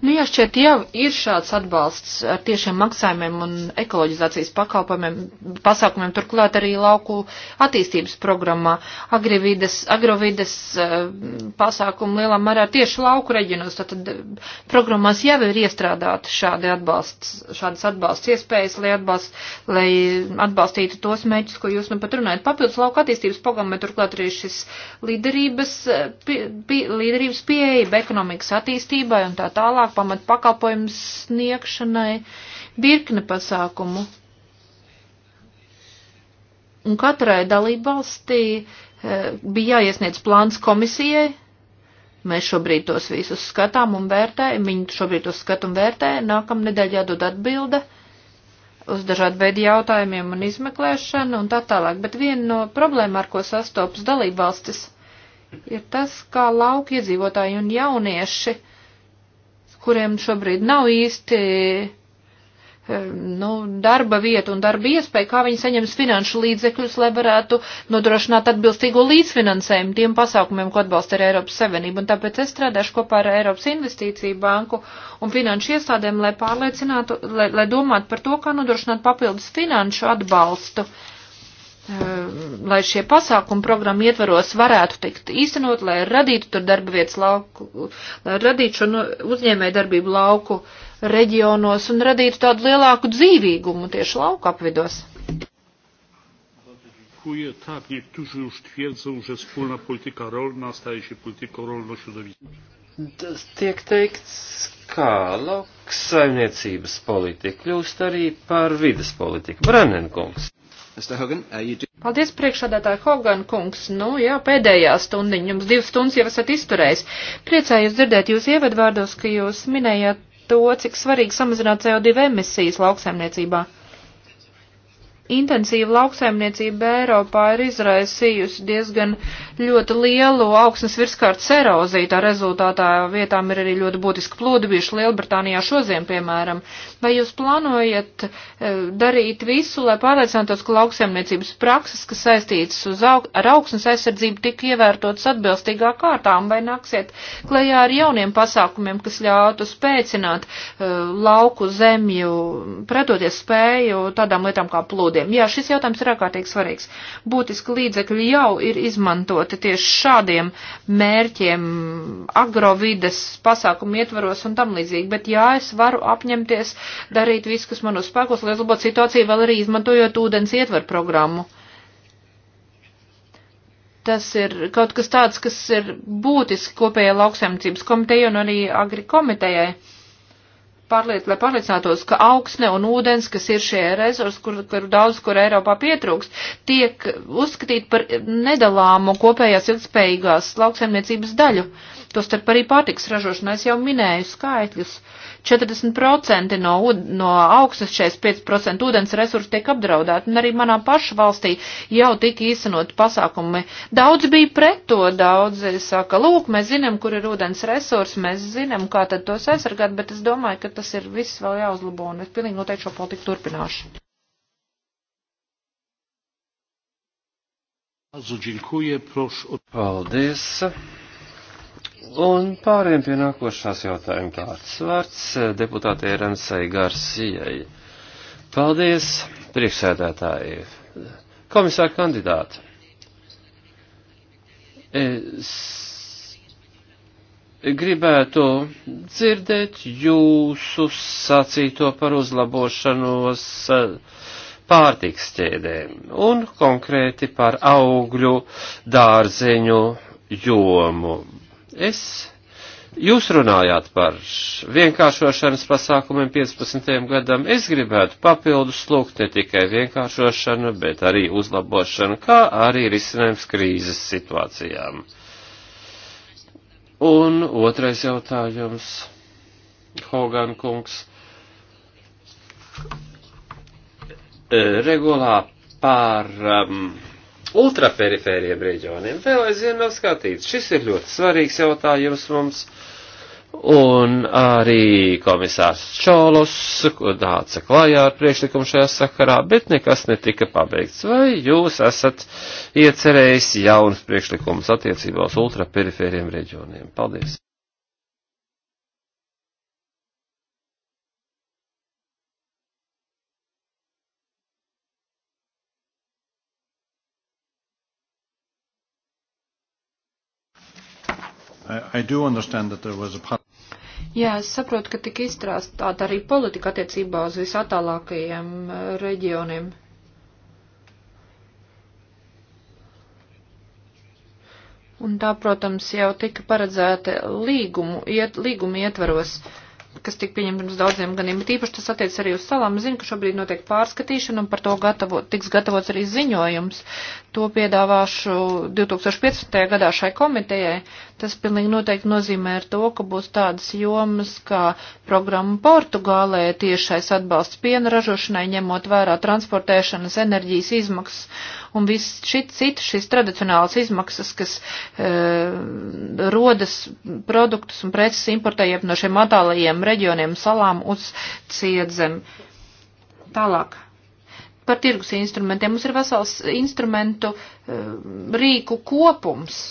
Nu, jā, šķiet jau ir šāds atbalsts ar tiešiem maksājumiem un ekoloģizācijas pakalpojumiem, pasākumiem, turklāt arī lauku attīstības programmā. Agrivides, agrovides eh, pasākumu lielā mērā tieši lauku reģionos, tātad eh, programmās jau ir iestrādāti šādi atbalsts, šādas atbalsts iespējas, lai, atbalst, lai atbalstītu tos mēģus, ko jūs nu pat runājat. Papildus lauku attīstības pakalpojumiem programmai, turklāt arī šis līderības, eh, pie, līderības pieeja ekonomikas attīstībai un tā tālāk pamat pakalpojums sniegšanai virkne pasākumu. Un katrai dalībvalstī eh, bija jāiesniedz plāns komisijai. Mēs šobrīd tos visus skatām un vērtējam, viņi šobrīd tos skat un vērtē, nākamnedēļ jādod atbilde. Uh, uz dažādu veidu jautājumiem un izmeklēšanu un tā tālāk. Bet viena no problēma, ar ko sastopas dalībvalstis, ir tas, kā lauki iedzīvotāji un jaunieši, kuriem šobrīd nav īsti Eh, nu, darba vietu un darba iespēju, kā viņi saņems finanšu līdzekļus, lai varētu nodrošināt atbilstīgo līdzfinansējumu tiem pasākumiem, ko atbalsta arī Eiropas Savienība. Un tāpēc es strādāšu kopā ar Eiropas Investīciju banku un finanšu iestādēm, lai pārliecinātu, lai, lai domātu par to, kā nodrošināt papildus finanšu atbalstu eh, lai šie pasākumi programmu ietvaros varētu tikt īstenot, lai radītu tur darba vietas lauku, lai radītu šo no, uzņēmēju darbību lauku uh, reģionos un radītu tādu lielāku dzīvīgumu tieši lauka apvidos.
Dziękuję. Tak, niektórzy już twierdzą, że wspólna polityka rolna staje się polityką rolno-środowiskową.
Tiek teikts, kā lauksaimniecības politika kļūst arī par vidas politiku. Brannenkungs. Uh,
Paldies priekšādātāji Hogan kungs. Nu jā, pēdējā stundiņa. Jums divas stundas jau esat izturējis. Priecājos dzirdēt jūs ievadvārdos, ka jūs minējāt to, cik svarīgi samazināt CO2 emisijas lauksaimniecībā intensīva lauksaimniecība Eiropā ir izraisījusi diezgan ļoti lielu augsnes virskārtas eroziju. Tā rezultātā vietām ir arī ļoti būtiski plūdi bijuši Lielbritānijā šodien, piemēram. Vai jūs plānojat eh, darīt visu, lai pārliecinātos, ka lauksaimniecības prakses, kas saistītas uz aug ar augsnes aizsardzību, tik ievērtotas atbilstīgā kārtā, un vai nāksiet klajā ar jauniem pasākumiem, kas ļautu spēcināt uh, lauku zemju pretoties spēju tādām lietām kā plūdi? draudiem. Jā, šis jautājums ir ārkārtīgi svarīgs. Būtiski līdzekļi jau ir izmantoti tieši šādiem mērķiem, agrovides pasākumu ietvaros un tam līdzīgi, bet jā, es varu apņemties darīt visu, kas manos spēkos, lai uzlabotu situāciju, vēl arī izmantojot ūdens ietvaru programmu tas ir kaut kas tāds, kas ir būtiski kopējai lauksaimniecības komitejai un arī agri komitejai pārliec, lai pārliecinātos, ka augsne un ūdens, kas ir šie resursi, kur, kur daudz, kur Eiropā pietrūkst, tiek uzskatīt par nedalāmu kopējās ilgspējīgās lauksaimniecības daļu. Uh, Tostarp arī pārtiks ražošanā es jau minēju skaitļus. 40% no, no augstas, 45% ūdens resursu tiek apdraudēti, un arī manā paša valstī jau tika īstenot pasākumi. Daudz bija pret to, daudzi saka, lūk, mēs zinām, kur ir ūdens resursi, mēs zinām, kā tad tos aizsargāt, bet es domāju, ka tas ir viss vēl jāuzlabo, un es pilnīgi noteikti šo politiku turpināšu.
Paldies! Un pāriem pie nākošās jautājuma kārtas vārds eh, deputātei Rensai Garcijai. Paldies, priekšsēdētāji. Komisāra kandidāti. Es gribētu dzirdēt jūsu sacīto par uzlabošanos eh, pārtiks ķēdēm un konkrēti par augļu dārzeņu jomu. Es, jūs runājāt par vienkāršošanas pasākumiem 15. gadam. Es gribētu papildus lūgt ne tikai vienkāršošanu, bet arī uzlabošanu, kā arī risinājums krīzes situācijām. Un otrais jautājums, Hogan kungs regulā par um, ultraperifēriem reģioniem. Vēl aizvien nav skatīts. Šis ir ļoti svarīgs jautājums mums. Un arī komisārs Čolos nāca klajā ar priekšlikumu šajā sakarā, bet nekas netika pabeigts. Vai jūs esat iecerējis jaunas priekšlikumus attiecībā uz ultraperifēriem reģioniem? Paldies!
I, I do understand that there was a
Jā, es saprotu, ka tika izstrādāta arī politika attiecībā uz visatālākajiem uh, reģioniem. Un tā, protams, jau tika paredzēta līgumu, iet, līguma ietvaros. Uh, kas tika pieņemta pirms daudziem gadiem, bet īpaši tas attiec arī uz salām. Zinu, ka šobrīd notiek pārskatīšana un par to gatavo, tiks gatavots arī ziņojums. To piedāvāšu 2015. gadā šai komitejai. Tas pilnīgi noteikti nozīmē ar to, ka būs tādas jomas kā programma Portugālē tiešais atbalsts piena ražošanai, ņemot vērā transportēšanas enerģijas izmaksas un viss šit citu šīs tradicionālas izmaksas, kas e, rodas produktus un preces importējiem no šiem attālajiem reģioniem salām uz ciedzem. Tālāk. Par tirgus instrumentiem mums ir vesels instrumentu e, rīku kopums.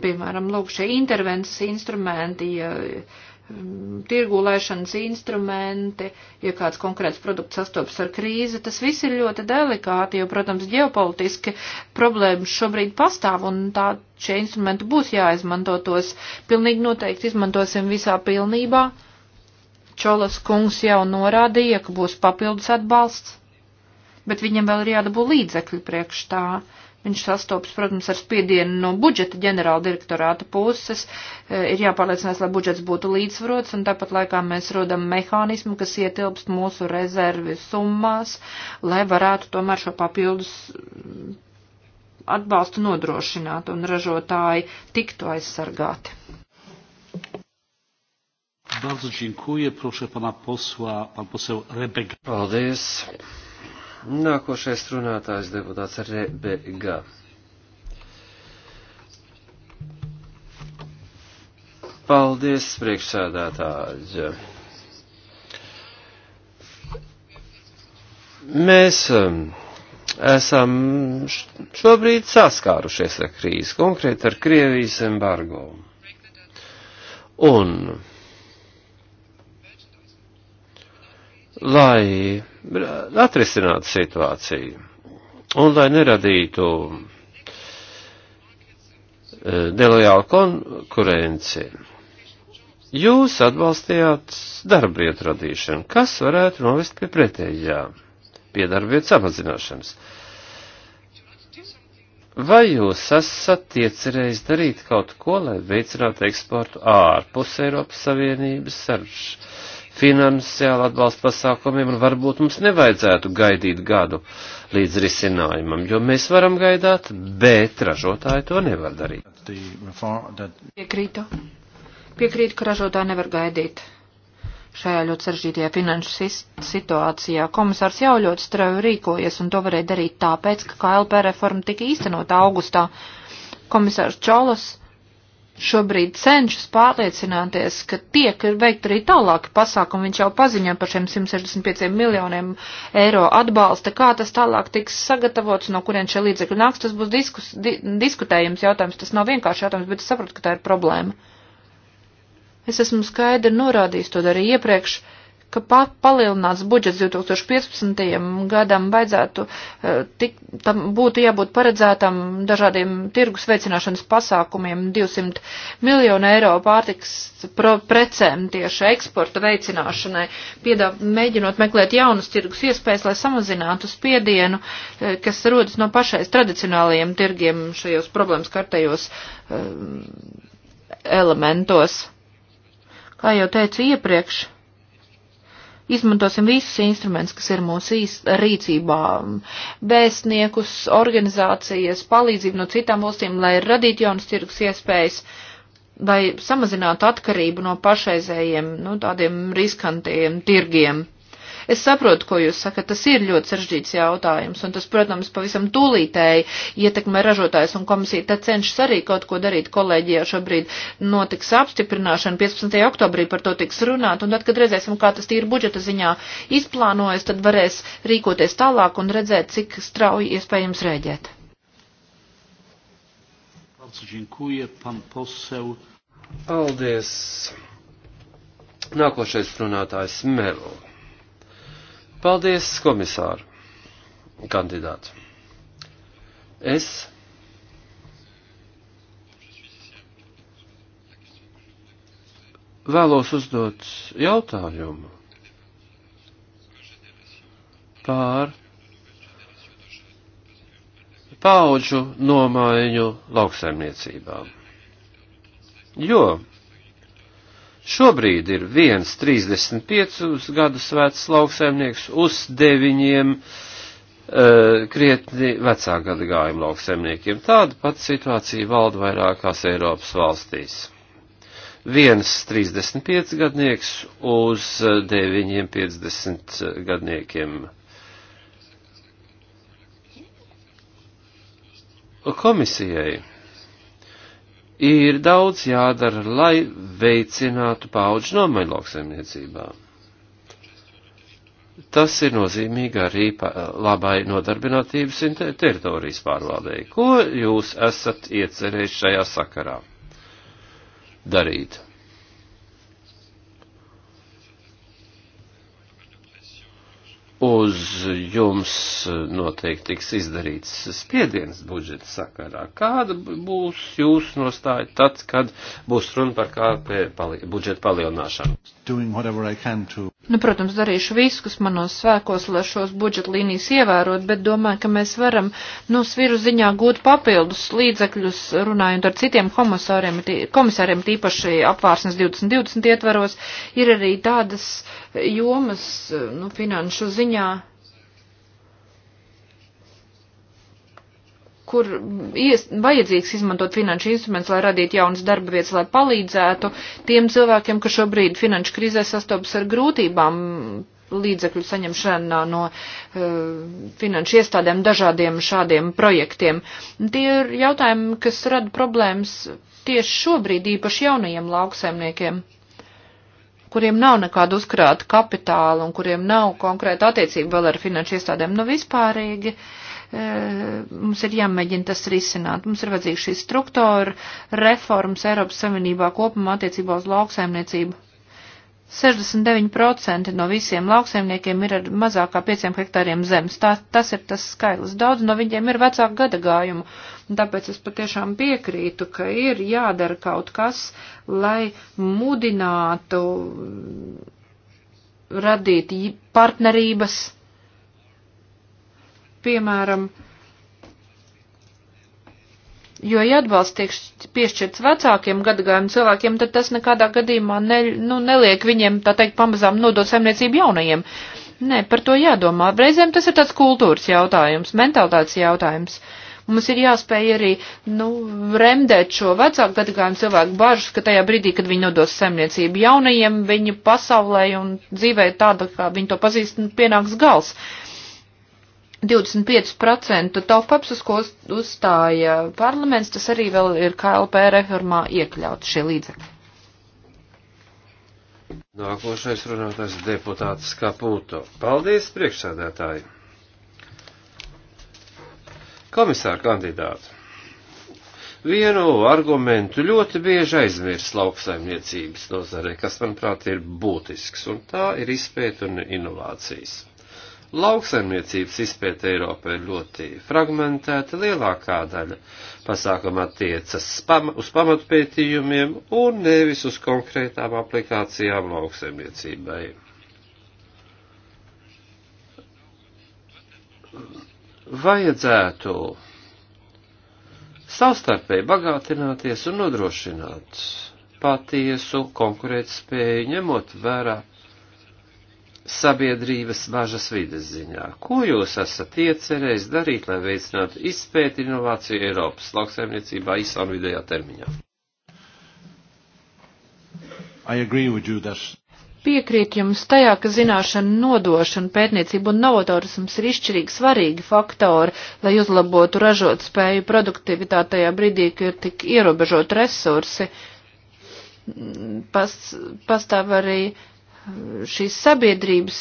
piemēram, lūk, šie intervences instrumenti, ja Mm, tirgulēšanas instrumenti, ja kāds konkrēts produkts sastopas ar krīzi, tas viss ir ļoti delikāti, jo, protams, ģeopolitiski problēmas šobrīd pastāv un tā šie instrumenti būs jāizmanto tos. Pilnīgi noteikti izmantosim visā pilnībā. Čolas kungs jau norādīja, ka būs papildus atbalsts, bet viņam vēl ir jādabū līdzekļi priekš tā. Uh, Viņš sastopas, protams, ar spiedienu no budžeta ģenerāla direktorāta puses. E, ir jāpārliecinās, lai budžets būtu līdzsvarots, un tāpat laikā mēs rodam mehānismu, kas ietilpst mūsu rezervi summās, lai varētu tomēr šo papildus atbalstu nodrošināt un ražotāji tiktu aizsargāti.
Bardzo dziękuję. Proszę
pana posła, pan poseł Rebega. Paldies. Nākošais runātājs deputāts Rebega. Paldies, priekšsēdētāji. Mēs um, esam šobrīd saskārušies ar krīzi, konkrēti ar Krievijas embargo. Un lai atrisinātu situāciju un lai neradītu e, nelojālu konkurenci. Jūs atbalstījāt darbvietu radīšanu, kas varētu novest pie pretējā, pie darbvietu samazināšanas. Vai jūs esat iecerējis darīt kaut ko, lai veicinātu eksportu ārpus Eiropas Savienības saržu? finansiāla atbalsta pasākumiem, un varbūt mums nevajadzētu gaidīt gadu līdz risinājumam, jo mēs varam gaidāt, bet ražotāji to nevar darīt.
Piekrītu. Piekrītu, ka ražotāji nevar gaidīt. Šajā ļoti sarežģītajā finanšu situācijā komisārs jau ļoti strauji rīkojies, un to varēja darīt tāpēc, ka KLP reforma tika īstenota augustā. Komisārs Čolas šobrīd cenšas pārliecināties, ka tiek veikt arī tālāki pasākumi. Viņš jau paziņo par šiem 165 miljoniem eiro atbalsta. Kā tas tālāk tiks sagatavots, no kurien šie līdzekļi nāks, tas būs diskus, di, diskutējums jautājums. Tas nav vienkārši jautājums, bet es saprotu, ka tā ir problēma. Es esmu skaidri norādījis to arī iepriekš ka pa, palielināts budžets 2015. gadam vajadzētu eh, tik, tam būtu jābūt paredzētam dažādiem tirgus veicināšanas pasākumiem 200 miljonu eiro pārtiks pro, precēm tieši eksporta veicināšanai, piedā, mēģinot meklēt jaunas tirgus iespējas, lai samazinātu spiedienu, eh, kas rodas no pašais tradicionālajiem tirgiem šajos problēmas kartajos eh, elementos. Kā jau teicu iepriekš, Izmantosim visus instrumentus, kas ir mūsu rīcībā - bēstniekus, organizācijas, palīdzību no citām valstīm, lai radītu jaunas tirgus iespējas, lai samazinātu atkarību no pašreizējiem, nu, tādiem riskantiem tirgiem. Es saprotu, ko jūs sakat, tas ir ļoti saržģīts jautājums, un tas, protams, pavisam tūlītēji ietekmē ražotājs un komisija, tad cenšas arī kaut ko darīt kolēģijā šobrīd notiks apstiprināšana, 15. oktobrī par to tiks runāt, un tad, kad redzēsim, kā tas tīri budžeta ziņā izplānojas, tad varēs rīkoties tālāk un redzēt, cik strauji iespējams rēģēt.
Bardzo dziękuję. Pan
poseł. Paldies. Nākošais runātājs Melo. Paldies, komisāru kandidāts. Es vēlos uzdot jautājumu pār paudžu nomaiņu lauksaimniecībām. Jo Šobrīd ir viens 35 gadus vecs lauksaimnieks uz deviņiem uh, krietni vecā gadagājuma lauksaimniekiem. Tāda pat situācija valda vairākās Eiropas valstīs. Viens 35 gadnieks uz deviņiem 50 gadniekiem. Komisijai ir daudz jādara, lai veicinātu paudžu nomaiņu lauksaimniecībā. Tas ir nozīmīgi arī labai nodarbinātības un teritorijas pārvaldei. Ko jūs esat iecerējuši šajā sakarā darīt? uz jums noteikti tiks izdarīts spiediens budžeta sakarā. Kāda būs jūsu nostāja tad, kad būs runa par KP pali budžeta palielināšanu? To...
Nu, protams, darīšu visu, kas manos svēkos, lai šos budžeta līnijas ievērot, bet domāju, ka mēs varam, nu, sviru ziņā gūt papildus līdzekļus, runājot ar citiem komisāriem, tīpaši apvārsnes 2020 ietvaros, ir arī tādas jomas, nu, finanšu ziņā, kur ies, vajadzīgs izmantot finanšu instruments, lai radītu jaunas darba vietas, lai palīdzētu tiem cilvēkiem, kas šobrīd finanšu krizē sastopas ar grūtībām līdzekļu saņemšanā no uh, finanšu iestādēm dažādiem šādiem projektiem. Tie ir jautājumi, kas rada problēmas tieši šobrīd īpaši jaunajiem lauksaimniekiem kuriem nav nekāda uzkrāta kapitāla un kuriem nav konkrēta attiecība vēl ar finanšu iestādēm. Nu, vispārīgi uh, E, mums ir jāmēģina tas risināt. Mums ir vajadzīga šī struktūra reformas Eiropas Savienībā kopumā attiecībā uz lauksaimniecību. 69% no visiem lauksaimniekiem ir ar mazākā 5 hektāriem zemes. Tā, tas ir tas skaidrs. Daudz no viņiem ir vecāku gadagājumu, un tāpēc es patiešām piekrītu, ka ir jādara kaut kas, lai mudinātu radīt partnerības piemēram, jo, ja atbalsts tiek piešķirts vecākiem gadagājiem cilvēkiem, tad tas nekādā gadījumā ne, nu, neliek viņiem, tā teikt, pamazām nodot saimniecību jaunajiem. Nē, par to jādomā. Reizēm tas ir tāds kultūras jautājums, mentalitātes jautājums. Mums ir jāspēj arī, nu, remdēt šo vecāku gadagājumu cilvēku bažas, ka tajā brīdī, kad viņi nodos saimniecību jaunajiem, viņu pasaulē un dzīvē tāda, kā viņi to pazīst, nu, pienāks gals. Uh, 25% taupaps, uz ko uzstāja parlaments, tas arī vēl ir KLP reformā iekļauts šie līdzekļi.
Nākošais runātājs deputāts Kaputo. Paldies, priekšsēdētāji! Komisāra kandidāti! Vienu argumentu ļoti bieži aizmirst lauksaimniecības nozarē, kas, manuprāt, ir būtisks, un tā ir izpēta un inovācijas. Lauksaimniecības izpēta Eiropā ir ļoti fragmentēta, lielākā daļa pasākuma attiecas pam uz pamatpētījumiem un nevis uz konkrētām aplikācijām lauksaimniecībai. Vajadzētu savstarpēji bagātināties un nodrošināt patiesu konkurētspēju, ņemot vērā sabiedrības mažas vides ziņā. Ko jūs esat iecerējis darīt, lai veicinātu izpēti inovāciju Eiropas lauksaimniecībā īsā un vidējā termiņā?
Piekrīt jums tajā, ka zināšana nodošana, pētniecība un novatorisms ir izšķirīgi svarīgi faktori, lai uzlabotu ražot spēju produktivitāti tajā brīdī, kad ir tik ierobežot resursi. Pas, pastāv arī uh, šīs sabiedrības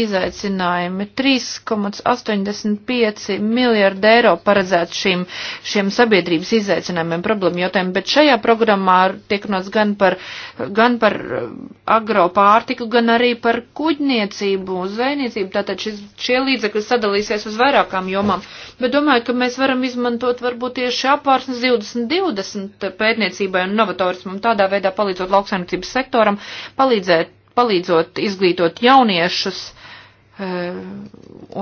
izaicinājumi. 3,85 miljārdi eiro paredzēts šīm, šiem sabiedrības izaicinājumiem, problēmu jautājumiem, bet šajā programmā tiek runāts gan par, gan par eh, agro pārtiku, gan arī par kuģniecību, zvejniecību, tātad šis, šie līdzekļi sadalīsies uz vairākām jomām. Bet domāju, ka mēs varam izmantot varbūt tieši apvārsnes 2020 pētniecībai un novatorismam, tādā veidā palīdzot lauksaimniecības sektoram, palīdzēt palīdzot izglītot jauniešus e,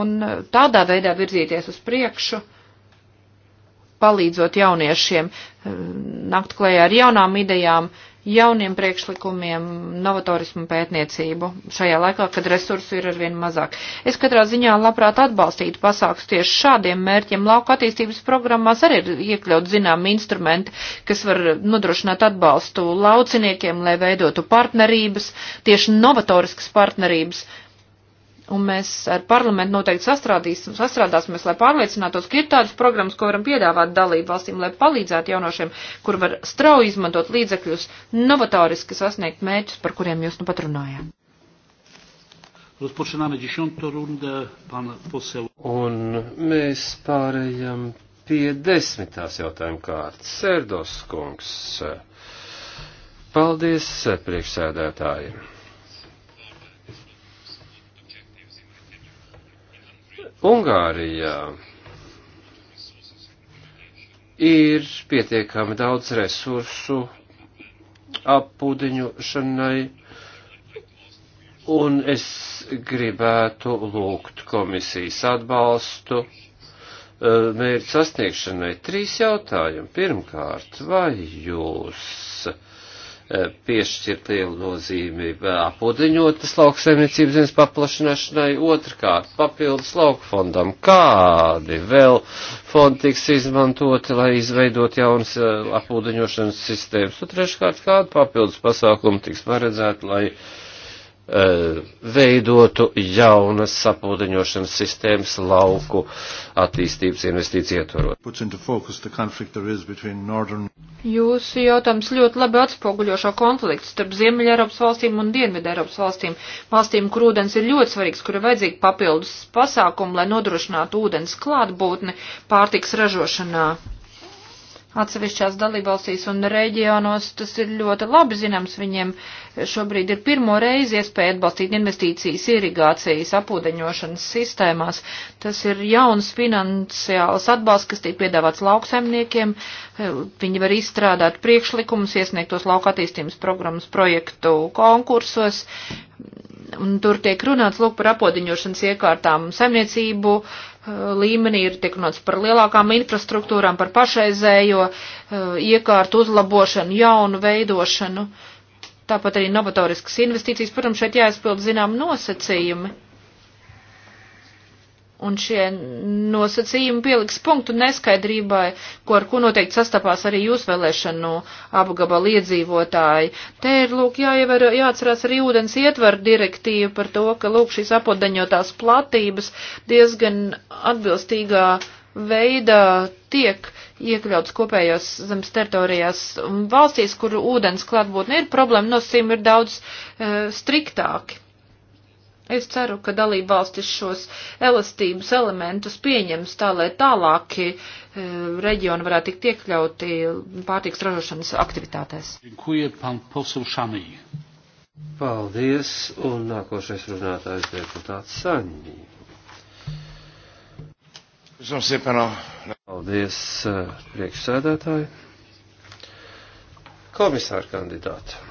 un tādā veidā virzīties uz priekšu, palīdzot jauniešiem e, nakt klējā ar jaunām idejām, jauniem priekšlikumiem, novatorismu pētniecību šajā laikā, kad resursu ir arvien mazāk. Es katrā ziņā labprāt atbalstītu pasākus tieši šādiem mērķiem. Lauka attīstības programmās arī ir iekļaut zinām instrumenti, kas var nodrošināt atbalstu lauciniekiem, lai veidotu partnerības, tieši novatoriskas partnerības Un mēs ar parlamentu noteikti sastrādāsimies, lai pārliecinātos, ka ir tādas programmas, ko varam piedāvāt dalību valstīm, lai palīdzētu jaunošiem, kur var strauji izmantot līdzekļus, novatoriski sasniegt mērķus, par kuriem jūs nu pat runājām.
Un
mēs pārējām pie desmitās jautājuma kārtas. Sērdos kungs. Paldies, priekšsēdētāji. Ungārijā ir pietiekami daudz resursu apūdiņošanai, un es gribētu lūgt komisijas atbalstu eh, mērķu sasniegšanai. Trīs jautājumi. Pirmkārt, vai jūs Eh, piešķirt lielu nozīmi eh, apūdeņotas lauksaimniecības zemes paplašināšanai, otrkārt papildus lauku fondam. Kādi vēl fondi tiks izmantoti, lai izveidot jaunas eh, apūdeņošanas sistēmas? Un treškārt, kādi papildus pasākumi tiks paredzēti, lai E, veidotu jaunas sapūdeņošanas sistēmas lauku attīstības investīciju ietvarot.
Jūsu jautājums ļoti labi atspoguļo šo konfliktu starp Ziemeļa Eiropas valstīm un Dienvidu Eiropas valstīm. Valstīm, kur ūdens ir ļoti svarīgs, kur ir vajadzīgi papildus pasākumi, lai nodrošinātu ūdens klātbūtni pārtiks ražošanā. Atsevišķās dalībvalstīs un reģionos tas ir ļoti labi zināms. Viņiem šobrīd ir pirmo reizi iespēja atbalstīt investīcijas irigācijas apūdeņošanas sistēmās. Tas ir jauns finansiāls atbalsts, kas tiek piedāvāts lauksaimniekiem. Viņi var izstrādāt priekšlikumus, iesniegtos lauka attīstības programmas projektu konkursos un tur tiek runāts lūk par apodiņošanas iekārtām, saimniecību, Eh, līmenī ir tiek runāts par lielākām infrastruktūrām, par pašreizējo eh, iekārtu uzlabošanu, jaunu veidošanu. Tāpat arī novatoriskas investīcijas, protams, šeit jāizpild zinām nosacījumi Un šie nosacījumi pieliks punktu neskaidrībai, ko ar ko noteikti sastapās arī jūs vēlēšanu apgabala iedzīvotāji. Te ir, lūk, jāievēr, jāatcerās arī ūdens ietver direktīva par to, ka, lūk, šīs apoddaņotās platības diezgan atbilstīgā veidā tiek iekļauts kopējos zemes teritorijās un valstīs, kur ūdens klātbūtne ir problēma, nosacījumi ir daudz e, striktāki. Es ceru, ka dalība valstis šos elastības elementus pieņems tā, lai tālāki e, reģioni varētu tikt iekļauti pārtiks ražošanas aktivitātēs.
Paldies, un
nākošais runātājs deputāts Saņī. Paldies, e, priekšsēdētāji. Komisāra kandidāti.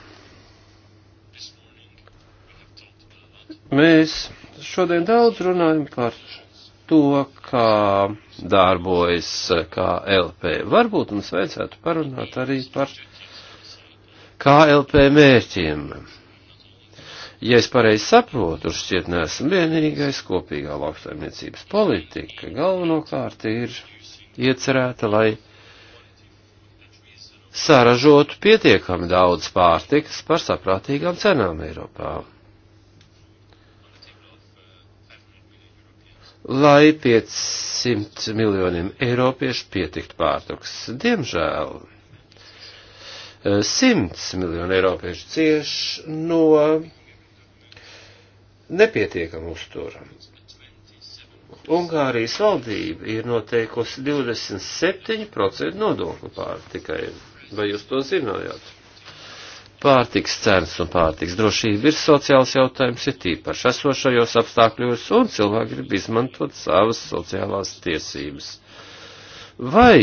Mēs šodien daudz runājam par to, kā darbojas KLP. Varbūt mums vajadzētu parunāt arī par KLP mērķiem. Ja es pareizi saprotu, šķiet neesam vienīgais kopīgā lauksaimniecības politika, galvenokārt ir iecerēta, lai saražotu pietiekami daudz pārtikas par saprātīgām cenām Eiropā. lai 500 miljoniem eiropiešu pietiktu pārtuks. Diemžēl 100 e, miljonu eiropiešu cieš no nepietiekama uztura. Ungārijas valdība ir noteikusi 27% nodokli pār tikai. Vai jūs to zinājāt? Pārtiks cenas un pārtiks drošība ir sociāls jautājums, ir tīpaši esošajos apstākļos, un cilvēki grib izmantot savas sociālās tiesības. Vai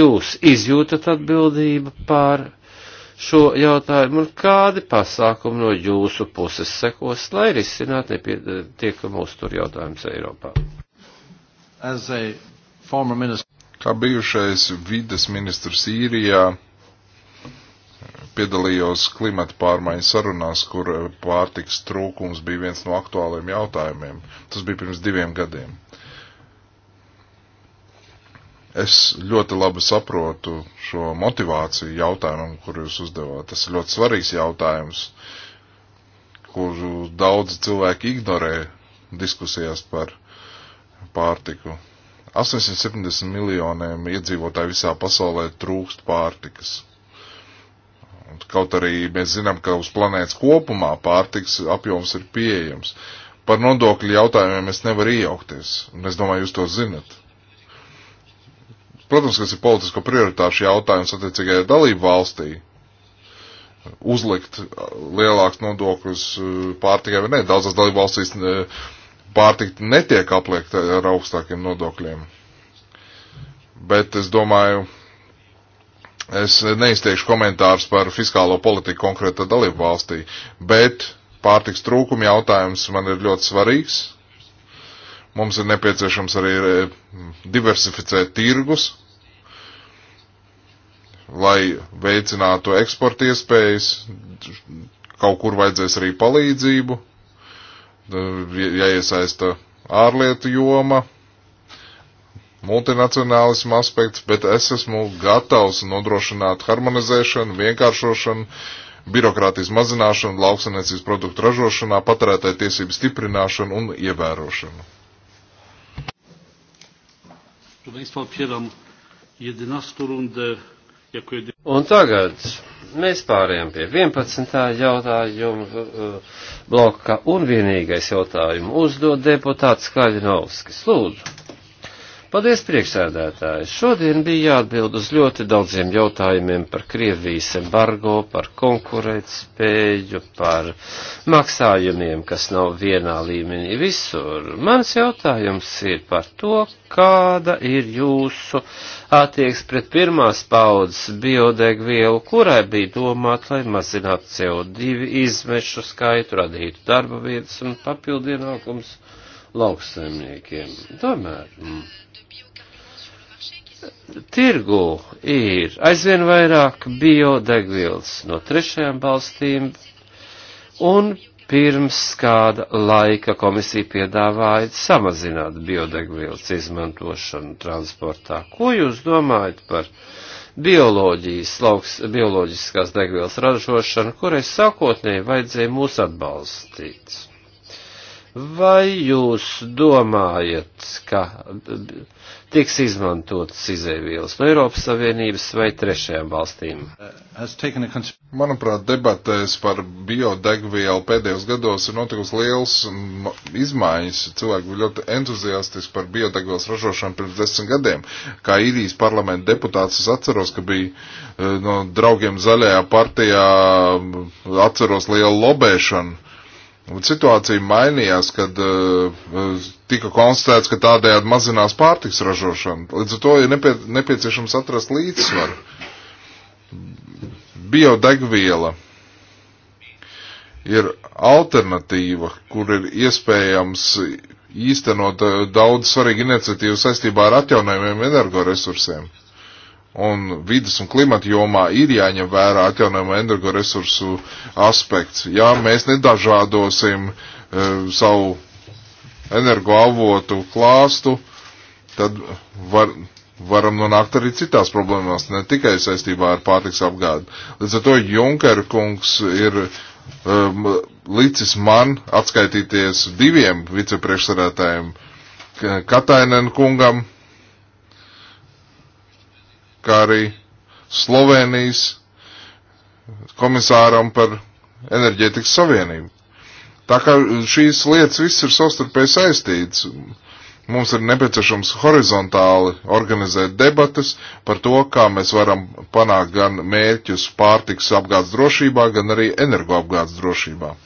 jūs izjūtat atbildību pār šo jautājumu, un kādi pasākumi no jūsu puses sekos, lai risinātu nepietiekamu uzturu jautājumus Eiropā?
Kā bijušais vides ministrs Īrijā, piedalījos klimata pārmaiņu sarunās, kur eh, pārtiks trūkums bija viens no aktuāliem jautājumiem. Tas bija pirms diviem gadiem. Es ļoti labi saprotu šo motivāciju jautājumam, kur jūs uzdevāt. Tas ir ļoti svarīgs jautājums, kuru daudzi cilvēki ignorē diskusijās par pārtiku. 870 miljoniem iedzīvotāju visā pasaulē trūkst pārtikas. Kaut arī mēs zinām, ka uz planētas kopumā pārtiks apjoms ir pieejams. Par nodokļu jautājumiem es nevaru iejaukties, un es domāju, jūs to zinat. Protams, kas ir politisko prioritāšu jautājums attiecīgajai dalību valstī, uzlikt lielāks nodokļus eh, pārtikai vai ne. Daudzās dalībvalstīs eh, pārtika netiek apliekta ar augstākiem nodokļiem. Bet es domāju, Es neizteikšu komentārus par fiskālo politiku konkrēta dalību valstī, bet pārtiks trūkuma jautājums man ir ļoti svarīgs. Mums ir nepieciešams arī e, diversificēt tirgus, lai veicinātu eksporta iespējas, kaut kur vajadzēs arī palīdzību, e, jāiesaista ārlietu joma, multinacionālismu aspekts, bet es esmu gatavs nodrošināt harmonizēšanu, vienkāršošanu, birokrātijas mazināšanu, lauksaimniecības produktu ražošanā, patērētāju tiesību stiprināšanu un ievērošanu.
Un tagad
mēs pārējām pie 11. jautājumu eh, bloka un vienīgais jautājumu uzdod deputāts Kaļinovskis. Lūdzu. Paldies, priekšsēdētāji! Šodien bija jāatbild uz ļoti daudziem jautājumiem par Krievijas embargo, par konkurētspēju, par maksājumiem, kas nav vienā līmenī visur. Mans jautājums ir par to, kāda ir jūsu attieks pret pirmās paudzes biodegvielu, kurai bija domāta, lai mazinātu CO2 izmešu skaitu, radītu darba vietas un papildienākums lauksaimniekiem. Tomēr. Mm tirgu ir aizvien vairāk biodegvielas no trešajām valstīm, un pirms kāda laika komisija piedāvāja samazināt biodegvielas izmantošanu transportā. Ko jūs domājat par bioloģijas, lauks, bioloģiskās degvielas ražošanu, kurai sākotnēji vajadzēja mūs atbalstīt? Vai jūs domājat, ka tiks izmantotas izēvielas no Eiropas Savienības vai trešajām valstīm?
Manuprāt, debatēs par biodegvielu pēdējos gados ir notikusi liels izmaiņas. Cilvēki bija ļoti entuziastiski par biodegvielas ražošanu pirms desmit gadiem. Kā īrijas parlamenta deputāts es atceros, ka bija eh, no draugiem zaļajā partijā atceros lielu lobēšanu Situācija mainījās, kad uh, tika konstatēts, ka tādējādi mazinās pārtiks ražošana. Līdz ar to ir nepie, nepieciešams atrast līdzsvaru. Biodegviela ir alternatīva, kur ir iespējams īstenot eh, daudz svarīgu iniciatīvu saistībā ar atjaunojumiem energoresursiem un vidas un klimata jomā ir jāņem vērā atjaunojamo energoresursu aspekts. Ja mēs nedažādosim e, savu energoavotu klāstu, tad var, varam nonākt arī citās problēmās, ne tikai saistībā ar pārtiks apgādi. Līdz ar to Junker kungs ir um, e, licis man atskaitīties diviem vicepriekšsarētājiem, Katainen kungam kā arī Slovenijas komisāram par enerģētikas savienību. Tā kā šīs lietas viss ir savstarpēji saistītas, mums ir nepieciešams horizontāli organizēt debatas par to, kā mēs varam panākt gan mērķus pārtiks apgādes drošībā, gan arī energoapgādes drošībā.